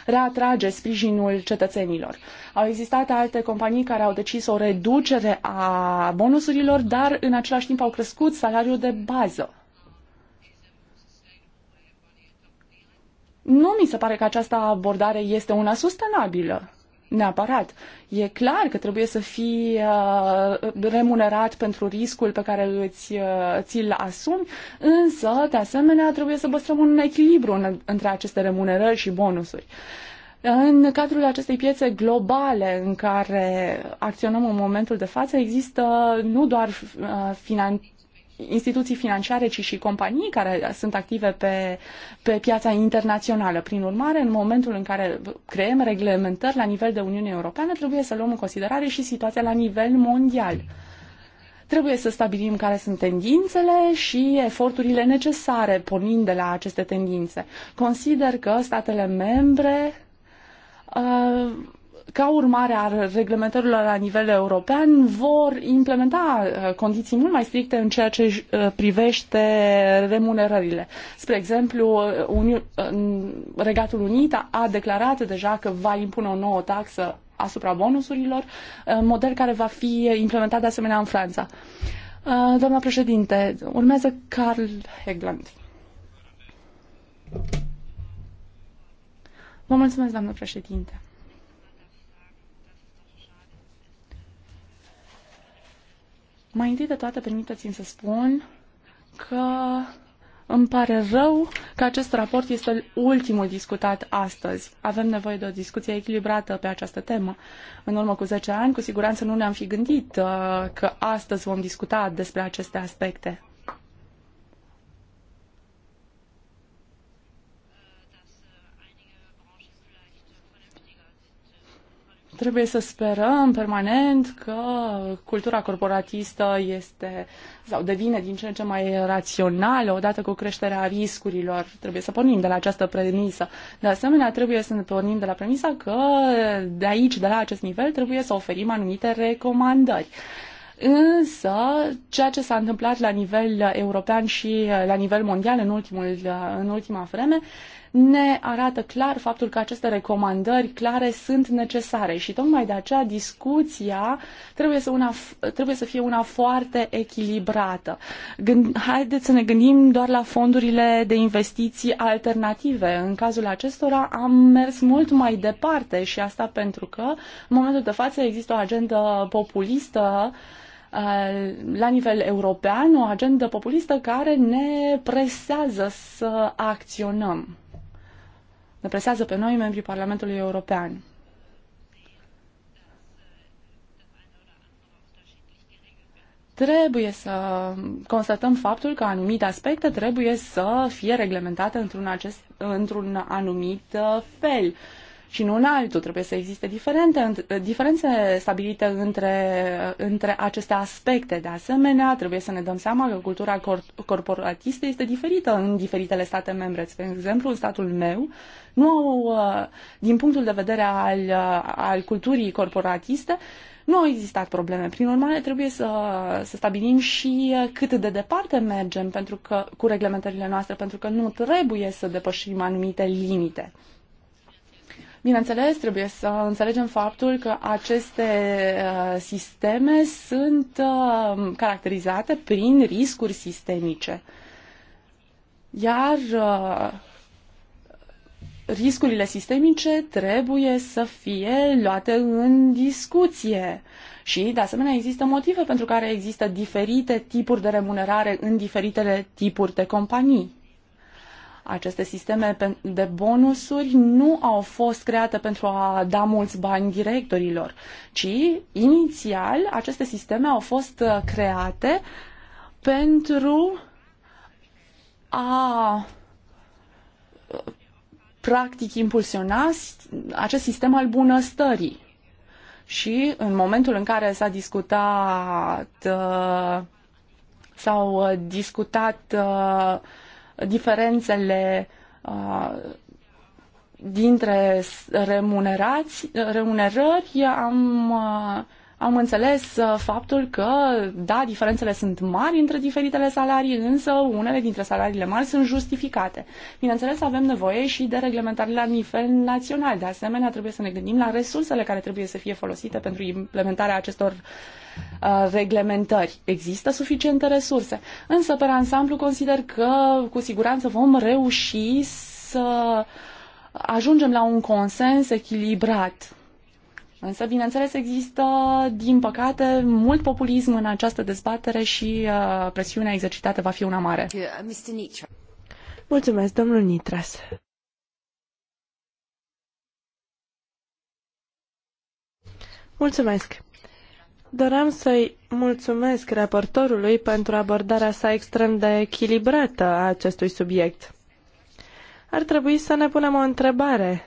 reatrage sprijinul cetățenilor. Au existat alte companii care au decis o reducere a bonusurilor, dar în același timp au crescut salariul de bază. Nu mi se pare că această abordare este una sustenabilă neapărat. E clar că trebuie să fii uh, remunerat pentru riscul pe care îți, uh, ți-l asumi, însă, de asemenea, trebuie să păstrăm un echilibru în, între aceste remunerări și bonusuri. În cadrul acestei piețe globale în care acționăm în momentul de față, există nu doar uh, finan- instituții financiare, ci și companii care sunt active pe, pe piața internațională. Prin urmare, în momentul în care creăm reglementări la nivel de Uniune Europeană, trebuie să luăm în considerare și situația la nivel mondial trebuie să stabilim care sunt tendințele și eforturile necesare pornind de la aceste tendințe. Consider că statele membre uh, ca urmare a reglementărilor la nivel european, vor implementa uh, condiții mult mai stricte în ceea ce uh, privește remunerările. Spre exemplu, uh, Regatul Unit a declarat deja că va impune o nouă taxă asupra bonusurilor, model care va fi implementat de asemenea în Franța. Doamna președinte, urmează Carl Hegland. Vă mulțumesc, doamnă președinte. Mai întâi de toate, permiteți-mi să spun că îmi pare rău că acest raport este ultimul discutat astăzi. Avem nevoie de o discuție echilibrată pe această temă. În urmă cu 10 ani, cu siguranță nu ne-am fi gândit uh, că astăzi vom discuta despre aceste aspecte. trebuie să sperăm permanent că cultura corporatistă este sau devine din ce în ce mai rațională odată cu creșterea riscurilor. Trebuie să pornim de la această premisă. De asemenea, trebuie să ne pornim de la premisa că de aici, de la acest nivel, trebuie să oferim anumite recomandări. Însă, ceea ce s-a întâmplat la nivel european și la nivel mondial în, ultimul, în ultima vreme ne arată clar faptul că aceste recomandări clare sunt necesare și tocmai de aceea discuția trebuie să, una, trebuie să fie una foarte echilibrată. Gând, haideți să ne gândim doar la fondurile de investiții alternative. În cazul acestora am mers mult mai departe și asta pentru că în momentul de față există o agendă populistă uh, la nivel european, o agendă populistă care ne presează să acționăm ne presează pe noi, membrii Parlamentului European. Trebuie să constatăm faptul că anumite aspecte trebuie să fie reglementate într-un, într anumit uh, fel și nu în altul. Trebuie să existe diferente, uh, diferențe stabilite între, uh, între aceste aspecte. De asemenea, trebuie să ne dăm seama că cultura cor- corporatistă este diferită în diferitele state membre. De exemplu, în statul meu, nu au, uh, din punctul de vedere al, uh, al culturii corporatiste, nu au existat probleme. Prin urmare, trebuie să, să stabilim și uh, cât de departe mergem pentru că, cu reglementările noastre, pentru că nu trebuie să depășim anumite limite. Bineînțeles, trebuie să înțelegem faptul că aceste sisteme sunt caracterizate prin riscuri sistemice. Iar riscurile sistemice trebuie să fie luate în discuție. Și, de asemenea, există motive pentru care există diferite tipuri de remunerare în diferitele tipuri de companii. Aceste sisteme de bonusuri nu au fost create pentru a da mulți bani directorilor, ci, inițial, aceste sisteme au fost uh, create pentru a practic impulsiona acest sistem al bunăstării. Și în momentul în care s-a discutat uh, s-au uh, discutat uh, diferențele dintre remunerați, remunerări, am am înțeles uh, faptul că, da, diferențele sunt mari între diferitele salarii, însă unele dintre salariile mari sunt justificate. Bineînțeles, avem nevoie și de reglementare la nivel național. De asemenea, trebuie să ne gândim la resursele care trebuie să fie folosite pentru implementarea acestor uh, reglementări. Există suficiente resurse, însă, pe ansamblu, consider că cu siguranță vom reuși să ajungem la un consens echilibrat Însă, bineînțeles, există, din păcate, mult populism în această dezbatere și uh, presiunea exercitată va fi una mare. Uh, mulțumesc, domnul Nitras. Mulțumesc. Doream să-i mulțumesc raportorului pentru abordarea sa extrem de echilibrată a acestui subiect. Ar trebui să ne punem o întrebare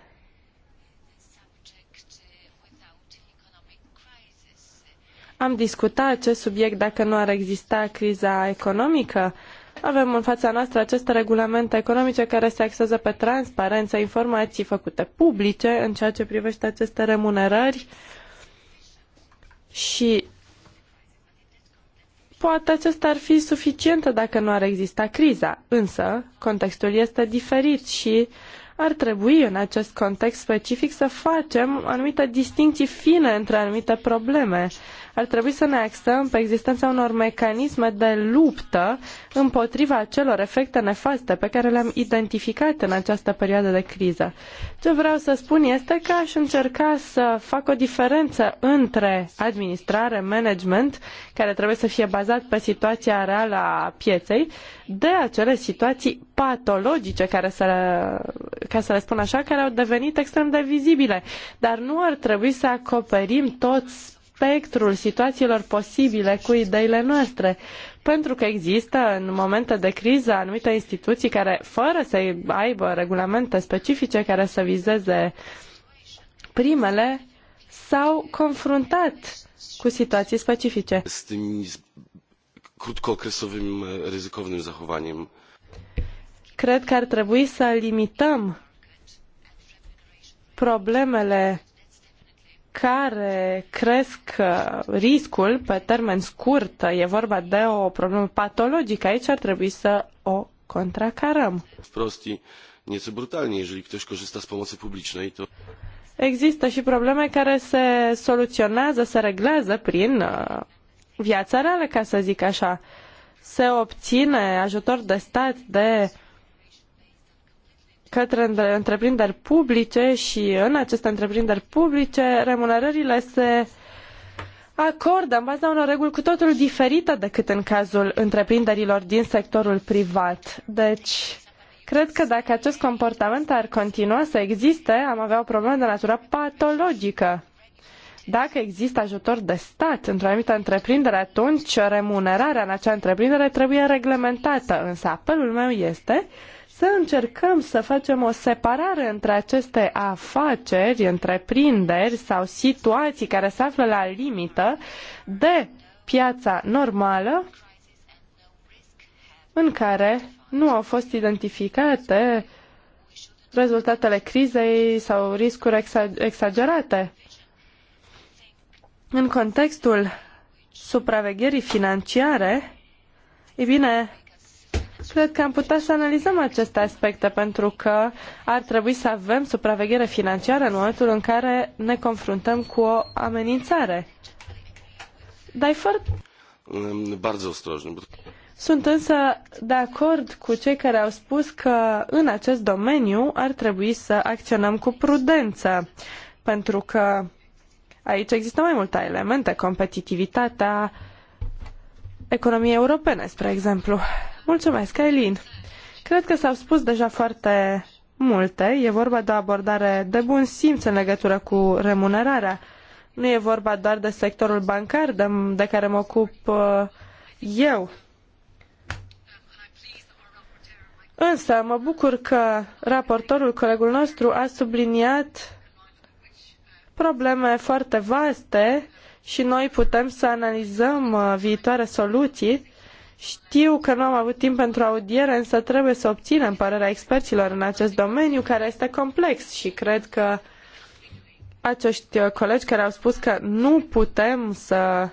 am discutat acest subiect dacă nu ar exista criza economică? Avem în fața noastră aceste regulamente economice care se axează pe transparența informații făcute publice în ceea ce privește aceste remunerări și poate acesta ar fi suficientă dacă nu ar exista criza, însă contextul este diferit și uh, ar trebui în acest context specific să facem anumite distinții fine între anumite probleme. Ar trebui să ne axăm pe existența unor mecanisme de luptă împotriva acelor efecte nefaste pe care le-am identificat în această perioadă de criză. Ce vreau să spun este că aș încerca să fac o diferență între administrare, management, care trebuie să fie bazat pe situația reală a pieței, de acele situații patologice, care să, ca să le spun așa, care au devenit extrem de vizibile. Dar nu ar trebui să acoperim tot spectrul situațiilor posibile cu ideile noastre pentru că există în momente de criză anumite instituții care, fără să aibă regulamente specifice care să vizeze primele, s-au confruntat cu situații specifice krótkookresowym, ryzykownym zachowaniem. Cred că ar trebui să limităm problemele care cresc riscul pe termen scurt. E vorba de o problemă patologică. Aici ar trebui să o contracarăm. Prostii, nieco brutalnie, jeżeli ktoś korzysta z pomocy publicznej, to... Există și probleme care se soluționează, se reglează prin viața reală, ca să zic așa. Se obține ajutor de stat de către întreprinderi publice și în aceste întreprinderi publice remunerările se acordă în baza unor reguli cu totul diferite decât în cazul întreprinderilor din sectorul privat. Deci, cred că dacă acest comportament ar continua să existe, am avea o problemă de natură patologică. Dacă există ajutor de stat într-o anumită întreprindere, atunci remunerarea în acea întreprindere trebuie reglementată. Însă apelul meu este să încercăm să facem o separare între aceste afaceri, întreprinderi sau situații care se află la limită de piața normală în care nu au fost identificate rezultatele crizei sau riscuri exagerate. În contextul supravegherii financiare, e bine, cred că am putea să analizăm aceste aspecte pentru că ar trebui să avem supraveghere financiară în momentul în care ne confruntăm cu o amenințare. Dar foarte... Sunt însă de acord cu cei care au spus că în acest domeniu ar trebui să acționăm cu prudență, pentru că Aici există mai multe elemente, competitivitatea economiei europene, spre exemplu. Mulțumesc, Eileen. Cred că s-au spus deja foarte multe. E vorba de o abordare de bun simț în legătură cu remunerarea. Nu e vorba doar de sectorul bancar de, de care mă ocup uh, eu. Însă mă bucur că raportorul, colegul nostru, a subliniat probleme foarte vaste și noi putem să analizăm uh, viitoare soluții. Știu că nu am avut timp pentru audiere, însă trebuie să obținem părerea experților în acest domeniu, care este complex și cred că acești uh, colegi care au spus că nu putem să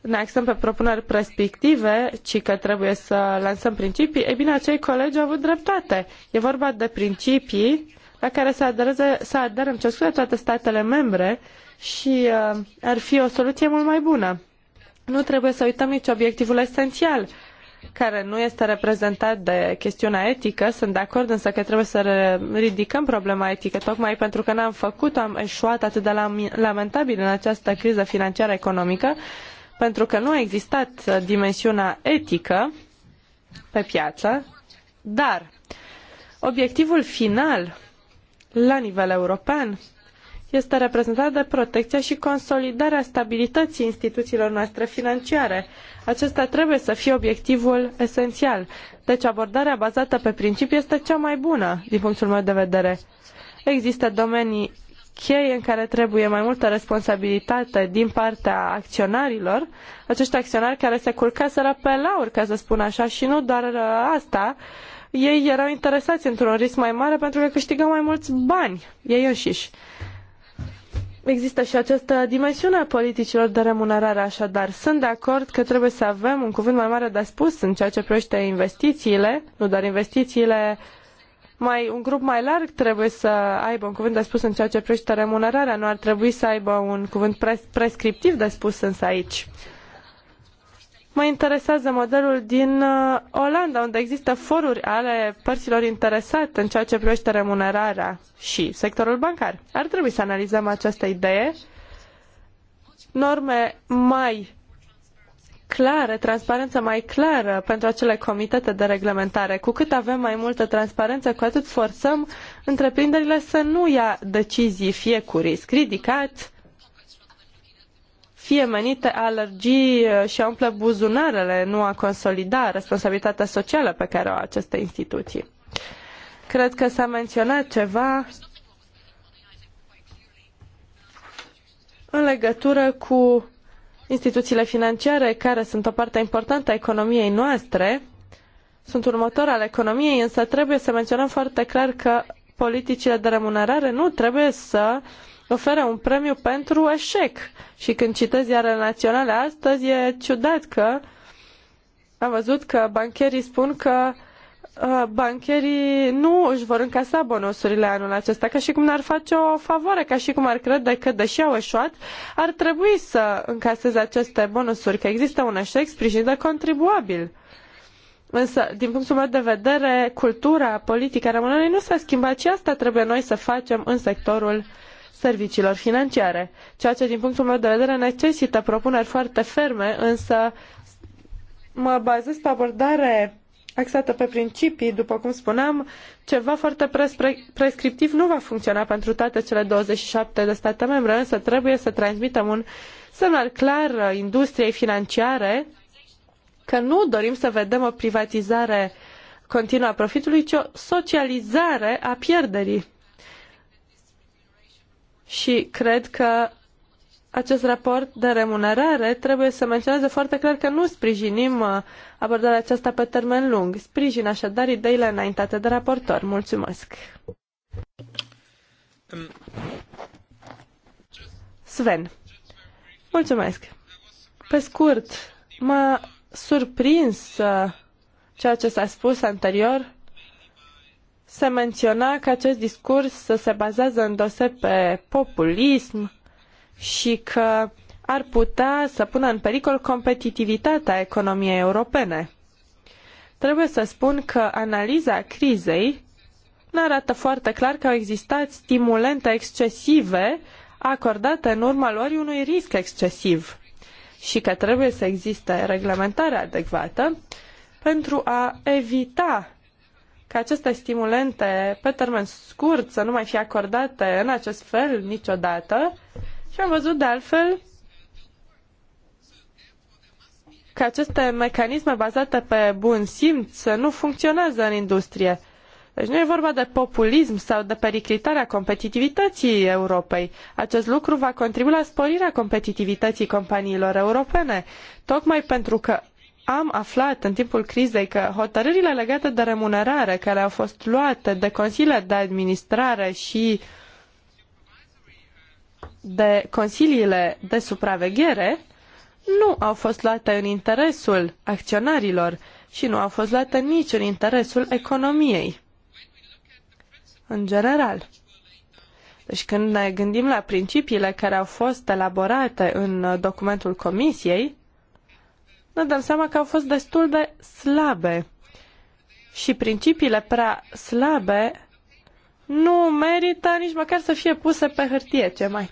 ne axăm pe propuneri perspective, ci că trebuie să lansăm principii, e bine, acei colegi au avut dreptate. E vorba de principii la care să, adereze, să aderăm ce scuze toate statele membre și uh, ar fi o soluție mult mai bună. Nu trebuie să uităm nici obiectivul esențial, care nu este reprezentat de chestiunea etică. Sunt de acord însă că trebuie să ridicăm problema etică, tocmai pentru că n-am făcut am eșuat atât de lamentabil în această criză financiară economică, pentru că nu a existat uh, dimensiunea etică pe piață, dar obiectivul final la nivel european este reprezentat de protecția și consolidarea stabilității instituțiilor noastre financiare. Acesta trebuie să fie obiectivul esențial. Deci abordarea bazată pe principii este cea mai bună, din punctul meu de vedere. Există domenii cheie în care trebuie mai multă responsabilitate din partea acționarilor, acești acționari care se culcaseră pe lauri, ca să spun așa, și nu doar asta, ei erau interesați într-un risc mai mare pentru că câștigau mai mulți bani, ei înșiși. Există și această dimensiune a politicilor de remunerare, așadar sunt de acord că trebuie să avem un cuvânt mai mare de spus în ceea ce privește investițiile, nu doar investițiile, mai, un grup mai larg trebuie să aibă un cuvânt de spus în ceea ce privește remunerarea, nu ar trebui să aibă un cuvânt pres prescriptiv de spus însă aici. Mă interesează modelul din uh, Olanda, unde există foruri ale părților interesate în ceea ce privește remunerarea și sectorul bancar. Ar trebui să analizăm această idee. Norme mai clare, transparență mai clară pentru acele comitete de reglementare. Cu cât avem mai multă transparență, cu atât forțăm întreprinderile să nu ia decizii fie cu risc ridicat, fie menite a alergi uh, și a umple buzunarele, nu a consolida responsabilitatea socială pe care o au aceste instituții. Cred că s-a menționat ceva în legătură cu instituțiile financiare care sunt o parte importantă a economiei noastre, sunt următor al economiei, însă trebuie să menționăm foarte clar că politicile de remunerare nu trebuie să uh, oferă un premiu pentru eșec. Și când citesc ziarele naționale astăzi, e ciudat că am văzut că bancherii spun că uh, bancherii nu își vor încasa bonusurile anul acesta, ca și cum n-ar face o favoare, ca și cum ar crede că, deși au eșuat, ar trebui să încaseze aceste bonusuri, că există un eșec sprijinit de contribuabil. Însă, din punctul meu de vedere, cultura politică a românului nu s-a schimbat și asta trebuie noi să facem în sectorul uh, serviciilor financiare, ceea ce din punctul meu de vedere necesită propuneri foarte ferme, însă mă bazez pe abordare axată pe principii, după cum spuneam, ceva foarte prescriptiv nu va funcționa pentru toate cele 27 de state membre, însă trebuie să transmitem un semnal clar industriei financiare că nu dorim să vedem o privatizare continuă a profitului, ci o socializare a pierderii. Și cred că acest raport de remunerare trebuie să menționeze foarte clar că nu sprijinim uh, abordarea aceasta pe termen lung. Sprijin așadar ideile înaintate de raportor. Mulțumesc. Sven. Mulțumesc. Pe scurt, m-a surprins uh, ceea ce s-a spus anterior se menționa că acest discurs se bazează în dose pe populism și că ar putea să pună în pericol competitivitatea economiei europene. Trebuie să spun că analiza crizei ne arată foarte clar că au existat stimulente excesive acordate în urma lor unui risc excesiv și că trebuie să existe reglementare adecvată pentru a evita ca aceste stimulente pe termen scurt să nu mai fie acordate în acest fel niciodată și am văzut de altfel că aceste mecanisme bazate pe bun simț nu funcționează în industrie. Deci nu e vorba de populism sau de periclitarea competitivității Europei. Acest lucru va contribui la sporirea competitivității companiilor europene, tocmai pentru că am aflat în timpul crizei că hotărârile legate de remunerare care au fost luate de consiliile de administrare și de consiliile de supraveghere nu au fost luate în interesul acționarilor și nu au fost luate nici în interesul economiei. În general. Deci când ne gândim la principiile care au fost elaborate în documentul comisiei, ne dăm seama că au fost destul de slabe. Și principiile prea slabe nu merită nici măcar să fie puse pe hârtie, ce mai.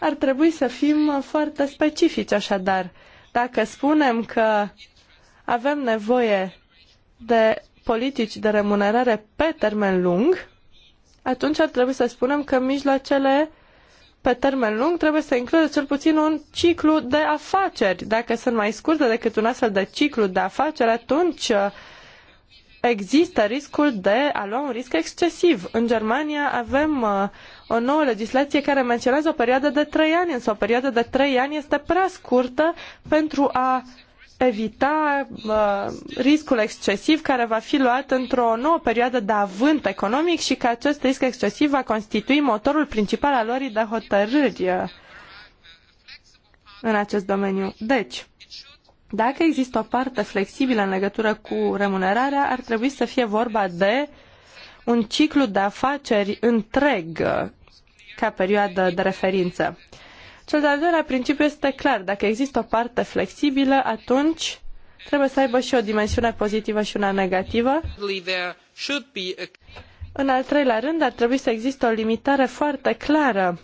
Ar trebui să fim foarte specifici așadar. Dacă spunem că avem nevoie de politici de remunerare pe termen lung, atunci ar trebui să spunem că mijloacele pe termen lung trebuie să includă cel puțin un ciclu de afaceri. Dacă sunt mai scurte decât un astfel de ciclu de afaceri, atunci uh, există riscul de a lua un risc excesiv. În Germania avem uh, o nouă legislație care menționează o perioadă de trei ani, însă o perioadă de trei ani este prea scurtă pentru a evita uh, riscul excesiv care va fi luat într-o nouă perioadă de avânt economic și că acest risc excesiv va constitui motorul principal al luării de hotărâri uh, în acest domeniu. Deci, dacă există o parte flexibilă în legătură cu remunerarea, ar trebui să fie vorba de un ciclu de afaceri întreg uh, ca perioadă de referință. Cel de-al doilea principiu este clar. Dacă există o parte flexibilă, atunci trebuie să aibă și o dimensiune pozitivă și una negativă. În al treilea rând, ar trebui să existe o limitare foarte clară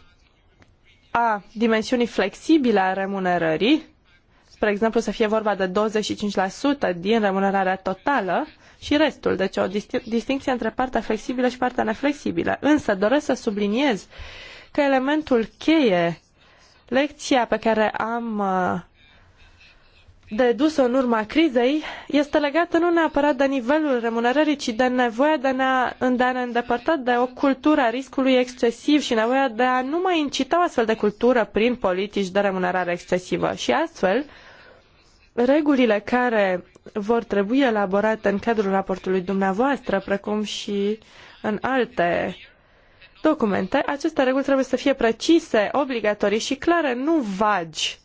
a dimensiunii flexibile a remunerării, spre exemplu să fie vorba de 25% din remunerarea totală și restul, deci o distinție între partea flexibilă și partea neflexibilă. Însă doresc să subliniez că elementul cheie Lecția pe care am uh, dedus-o în urma crizei este legată nu neapărat de nivelul remunerării, ci de nevoia de, ne, de a ne îndepărta de o cultură a riscului excesiv și nevoia de a nu mai incita o astfel de cultură prin politici de remunerare excesivă. Și astfel, regulile care vor trebui elaborate în cadrul raportului dumneavoastră, precum și în alte uh, documente, aceste reguli trebuie să fie precise, obligatorii și clare, nu vagi.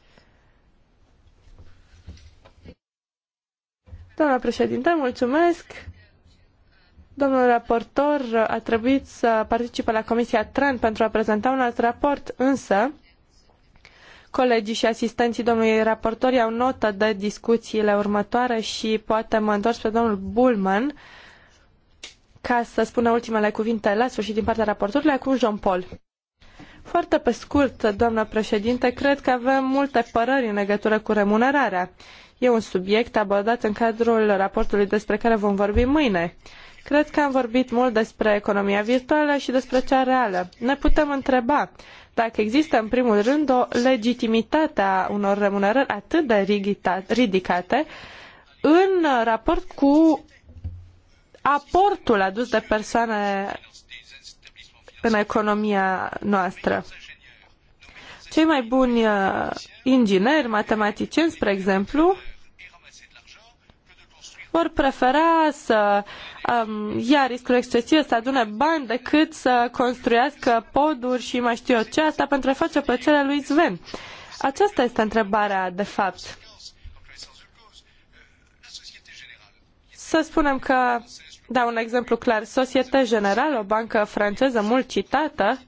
Doamna președinte, mulțumesc. Domnul raportor a trebuit să participe la Comisia Tren pentru a prezenta un alt raport, însă colegii și asistenții domnului raportor iau notă de discuțiile următoare și poate mă întorc pe domnul Bullman, ca să spună ultimele cuvinte la sfârșit din partea raportorului, acum Jean-Paul. Foarte pe scurt, doamnă președinte, cred că avem multe părări în legătură cu remunerarea. E un subiect abordat în cadrul raportului despre care vom vorbi mâine. Cred că am vorbit mult despre economia virtuală și despre cea reală. Ne putem întreba dacă există, în primul rând, o legitimitate a unor remunerări atât de ridicate în raport cu aportul adus de persoane în economia noastră. Cei mai buni uh, ingineri, matematicieni, spre exemplu, vor prefera să um, ia riscul excesiv să adune bani, decât să construiască poduri și mai știu eu ce, asta pentru a face plăcerea lui Sven. Aceasta este întrebarea, de fapt. Să spunem că dau un exemplu clar. Societe Generală, o bancă franceză mult citată,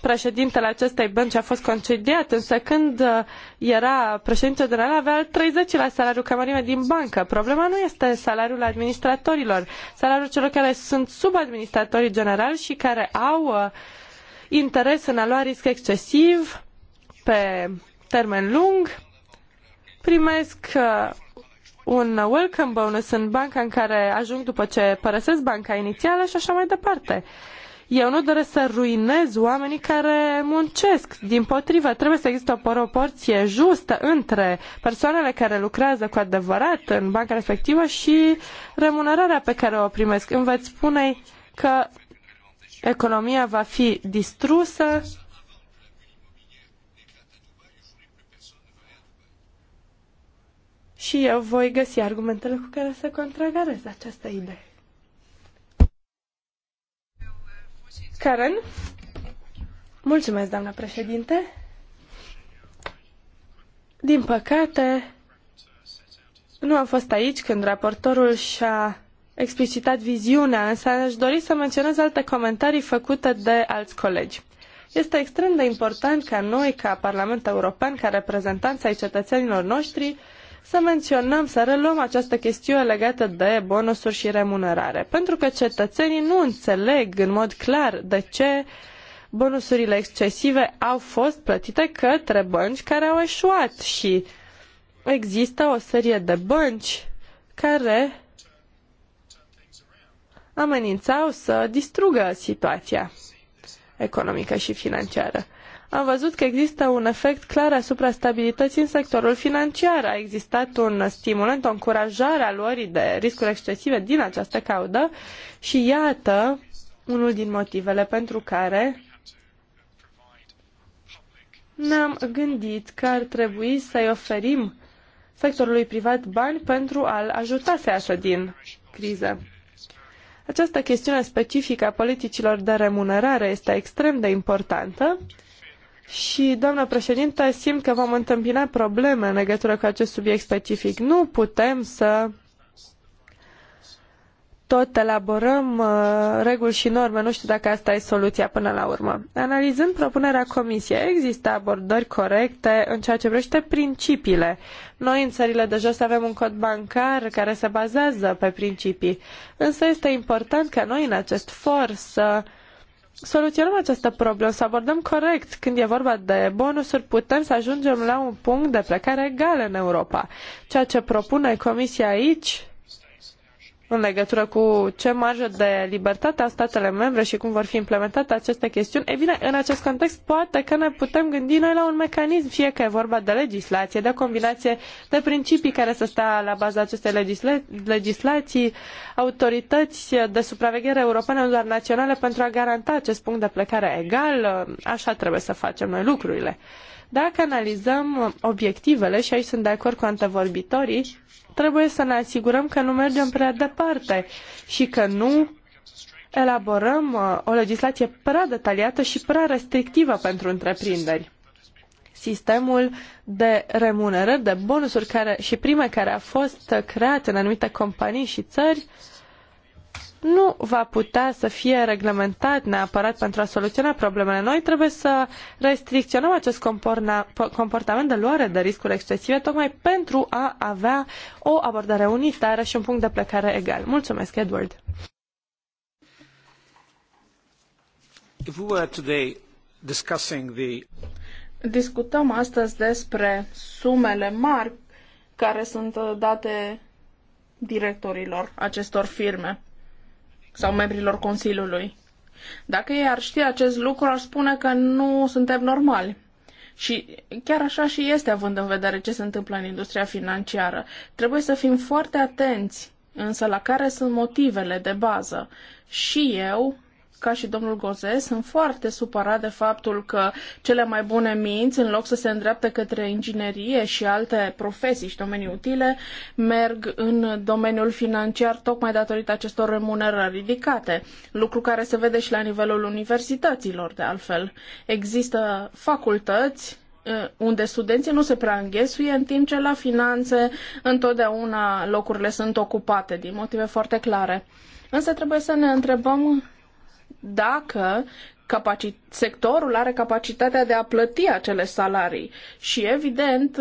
președintele acestei bănci a fost concediat, însă când uh, era președinte general avea al 30 la salariul cămărime din bancă. Problema nu este salariul administratorilor, salariul celor care sunt sub administratorii generali și care au uh, interes în a lua risc excesiv pe termen lung, primesc uh, un welcome bonus în banca în care ajung după ce părăsesc banca inițială și așa mai departe. Eu nu doresc să ruinez oamenii care muncesc. Din potrivă, trebuie să existe o proporție justă între persoanele care lucrează cu adevărat în banca respectivă și remunerarea pe care o primesc. Îmi veți spune că economia va fi distrusă și eu voi găsi argumentele cu care să contragarez această idee. Karen? Mulțumesc, doamna președinte. Din păcate, nu am fost aici când raportorul și-a explicitat viziunea, însă aș dori să menționez alte comentarii făcute de alți colegi. Este extrem de important ca noi, ca Parlament European, ca reprezentanți ai cetățenilor noștri, să menționăm, să reluăm această chestiune legată de bonusuri și remunerare, pentru că cetățenii nu înțeleg în mod clar de ce bonusurile excesive au fost plătite către bănci care au eșuat și există o serie de bănci care amenințau să distrugă situația economică și financiară am văzut că există un efect clar asupra stabilității în sectorul financiar. A existat un stimulant, o încurajare a luării de riscuri excesive din această caudă și iată unul din motivele pentru care ne-am gândit că ar trebui să-i oferim sectorului privat bani pentru a-l ajuta să iasă din criză. Această chestiune specifică a politicilor de remunerare este extrem de importantă și, doamnă președintă, simt că vom întâmpina probleme în legătură cu acest subiect specific. Nu putem să tot elaborăm uh, reguli și norme, nu știu dacă asta e soluția până la urmă. Analizând propunerea comisiei, există abordări corecte în ceea ce privește principiile. Noi în țările de jos avem un cod bancar care se bazează pe principii, însă este important ca noi în acest for să soluționăm această problemă, să abordăm corect când e vorba de bonusuri, putem să ajungem la un punct de plecare egal în Europa. Ceea ce propune Comisia aici în legătură cu ce marjă de libertate a statele membre și cum vor fi implementate aceste chestiuni, e bine, în acest context poate că ne putem gândi noi la un mecanism, fie că e vorba de legislație, de combinație de principii care să stea la baza acestei legisla- legislații, autorități de supraveghere europene, nu doar naționale, pentru a garanta acest punct de plecare egal. Așa trebuie să facem noi lucrurile. Dacă analizăm uh, obiectivele, și aici sunt de acord cu antevorbitorii, trebuie să ne asigurăm că nu mergem prea departe și că nu elaborăm uh, o legislație prea detaliată și prea restrictivă pentru întreprinderi. Sistemul de remunerări, de bonusuri care, și prime care a fost creat în anumite companii și țări uh, nu va putea să fie reglementat neapărat pentru a soluționa problemele. Noi trebuie să restricționăm acest comportament de luare de riscuri excesive tocmai pentru a avea o abordare unitară și un punct de plecare egal. Mulțumesc, Edward! If we were today discussing the... Discutăm astăzi despre sumele mari care sunt uh, date directorilor acestor firme sau membrilor Consiliului. Dacă ei ar ști acest lucru, ar spune că nu suntem normali. Și chiar așa și este, având în vedere ce se întâmplă în industria financiară. Trebuie să fim foarte atenți, însă la care sunt motivele de bază. Și eu ca și domnul Goze, sunt foarte supărat de faptul că cele mai bune minți, în loc să se îndreaptă către inginerie și alte profesii și domenii utile, merg în domeniul financiar tocmai datorită acestor remunerări ridicate, lucru care se vede și la nivelul universităților, de altfel. Există facultăți uh, unde studenții nu se prea înghesuie, în timp ce la finanțe întotdeauna locurile sunt ocupate din motive foarte clare. Însă trebuie să ne întrebăm dacă sectorul are capacitatea de a plăti acele salarii. Și evident,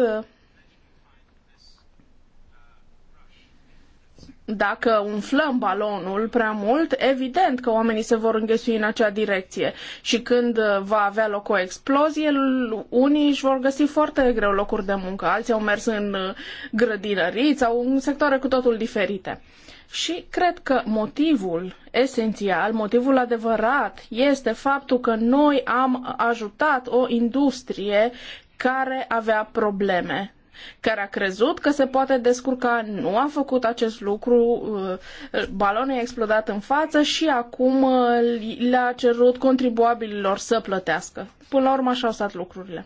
dacă umflăm balonul prea mult, evident că oamenii se vor înghesui în acea direcție. Și când va avea loc o explozie, unii își vor găsi foarte greu locuri de muncă, alții au mers în uh, grădinăriți sau în sectoare cu totul diferite. Și cred că motivul esențial, motivul adevărat, este faptul că noi am ajutat o industrie care avea probleme care a crezut că se poate descurca, nu a făcut acest lucru, uh, balonul a explodat în față și acum uh, le-a cerut contribuabililor să plătească. Până la urmă așa au stat lucrurile.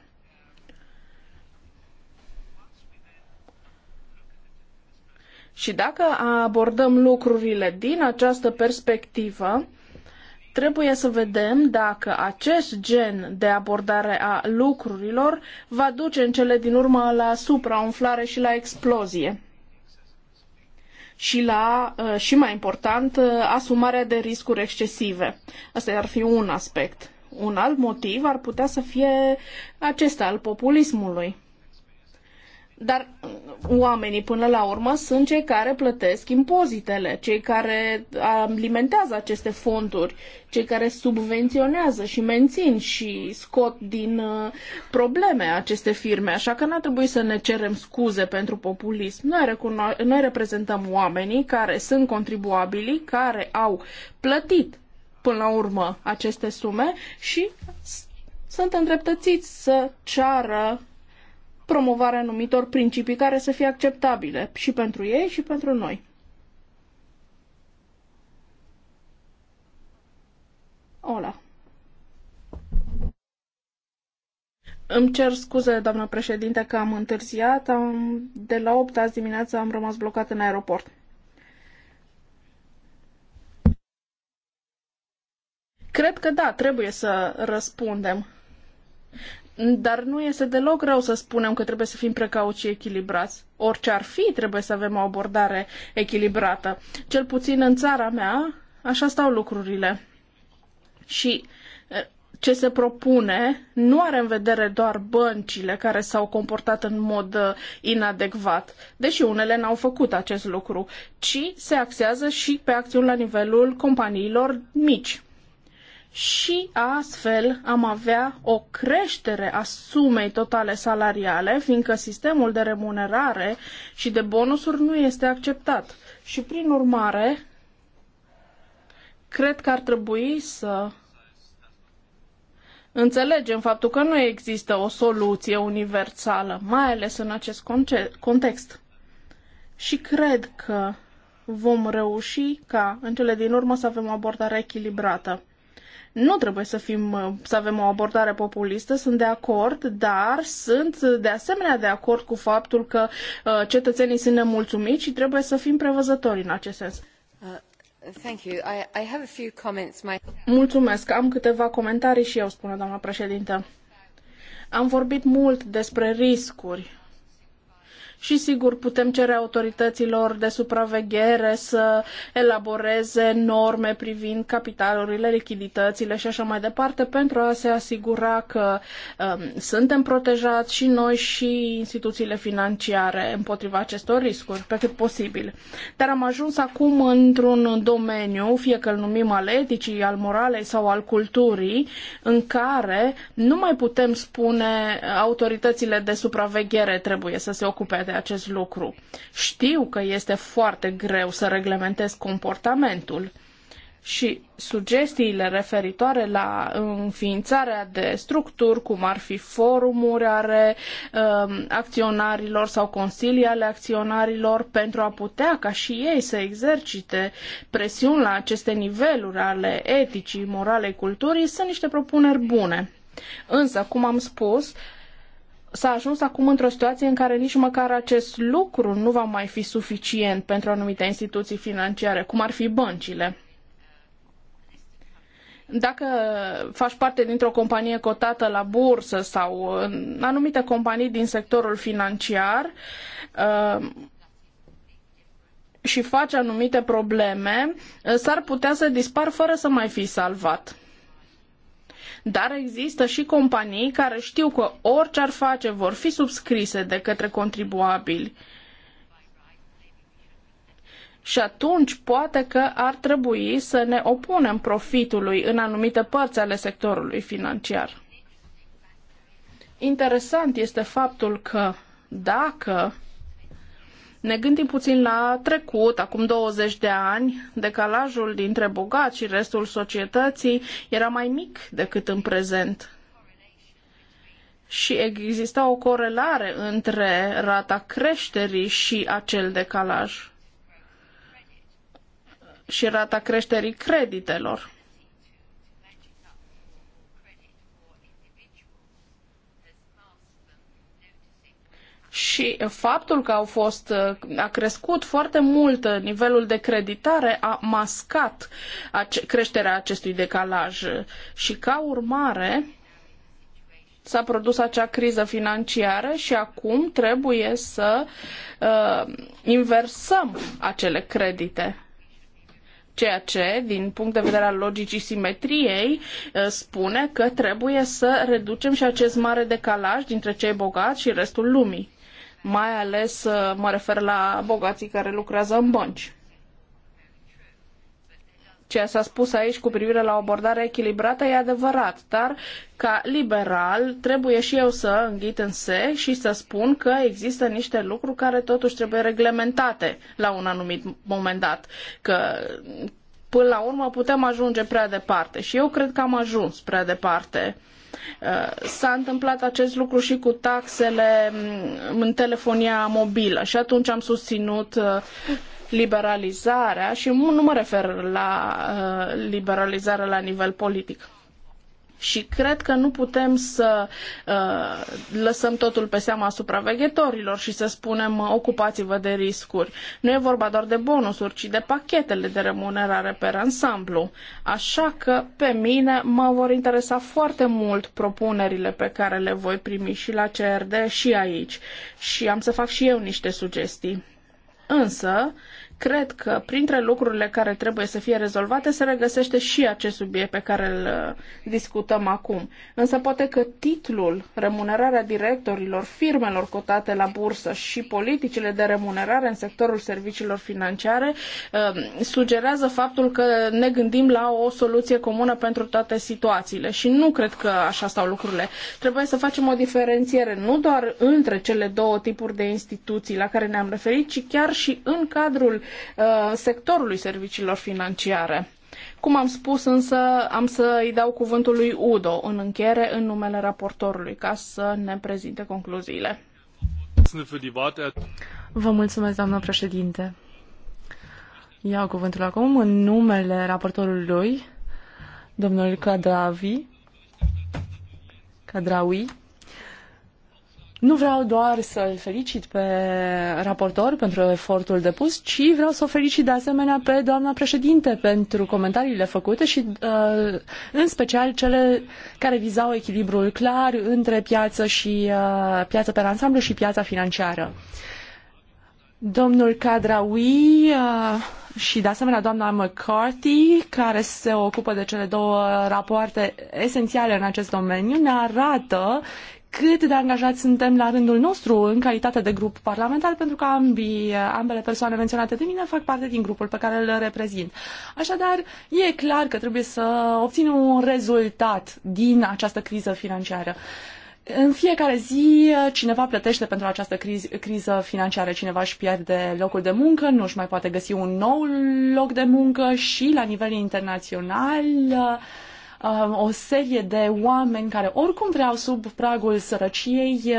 Și dacă abordăm lucrurile din această perspectivă, trebuie să vedem dacă acest gen de abordare a lucrurilor va duce în cele din urmă la supraumflare și la explozie. Și la, uh, și mai important, uh, asumarea de riscuri excesive. Asta ar fi un aspect. Un alt motiv ar putea să fie acesta al populismului. Dar uh, oamenii, până la urmă, sunt cei care plătesc impozitele, cei care uh, alimentează aceste fonduri, cei care subvenționează și mențin și scot din uh, probleme aceste firme. Așa că n-ar trebui să ne cerem scuze pentru populism. Noi, recuno- noi reprezentăm oamenii care sunt contribuabili, care au plătit până la urmă aceste sume și sunt îndreptățiți să ceară promovarea anumitor principii care să fie acceptabile și pentru ei și pentru noi. Ola. Îmi cer scuze, doamnă președinte, că am întârziat. Am, de la 8 azi dimineața am rămas blocat în aeroport. Cred că da, trebuie să răspundem. Dar nu este deloc rău să spunem că trebuie să fim precauți și echilibrați. Orice ar fi, trebuie să avem o abordare echilibrată. Cel puțin în țara mea, așa stau lucrurile. Și ce se propune nu are în vedere doar băncile care s-au comportat în mod inadecvat, deși unele n-au făcut acest lucru, ci se axează și pe acțiuni la nivelul companiilor mici și astfel am avea o creștere a sumei totale salariale, fiindcă sistemul de remunerare și de bonusuri nu este acceptat. Și prin urmare, cred că ar trebui să înțelegem faptul că nu există o soluție universală, mai ales în acest context. Și cred că vom reuși ca în cele din urmă să avem o abordare echilibrată. Nu trebuie să, fim, uh, să avem o abordare populistă, sunt de acord, dar sunt de asemenea de acord cu faptul că uh, cetățenii sunt nemulțumiți și trebuie să fim prevăzători în acest sens. Mulțumesc. Am câteva comentarii și eu, spune doamna președintă. Am vorbit mult despre riscuri și sigur putem cere autorităților de supraveghere să elaboreze norme privind capitalurile, lichiditățile și așa mai departe pentru a se asigura că um, suntem protejați și noi și instituțiile financiare împotriva acestor riscuri pe cât posibil. Dar am ajuns acum într-un domeniu, fie că îl numim al eticii, al moralei sau al culturii, în care nu mai putem spune autoritățile de supraveghere trebuie să se ocupe de acest lucru. Știu că este foarte greu să reglementez comportamentul și sugestiile referitoare la înființarea de structuri, cum ar fi forumuri ale um, acționarilor sau consilii ale acționarilor, pentru a putea ca și ei să exercite presiuni la aceste niveluri ale eticii, morale, culturii, sunt niște propuneri bune. Însă, cum am spus, s-a ajuns acum într-o situație în care nici măcar acest lucru nu va mai fi suficient pentru anumite instituții financiare, cum ar fi băncile. Dacă faci parte dintr-o companie cotată la bursă sau în anumite companii din sectorul financiar uh, și faci anumite probleme, uh, s-ar putea să dispar fără să mai fi salvat. Dar există și companii care știu că orice ar face vor fi subscrise de către contribuabili. Și atunci poate că ar trebui să ne opunem profitului în anumite părți ale sectorului financiar. Interesant este faptul că dacă ne gândim puțin la trecut, acum 20 de ani, decalajul dintre bogați și restul societății era mai mic decât în prezent. Și exista o corelare între rata creșterii și acel decalaj și rata creșterii creditelor. și faptul că au fost, a crescut foarte mult nivelul de creditare a mascat creșterea acestui decalaj și ca urmare s-a produs acea criză financiară și acum trebuie să uh, inversăm acele credite ceea ce, din punct de vedere al logicii simetriei, uh, spune că trebuie să reducem și acest mare decalaj dintre cei bogați și restul lumii mai ales uh, mă refer la bogații care lucrează în bănci. Ceea ce s-a spus aici cu privire la o abordare echilibrată e adevărat, dar ca liberal trebuie și eu să înghit în se și să spun că există niște lucruri care totuși trebuie reglementate la un anumit moment dat, că până la urmă putem ajunge prea departe și eu cred că am ajuns prea departe Uh, s-a întâmplat acest lucru și cu taxele mm, în telefonia mobilă și atunci am susținut uh, liberalizarea și nu mă refer la uh, liberalizare la nivel politic. Și cred că nu putem să uh, lăsăm totul pe seama supraveghetorilor și să spunem uh, ocupați-vă de riscuri. Nu e vorba doar de bonusuri, ci de pachetele de remunerare pe ansamblu. Așa că pe mine mă vor interesa foarte mult propunerile pe care le voi primi și la CRD și aici. Și am să fac și eu niște sugestii. Însă, Cred că printre lucrurile care trebuie să fie rezolvate se regăsește și acest subiect pe care îl uh, discutăm acum. Însă poate că titlul Remunerarea directorilor firmelor cotate la bursă și politicile de remunerare în sectorul serviciilor financiare uh, sugerează faptul că ne gândim la o soluție comună pentru toate situațiile și nu cred că așa stau lucrurile. Trebuie să facem o diferențiere nu doar între cele două tipuri de instituții la care ne-am referit, ci chiar și în cadrul Uh, sectorului serviciilor financiare. Cum am spus însă, am să îi dau cuvântul lui Udo în încheiere în numele raportorului ca să ne prezinte concluziile. Vă mulțumesc, doamnă președinte. Iau cuvântul acum în numele raportorului, domnul Cadravi, Cadraui. Nu vreau doar să-l felicit pe raportor pentru efortul depus, ci vreau să o felicit de asemenea pe doamna președinte pentru comentariile făcute și uh, în special cele care vizau echilibrul clar între piață și uh, piață pe ansamblu și piața financiară. Domnul Cadraui uh, și de asemenea doamna McCarthy, care se ocupă de cele două rapoarte esențiale în acest domeniu, ne arată cât de angajați suntem la rândul nostru în calitate de grup parlamentar, pentru că ambii, ambele persoane menționate de mine fac parte din grupul pe care îl reprezint. Așadar, e clar că trebuie să obținem un rezultat din această criză financiară. În fiecare zi cineva plătește pentru această criz, criză financiară, cineva își pierde locul de muncă, nu își mai poate găsi un nou loc de muncă și la nivel internațional uh, Um, o serie de oameni care oricum treau sub pragul sărăciei uh,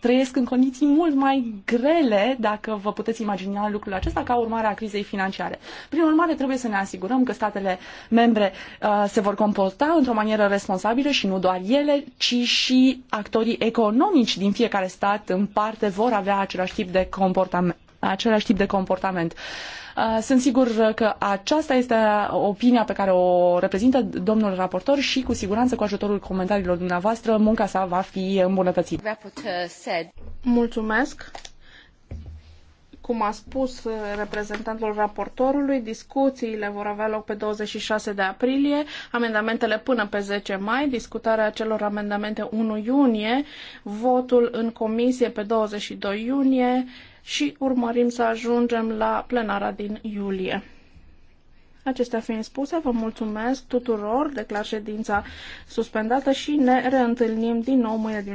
trăiesc în condiții mult mai grele, dacă vă puteți imagina lucrul acesta, ca urmare a crizei financiare. Prin urmare, trebuie să ne asigurăm că statele membre uh, se vor comporta într-o manieră responsabilă și nu doar ele, ci și actorii economici din fiecare stat în parte vor avea același tip de comportament. Același tip de comportament. Uh, Uh, sunt sigur că aceasta este opinia pe care o reprezintă domnul raportor și cu siguranță cu ajutorul comentariilor dumneavoastră munca sa va fi îmbunătățită. Mulțumesc! Cum a spus uh, reprezentantul raportorului, discuțiile vor avea loc pe 26 de aprilie, amendamentele până pe 10 mai, discutarea acelor amendamente 1 iunie, votul în comisie pe 22 iunie, și urmărim să ajungem la plenara din iulie. Acestea fiind spuse, vă mulțumesc tuturor, declar ședința suspendată și ne reîntâlnim din nou mâine dimineață.